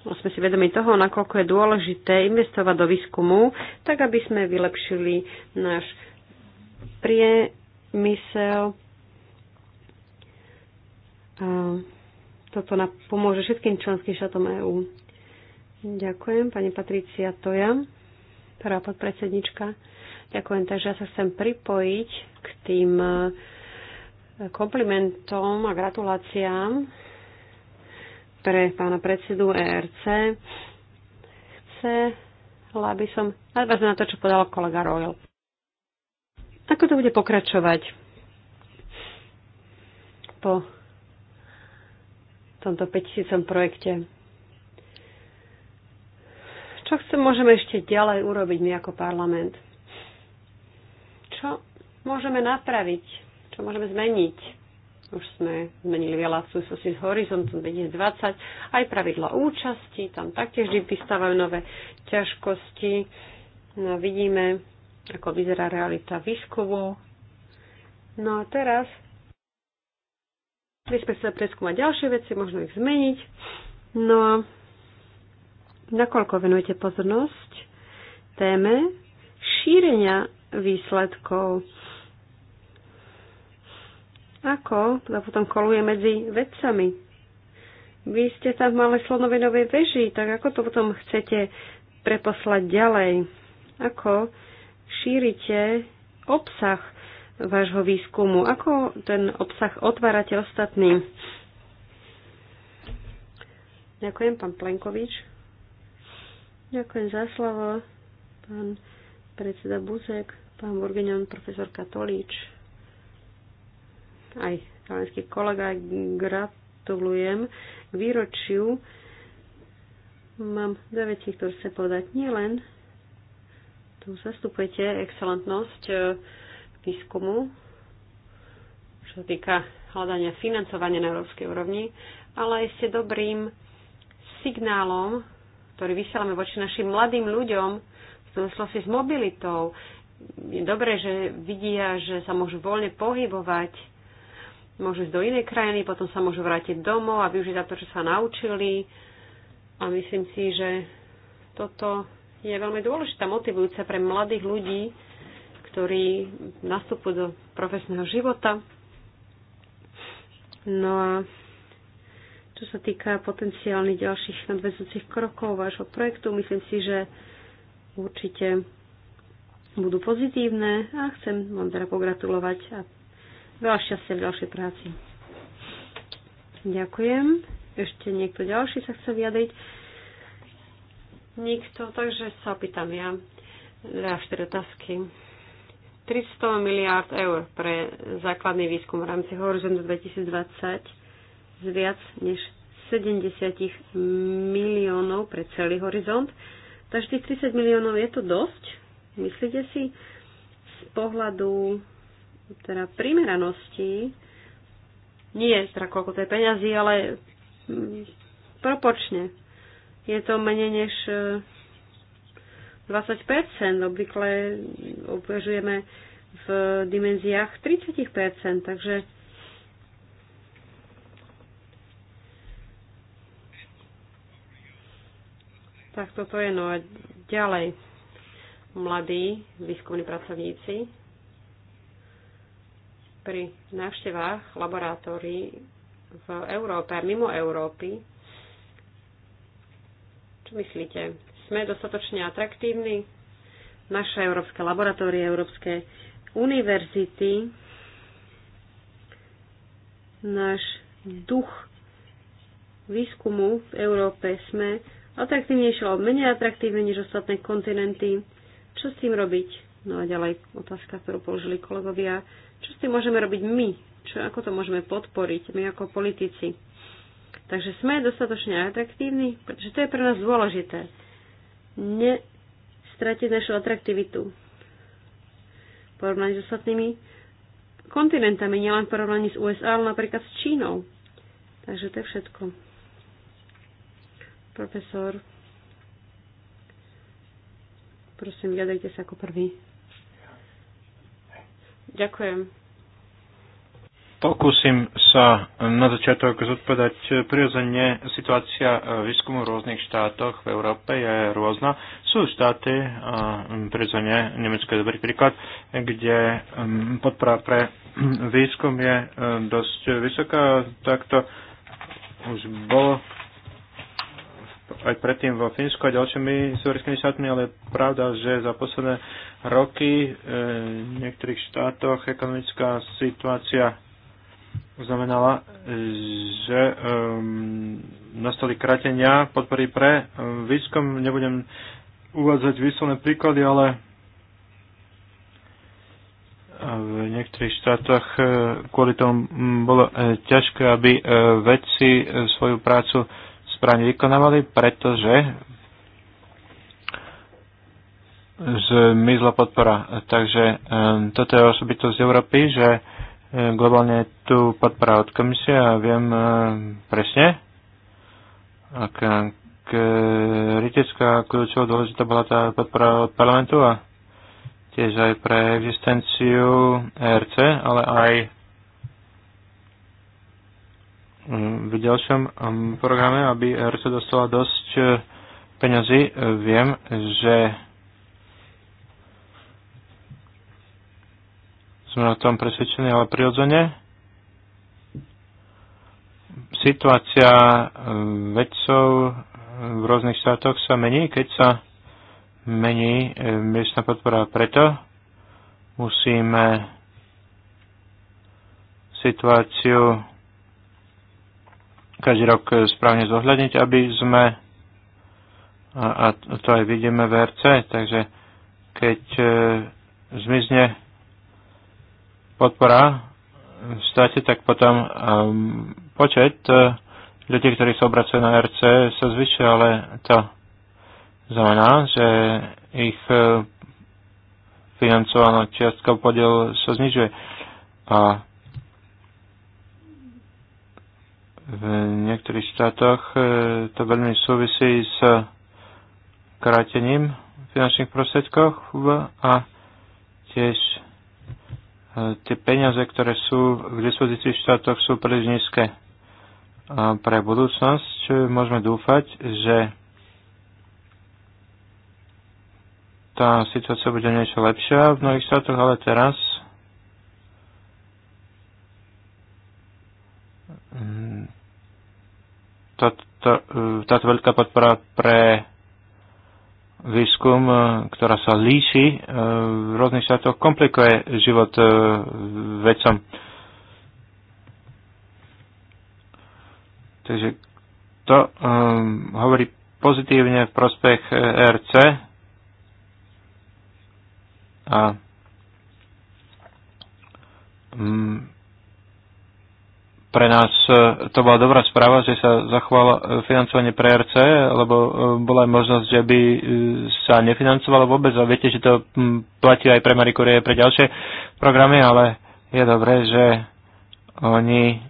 No sme si vedomi toho, nakoľko je dôležité investovať do výskumu, tak aby sme vylepšili náš priemysel. A toto nám pomôže všetkým členským štátom EÚ. Ďakujem, pani Patricia Toja, prvá podpredsednička. Ďakujem, takže ja sa chcem pripojiť k tým e, komplimentom a gratuláciám pre pána predsedu ERC. Chce, aby som nadvázať na to, čo podal kolega Royal. Ako to bude pokračovať po tomto 5000 projekte? Čo chcem, môžeme ešte ďalej urobiť my ako parlament? Čo môžeme napraviť? Čo môžeme zmeniť? už sme zmenili veľa v súvislosti s Horizontom 2020, aj pravidla účasti, tam taktiež vždy vystávajú nové ťažkosti. No, vidíme, ako vyzerá realita výskumu. No a teraz sme sa preskúmať ďalšie veci, možno ich zmeniť. No a nakoľko venujete pozornosť téme šírenia výsledkov ako? To potom koluje medzi vedcami. Vy ste tam v malej slonovinovej veži, tak ako to potom chcete preposlať ďalej? Ako šírite obsah vášho výskumu? Ako ten obsah otvárate ostatným? Ďakujem, pán Plenkovič. Ďakujem za slovo, pán predseda Buzek, pán Burgeňon, profesor Katolíč aj slovenský kolega, gratulujem k výročiu. Mám dve veci, ktoré chcem povedať. Nielen tu zastupujete excelentnosť e, výskumu, čo sa týka hľadania financovania na európskej úrovni, ale aj ste dobrým signálom, ktorý vysielame voči našim mladým ľuďom v súvislosti s mobilitou. Je dobré, že vidia, že sa môžu voľne pohybovať, môžu ísť do inej krajiny, potom sa môžu vrátiť domov a využiť za to, čo sa naučili. A myslím si, že toto je veľmi dôležitá motivujúca pre mladých ľudí, ktorí nastupujú do profesného života. No a čo sa týka potenciálnych ďalších nadväzujúcich krokov vášho projektu, myslím si, že určite budú pozitívne a chcem vám teda pogratulovať a Veľa šťastia v ďalšej práci. Ďakujem. Ešte niekto ďalší sa chce vyjadriť? Nikto, takže sa opýtam ja. Dá 4 otázky. 300 miliárd eur pre základný výskum v rámci Horizon 2020 z viac než 70 miliónov pre celý horizont. Takže tých 30 miliónov je to dosť? Myslíte si z pohľadu teda primeranosti, nie teda koľko to je peňazí, ale mm, propočne. Je to menej než 20%, e, obvykle uvažujeme v dimenziách 30%, takže tak toto je. No a ďalej mladí výskumní pracovníci, pri návštevách laboratórií v Európe a mimo Európy. Čo myslíte? Sme dostatočne atraktívni? Naše európske laboratórie, európske univerzity, náš duch výskumu v Európe sme atraktívnejšie alebo menej atraktívne než ostatné kontinenty. Čo s tým robiť? No a ďalej otázka, ktorú položili kolegovia čo s tým môžeme robiť my? Čo, ako to môžeme podporiť my ako politici? Takže sme dostatočne atraktívni, pretože to je pre nás dôležité. Nestratiť našu atraktivitu porovnaní s ostatnými kontinentami, nielen porovnaní s USA, ale napríklad s Čínou. Takže to je všetko. Profesor, prosím, vyjadrite sa ako prvý. Ďakujem.
Pokúsim sa na začiatok zodpovedať. Prirodzene situácia výskumu v rôznych štátoch v Európe je rôzna. Sú štáty, prirodzene Nemecko je dobrý príklad, kde podpora pre výskum je e, dosť vysoká. Takto už bolo aj predtým vo Fínsku a ďalšími súverskými štátmi, ale pravda, že za posledné roky e, v niektorých štátoch ekonomická situácia znamenala, e, že e, nastali kratenia podpory pre e, výskum. Nebudem uvádzať výslovné príklady, ale v niektorých štátoch kvôli tomu bolo ťažké, aby vedci svoju prácu správne vykonávali, pretože zmizla podpora. Takže ehm, toto je osobitosť Európy, že ehm, globálne je tu podpora od komisie a viem ehm, presne, aká kritická kľúčová dôležitá bola tá podpora od parlamentu a tiež aj pre existenciu ERC, ale aj v ďalšom um, programe, aby RC dostala dosť uh, peňazí. Viem, že sme o tom presvedčení, ale prirodzene situácia uh, vedcov uh, v rôznych štátoch sa mení, keď sa mení miestna podpora. Preto musíme situáciu každý rok e, správne zohľadniť, aby sme, a to aj vidíme v RC, takže keď e, zmizne podpora v štáte, tak potom ehm, počet e, ľudí, ktorí sa obracujú na RC, sa zvyšuje, ale to znamená, že ich financovaná čiastka podiel sa znižuje. A v niektorých štátoch e, to veľmi súvisí s krátením finančných prostriedkov a tiež e, tie peniaze, ktoré sú k dispozícii v štátoch, sú príliš nízke. A pre budúcnosť e, môžeme dúfať, že tá situácia bude niečo lepšia v mnohých štátoch, ale teraz táto, e, táto veľká podpora pre výskum, e, ktorá sa líši e, v rôznych štátoch, komplikuje život vedcom. Takže to um, hovorí pozitívne v prospech ERC a mm, pre nás e, to bola dobrá správa, že sa zachovalo e, financovanie pre RC, lebo e, bola aj možnosť, že by sa nefinancovalo vôbec a viete, že to platí aj pre Marie Curie, pre ďalšie programy, ale je dobré, že oni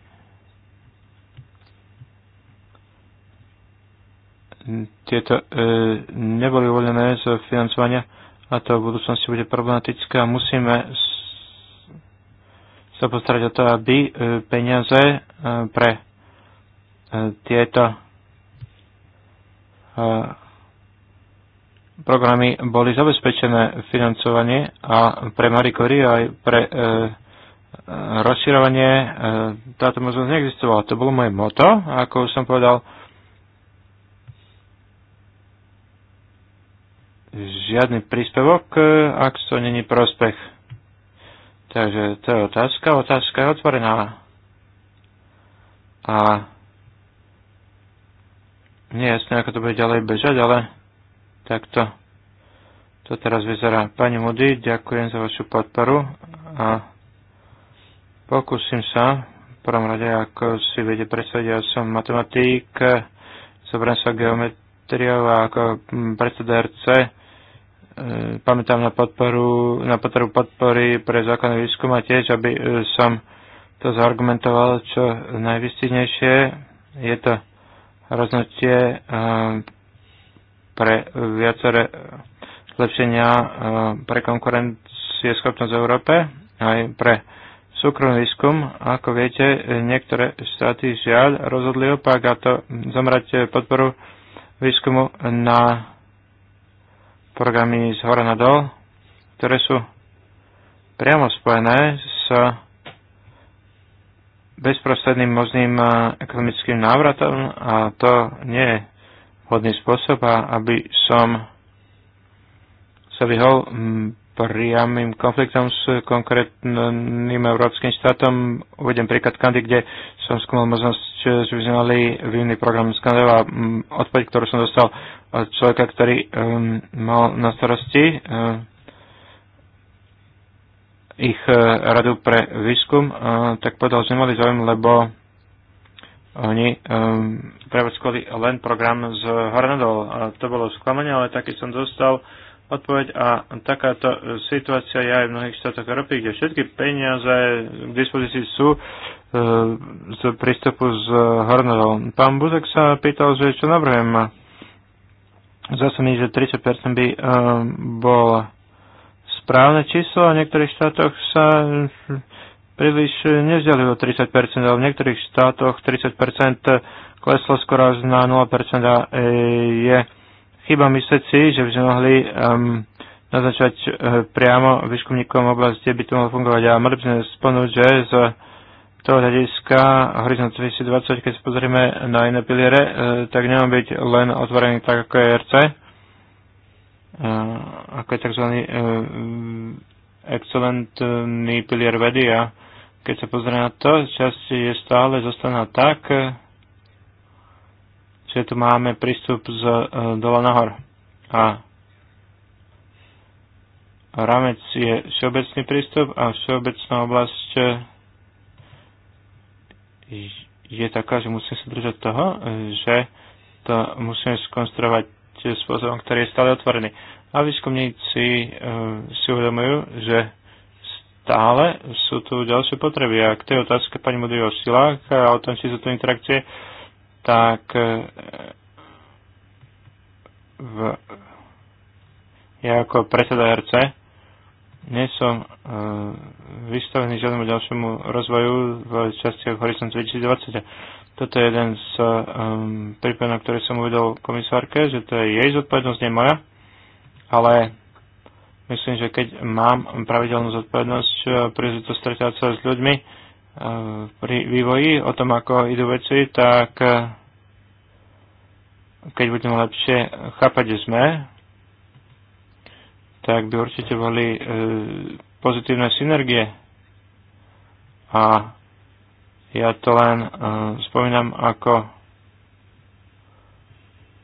tieto e, neboli uvoľnené z financovania a to v budúcnosti bude problematické a musíme sa postarať o to, aby e, peniaze e, pre e, tieto programy boli zabezpečené financovanie a pre Marie Curie aj pre rozširovanie táto možnosť neexistovala. To bolo moje moto, ako už som povedal, žiadny príspevok, ak to není prospech. Takže to je otázka. Otázka je otvorená. A nie je jasné, ako to bude ďalej bežať, ale takto to teraz vyzerá. Pani Moody, ďakujem za vašu podporu a pokúsim sa v prvom rade, ako si viete predstaviť, ja som matematik, zobrám sa geometriou a ako predstaviť RC E, pamätám na podporu, na potrebu podpory pre zákonný výskum a tiež, aby e, som to zargumentoval čo najvystihnejšie. Je to rozhodnutie e, pre viaceré zlepšenia pre konkurencie schopnosť v Európe aj pre súkromný výskum. Ako viete, niektoré štáty žiaľ rozhodli opak a to zamrať podporu výskumu na programy z hora na dol, ktoré sú priamo spojené s bezprostredným možným e, ekonomickým návratom a to nie je vhodný spôsob, aby som sa vyhol priamým konfliktom s konkrétnym európskym štátom. Uvedem príklad Kandy, kde som skúmal možnosť, že by sme mali výmny program z Kandy a mm, odpoveď, ktorú som dostal od človeka, ktorý um, mal na starosti uh, ich uh, radu pre výskum, uh, tak povedal, že nemali záujem, lebo oni um, prevádzkovali len program z Hornadol. A to bolo sklamanie, ale taký som dostal odpoveď a takáto situácia je aj v mnohých štátoch Európy, kde všetky peniaze k dispozícii sú e, z prístupu z Hornerov. Pán Buzek sa pýtal, že čo navrhujem. Zase mi, že 30% by um, bol správne číslo a v niektorých štátoch sa príliš o 30%, ale v niektorých štátoch 30% kleslo skoro až na 0% a e, je Chyba mysleť si, že by sme mohli um, naznačovať uh, priamo výskumníkom v oblasti, by to mohlo fungovať. A mali by sme spomenúť, že z toho hľadiska Horizont 2020, keď sa pozrieme na iné piliere, uh, tak nemá byť len otvorený tak, ako je RC, uh, eh, ako je tzv. Uh, excelentný pilier vedy a keď sa pozrieme na to, časť je stále zostaná tak, uh, Čiže tu máme prístup z e, dola nahor. A ramec je všeobecný prístup a všeobecná oblasť e, je taká, že musíme sa držať toho, e, že to musíme skonstruovať spôsobom, ktorý je stále otvorený. A výskumníci e, si uvedomujú, že stále sú tu ďalšie potreby. A k tej otázke pani Modrý o silách a o tom, či sú tu interakcie, tak e, v, ja ako predseda RC nie som e, vystavený žiadnemu ďalšiemu rozvoju v častiach Horizon 2020. Toto je jeden z e, prípadov, ktoré som uvedol komisárke, že to je jej zodpovednosť, nie moja, ale myslím, že keď mám pravidelnú zodpovednosť, e, príležitosť stretávať sa s ľuďmi, pri vývoji, o tom, ako idú veci, tak eh, keď budeme lepšie chápať, kde sme, tak by určite boli eh, pozitívne synergie. A ja to len eh, spomínam ako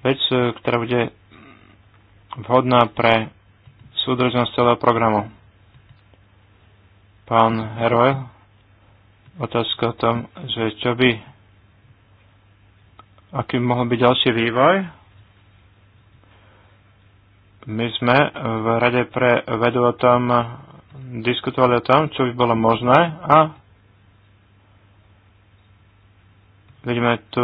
vec, ktorá bude vhodná pre súdržnosť celého programu. Pán Heroel? otázka o tom, že čo by, aký by mohol byť ďalší vývoj. My sme v Rade pre vedu o tom diskutovali o tom, čo by bolo možné a vidíme tu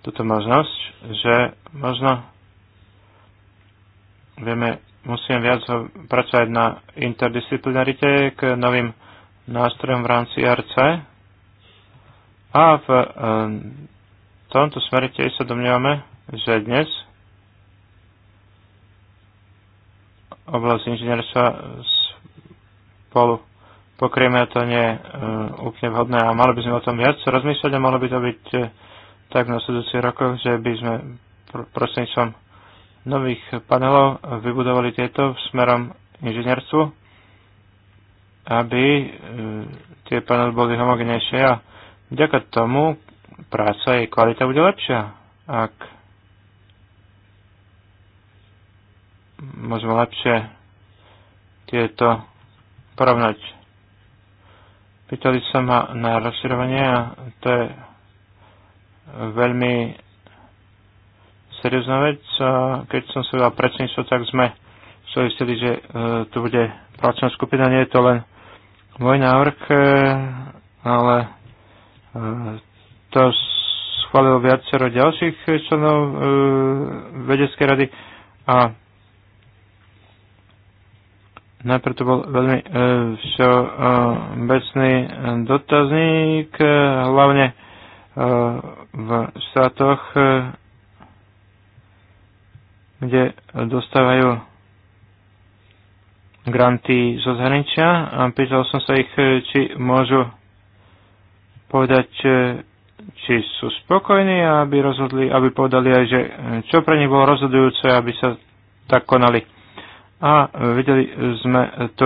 túto možnosť, že možno vieme, musíme viac pracovať na interdisciplinarite k novým nástrojom v rámci e RC. A v e, tomto smere tiež sa domnievame, že dnes oblasť inžinierstva spolu pokrieme to nie je úplne vhodné a mali by sme o tom viac rozmýšľať a malo by to byť e, tak v nasledujúcich rokoch, že by sme prostredníctvom nových panelov vybudovali tieto smerom inžinierstvu aby e, tie panely boli homogenejšie a vďaka tomu práca jej kvalita bude lepšia. Ak môžeme lepšie tieto porovnať. Pýtali sa ma na rozširovanie a to je veľmi seriózna vec. Keď som sa dal predsedníctvo, tak sme súviseli, že e, to bude pracovná skupina, nie je to len môj návrh, e, ale e, to schválilo viacero ďalších členov e, vedeckej rady a najprv to bol veľmi všeobecný dotazník, hlavne v štátoch, kde dostávajú granty zo zahraničia a pýtal som sa ich, e, či môžu povedať, e, či sú spokojní, aby, rozhodli, aby povedali aj, že e, čo pre nich bolo rozhodujúce, aby sa tak konali. A videli sme tu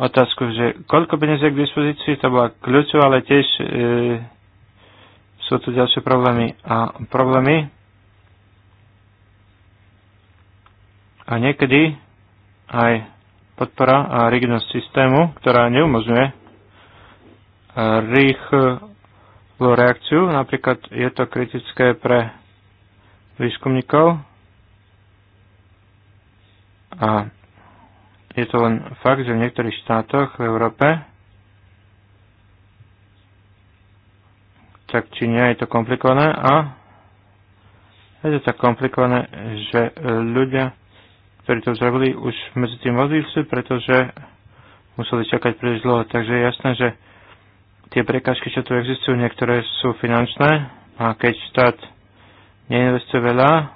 otázku, že koľko peniazí k dispozícii, to bola kľúčová, ale tiež e, sú tu ďalšie problémy. A problémy a niekedy aj podpora a rigidnosť systému, ktorá neumožňuje e, rýchlu reakciu. Napríklad je to kritické pre výskumníkov a je to len fakt, že v niektorých štátoch v Európe tak či nie je to komplikované a je to tak komplikované, že ľudia ktorí to zrobili, už medzi tým vozíci, pretože museli čakať príliš dlho. Takže je jasné, že tie prekážky, čo tu existujú, niektoré sú finančné a keď štát neinvestuje veľa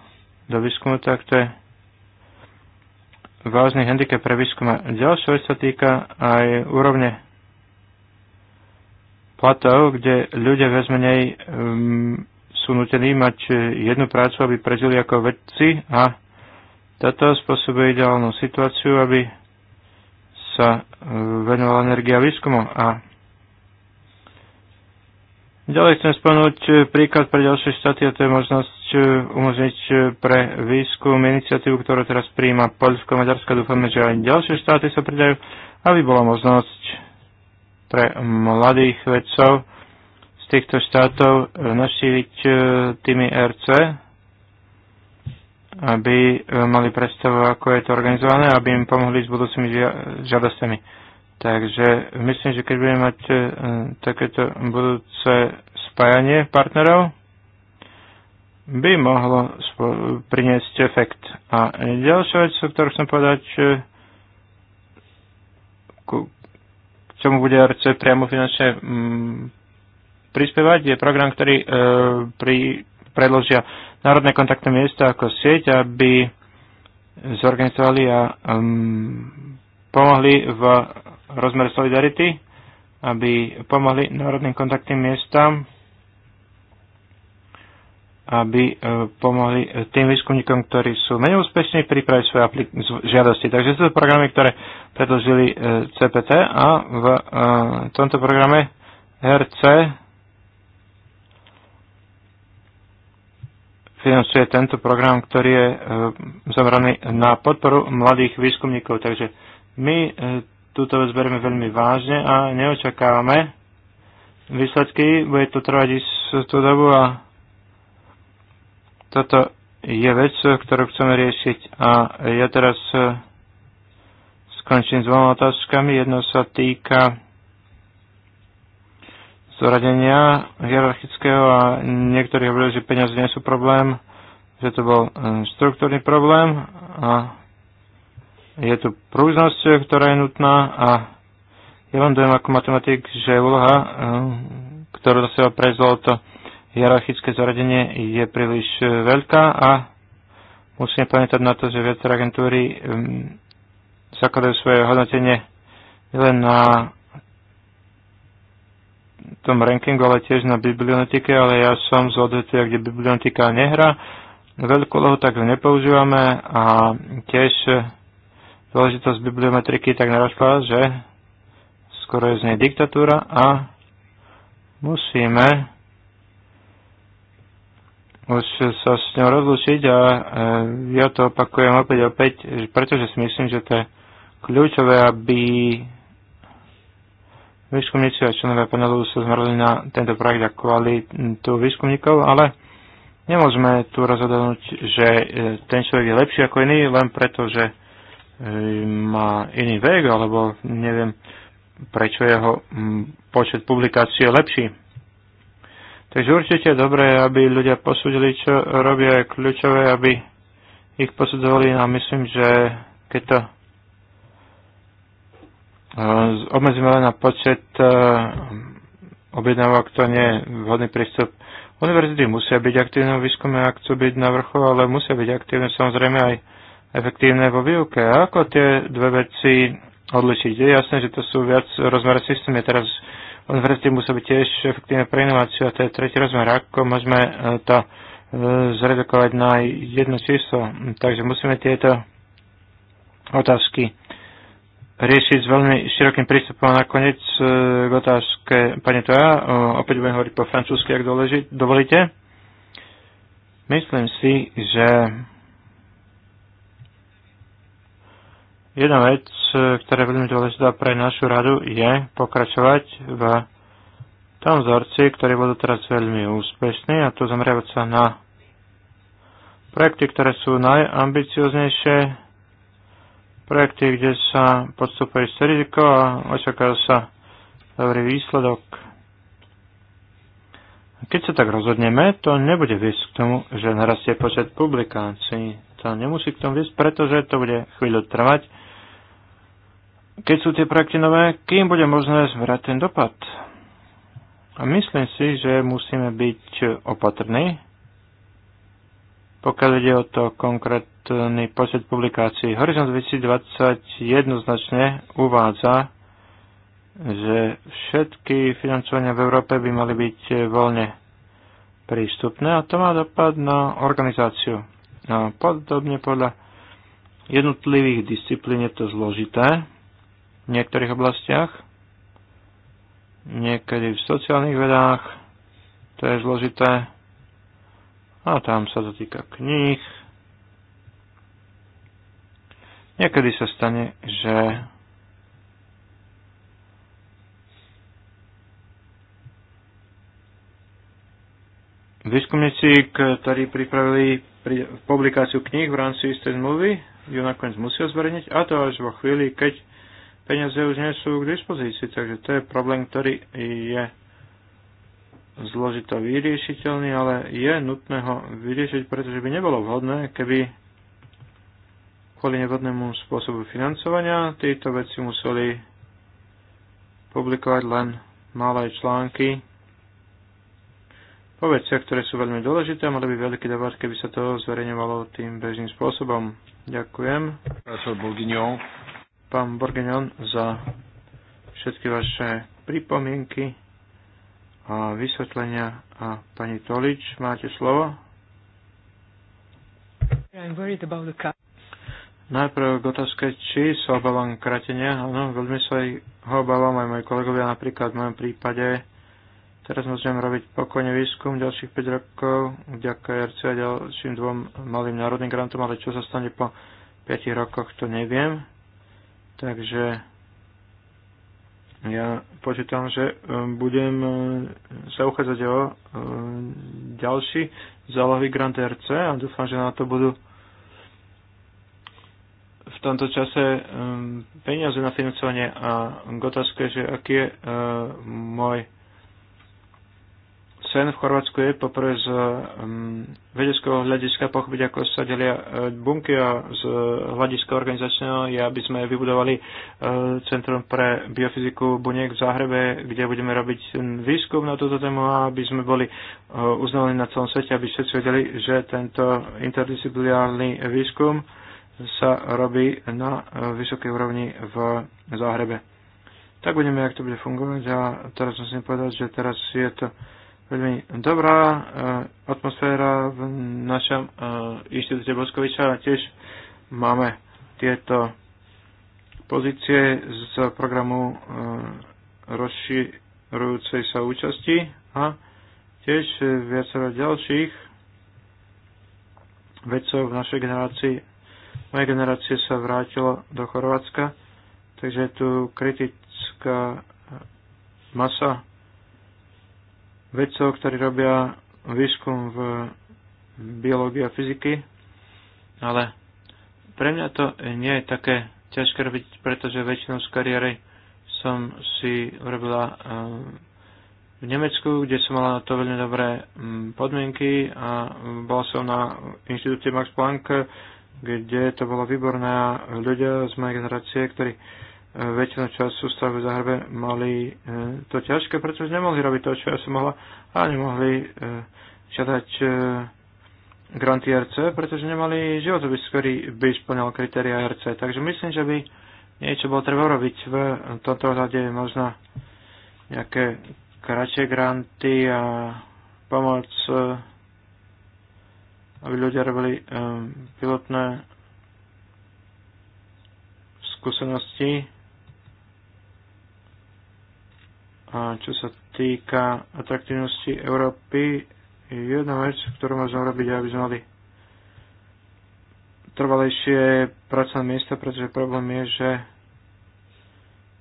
do výskumu, tak to je vážny handicap pre výskum. Ďalšia vec sa týka aj úrovne platov, kde ľudia viac menej um, sú nutení mať eh, jednu prácu, aby prežili ako vedci a toto spôsobuje ideálnu situáciu, aby sa e, venovala energia výskumu. A ďalej chcem spomenúť e, príklad pre ďalšie štáty, a to je možnosť e, umožniť pre výskum iniciatívu, ktorú teraz príjma Poľsko, maďarska. Dúfame, že aj ďalšie štáty sa pridajú, aby bola možnosť pre mladých vedcov z týchto štátov naštíviť tými RC aby e, mali predstavu, ako je to organizované, aby im pomohli s budúcimi žiadostami. Takže myslím, že keď budeme mať e, takéto budúce spájanie partnerov, by mohlo priniesť efekt. A ďalšia vec, o ktorú chcem povedať, e, ku čomu bude RC priamo finančne mm, prispievať, je program, ktorý e, pri predložia národné kontaktné miesto ako sieť, aby zorganizovali a um, pomohli v rozmere solidarity, aby pomohli národným kontaktným miestam, aby e, pomohli tým výskumníkom, ktorí sú menej úspešní pripraviť svoje žiadosti. Takže sú to programy, ktoré predložili e, CPT a v e, tomto programe RC. financuje tento program, ktorý je e, zameraný na podporu mladých výskumníkov. Takže my e, túto vec berieme veľmi vážne a neočakávame výsledky. Bude to trvať istú dobu a toto je vec, ktorú chceme riešiť. A ja teraz e, skončím s dvoma otázkami. Jedno sa týka zoradenia hierarchického a niektorí hovorili, že peniaze nie sú problém, že to bol e, štruktúrny problém a je tu prúznosť, ktorá je nutná a ja vám dojem ako matematik, že úloha, e, ktorú do seba prezvalo to hierarchické zaradenie, je príliš e, veľká a musíme pamätať na to, že viaceré agentúry zakladajú svoje hodnotenie len na tom rankingu, ale tiež na bibliotike, ale ja som z odvetvia, kde bibliotika nehra. Veľkú lohu tak nepoužívame a tiež dôležitosť bibliometriky tak narastla, že skoro je z nej diktatúra a musíme už sa s ňou rozlučiť a e, ja to opakujem opäť opäť, pretože si myslím, že to je kľúčové, aby výskumníci a členové panelu sa zmerali na tento projekt a kvalitu výskumníkov, ale nemôžeme tu rozhodnúť, že e, ten človek je lepší ako iný len preto, že e, má iný vek, alebo neviem, prečo jeho počet publikácií je lepší. Takže určite je dobré, aby ľudia posúdili, čo robia je kľúčové, aby ich posudzovali a myslím, že keď to Eh, obmedzíme len na počet eh, objednávok, to nie je vhodný prístup. Univerzity musia byť aktívne v výskume, ak chcú byť na vrchu, ale musia byť aktívne samozrejme aj efektívne vo výuke. A ako tie dve veci odlišiť? Je jasné, že to sú viac rozmer systémy. Teraz univerzity musia byť tiež efektívne pre inováciu a to je tretí rozmer. Ako môžeme eh, to zredukovať na jedno číslo? Takže musíme tieto otázky riešiť s veľmi širokým prístupom. Nakoniec e, k otázke pani Toja, opäť budem hovoriť po francúzsky, ak doleži, dovolíte. Myslím si, že jedna vec, e, ktorá je veľmi dôležitá pre našu radu, je pokračovať v tom vzorci, ktorý bol teraz veľmi úspešný a to zameriavať sa na projekty, ktoré sú najambicioznejšie projekty, kde sa podstupuje isté riziko a očaká sa dobrý výsledok. Keď sa tak rozhodneme, to nebude viesť k tomu, že narastie počet publikácií. To nemusí k tomu viesť, pretože to bude chvíľu trvať. Keď sú tie projekty nové, kým bude možné zmerať ten dopad? A myslím si, že musíme byť opatrní, pokiaľ ide o to konkrét samotný počet publikácií. Horizont 2020 jednoznačne uvádza, že všetky financovania v Európe by mali byť voľne prístupné a to má dopad na organizáciu. A podobne podľa jednotlivých disciplín je to zložité v niektorých oblastiach, niekedy v sociálnych vedách to je zložité a tam sa to týka kníh, Niekedy sa stane, že výskumníci, ktorí pripravili publikáciu kníh v rámci istej zmluvy, ju nakoniec musia zverejniť a to až vo chvíli, keď peniaze už nie sú k dispozícii. Takže to je problém, ktorý je zložito vyriešiteľný, ale je nutné ho vyriešiť, pretože by nebolo vhodné, keby kvôli nevhodnému spôsobu financovania. Tieto veci museli publikovať len malé články o veciach, ktoré sú veľmi dôležité mali by veľký dávať, keby sa to zverejňovalo tým bežným spôsobom. Ďakujem. Pán Borgignon za všetky vaše pripomienky a vysvetlenia a pani Tolič, máte slovo.
I'm worried about the car.
Najprv k otázke, či sa obávam kratenia. Áno, veľmi sa ho obávam aj moji kolegovia. Napríklad v mojom prípade teraz môžem robiť pokojne výskum ďalších 5 rokov vďaka RC a ďalším dvom malým národným grantom, ale čo sa stane po 5 rokoch, to neviem. Takže ja počítam, že um, budem uh, sa uchádzať o uh, ďalší zálohy Grant RC a dúfam, že na to budú tomto čase um, peniaze na financovanie a otázke, že aký je uh, môj sen v Chorvátsku je poprvé z um, vedeckého hľadiska pochopiť, ako sa delia uh, bunky a z hľadiska organizačného je, aby sme vybudovali uh, Centrum pre biofyziku buniek v Záhrebe, kde budeme robiť výskum na túto tému a aby sme boli uznaní na celom svete, aby všetci vedeli, že tento interdisciplinárny výskum sa robí na vysokej úrovni v Záhrebe. Tak budeme, jak to bude fungovať a teraz musím povedať, že teraz je to veľmi dobrá e, atmosféra v našom e, inštitúte Boskoviča tiež máme tieto pozície z programu e, rozširujúcej sa účasti a tiež viacero ďalších vedcov v našej generácii moja generácia sa vrátila do Chorvátska, takže je tu kritická masa vedcov, ktorí robia výskum v biológii a fyziky, ale pre mňa to nie je také ťažké robiť, pretože väčšinou z kariéry som si robila eh, v Nemecku, kde som mala na to veľmi dobré mm, podmienky a bola som na inštitúte Max Planck kde to bolo výborné a ľudia z mojej generácie, ktorí e, väčšinu času sústavu v záhrbe mali e, to ťažké, pretože nemohli robiť to, čo ja som mohla a nemohli e, žiadať granty RC, pretože nemali životopis, ktorý by splňal kritéria RC. Takže myslím, že by niečo bolo treba robiť v tomto hľade možno nejaké kratšie granty a pomoc aby ľudia robili ehm, pilotné skúsenosti. A čo sa týka atraktívnosti Európy, jedna vec, ktorú môžeme robiť, aby sme mali trvalejšie pracovné miesta, pretože problém je, že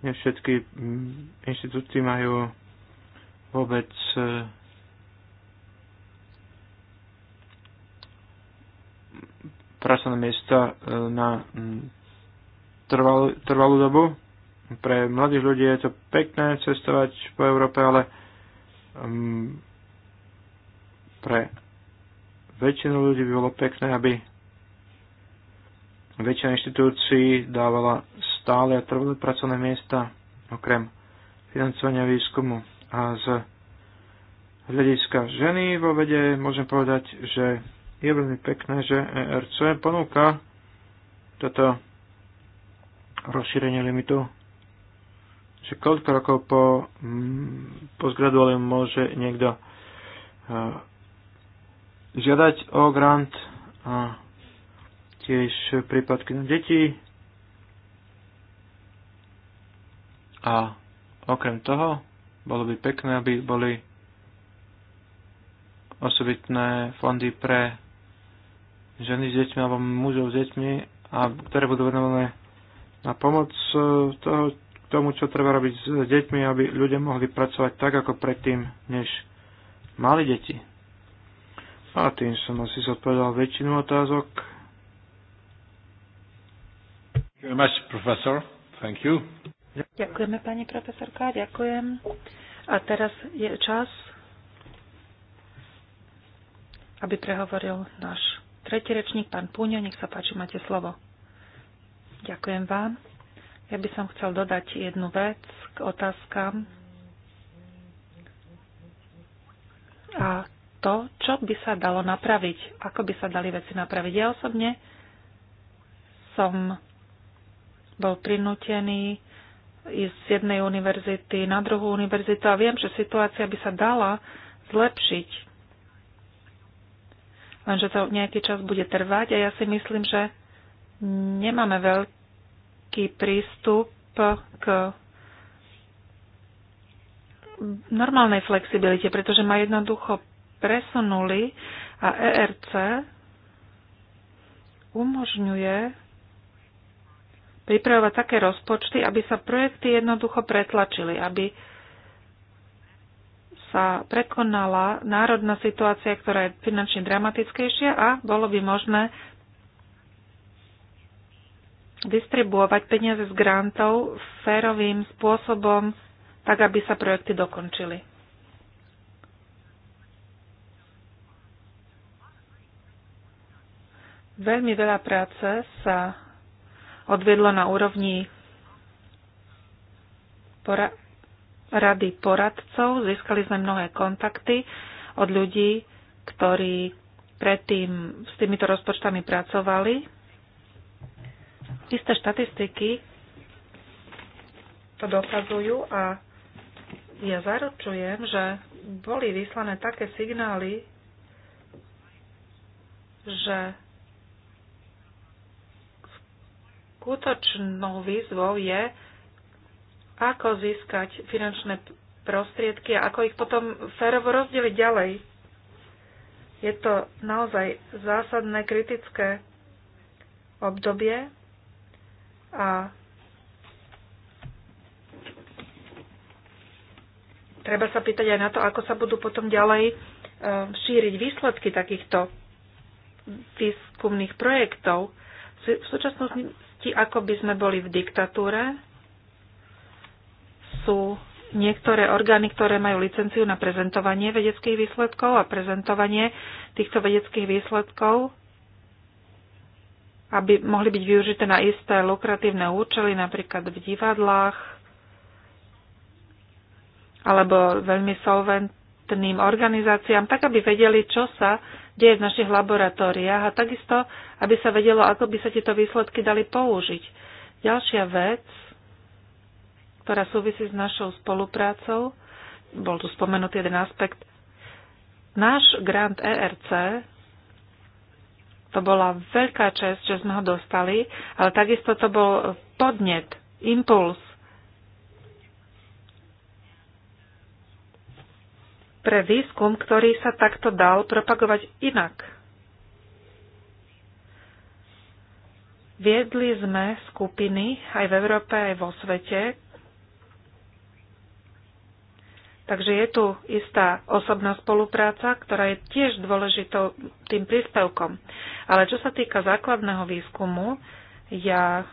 nevšetky mm, inštitúty majú vôbec eh, pracovné miesta e, na mm, trvalú, trvalú dobu. Pre mladých ľudí je to pekné cestovať po Európe, ale mm, pre väčšinu ľudí by bolo pekné, aby väčšina inštitúcií dávala stále a trvalé pracovné miesta, okrem financovania výskumu. A z hľadiska ženy vo vede môžem povedať, že je veľmi pekné, že ERC ponúka toto rozšírenie limitu že koľko rokov po mm, postgraduálne môže niekto e, žiadať o grant a tiež prípadky na deti a okrem toho bolo by pekné, aby boli osobitné fondy pre ženy s deťmi alebo mužov s deťmi, a ktoré budú venované na pomoc e, toho, tomu, čo treba robiť s deťmi, aby ľudia mohli pracovať tak, ako predtým, než mali deti. A tým som asi zodpovedal väčšinu otázok.
Ďakujeme, pani profesorka, ďakujem. A teraz je čas, aby prehovoril náš Tretí rečník, pán Púňo, nech sa páči, máte slovo. Ďakujem vám. Ja by som chcel dodať jednu vec k otázkam a to, čo by sa dalo napraviť, ako by sa dali veci napraviť. Ja osobne som bol prinútený ísť z jednej univerzity na druhú univerzitu a viem, že situácia by sa dala zlepšiť lenže to nejaký čas bude trvať a ja si myslím, že nemáme veľký prístup k normálnej flexibilite, pretože ma jednoducho presunuli a ERC umožňuje pripravovať také rozpočty, aby sa projekty jednoducho pretlačili, aby sa prekonala národná situácia, ktorá je finančne dramatickejšia a bolo by možné distribuovať peniaze z grantov férovým spôsobom, tak aby sa projekty dokončili. Veľmi veľa práce sa odvedlo na úrovni rady poradcov, získali sme mnohé kontakty od ľudí, ktorí predtým s týmito rozpočtami pracovali. Isté štatistiky to dokazujú a ja zaručujem, že boli vyslané také signály, že skutočnou výzvou je ako získať finančné prostriedky a ako ich potom férovo rozdeliť ďalej. Je to naozaj zásadné kritické obdobie a treba sa pýtať aj na to, ako sa budú potom ďalej e, šíriť výsledky takýchto výskumných projektov. V súčasnosti, ako by sme boli v diktatúre, sú niektoré orgány, ktoré majú licenciu na prezentovanie vedeckých výsledkov a prezentovanie týchto vedeckých výsledkov, aby mohli byť využité na isté lukratívne účely, napríklad v divadlách alebo veľmi solventným organizáciám, tak aby vedeli, čo sa deje v našich laboratóriách a takisto, aby sa vedelo, ako by sa tieto výsledky dali použiť. Ďalšia vec, ktorá súvisí s našou spoluprácou. Bol tu spomenutý jeden aspekt. Náš grant ERC, to bola veľká čest, že sme ho dostali, ale takisto to bol podnet, impuls pre výskum, ktorý sa takto dal propagovať inak. Viedli sme skupiny aj v Európe, aj vo svete, Takže je tu istá osobná spolupráca, ktorá je tiež dôležitou tým príspevkom. Ale čo sa týka základného výskumu, ja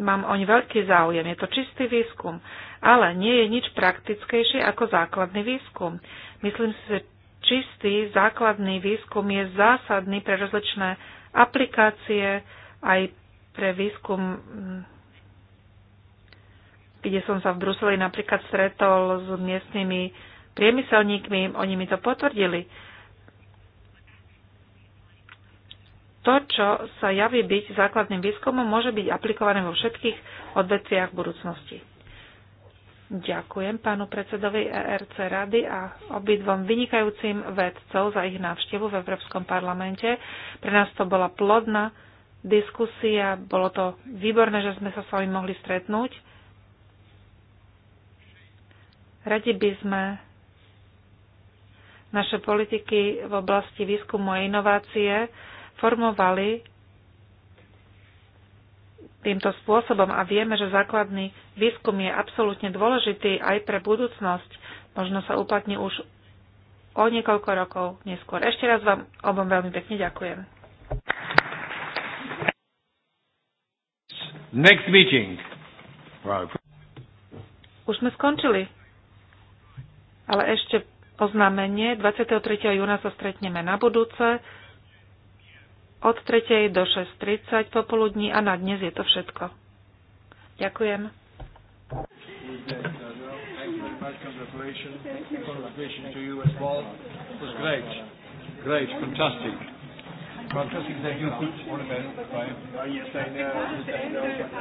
mám oň veľký záujem. Je to čistý výskum, ale nie je nič praktickejšie ako základný výskum. Myslím si, že čistý základný výskum je zásadný pre rozličné aplikácie, aj pre výskum kde som sa v Bruseli napríklad stretol s miestnymi priemyselníkmi, oni mi to potvrdili. To, čo sa javí byť základným výskumom, môže byť aplikované vo všetkých odveciach budúcnosti. Ďakujem pánu predsedovi ERC Rady a obidvom vynikajúcim vedcov za ich návštevu v Európskom parlamente. Pre nás to bola plodná diskusia, bolo to výborné, že sme sa s vami mohli stretnúť. Radi by sme naše politiky v oblasti výskumu a inovácie formovali týmto spôsobom a vieme, že základný výskum je absolútne dôležitý aj pre budúcnosť. Možno sa uplatní už o niekoľko rokov neskôr. Ešte raz vám obom veľmi pekne ďakujem.
Next meeting. Wow.
Už sme skončili. Ale ešte oznámenie. 23. júna sa stretneme na budúce od 3. do 6.30 popoludní a na dnes je to všetko. Ďakujem.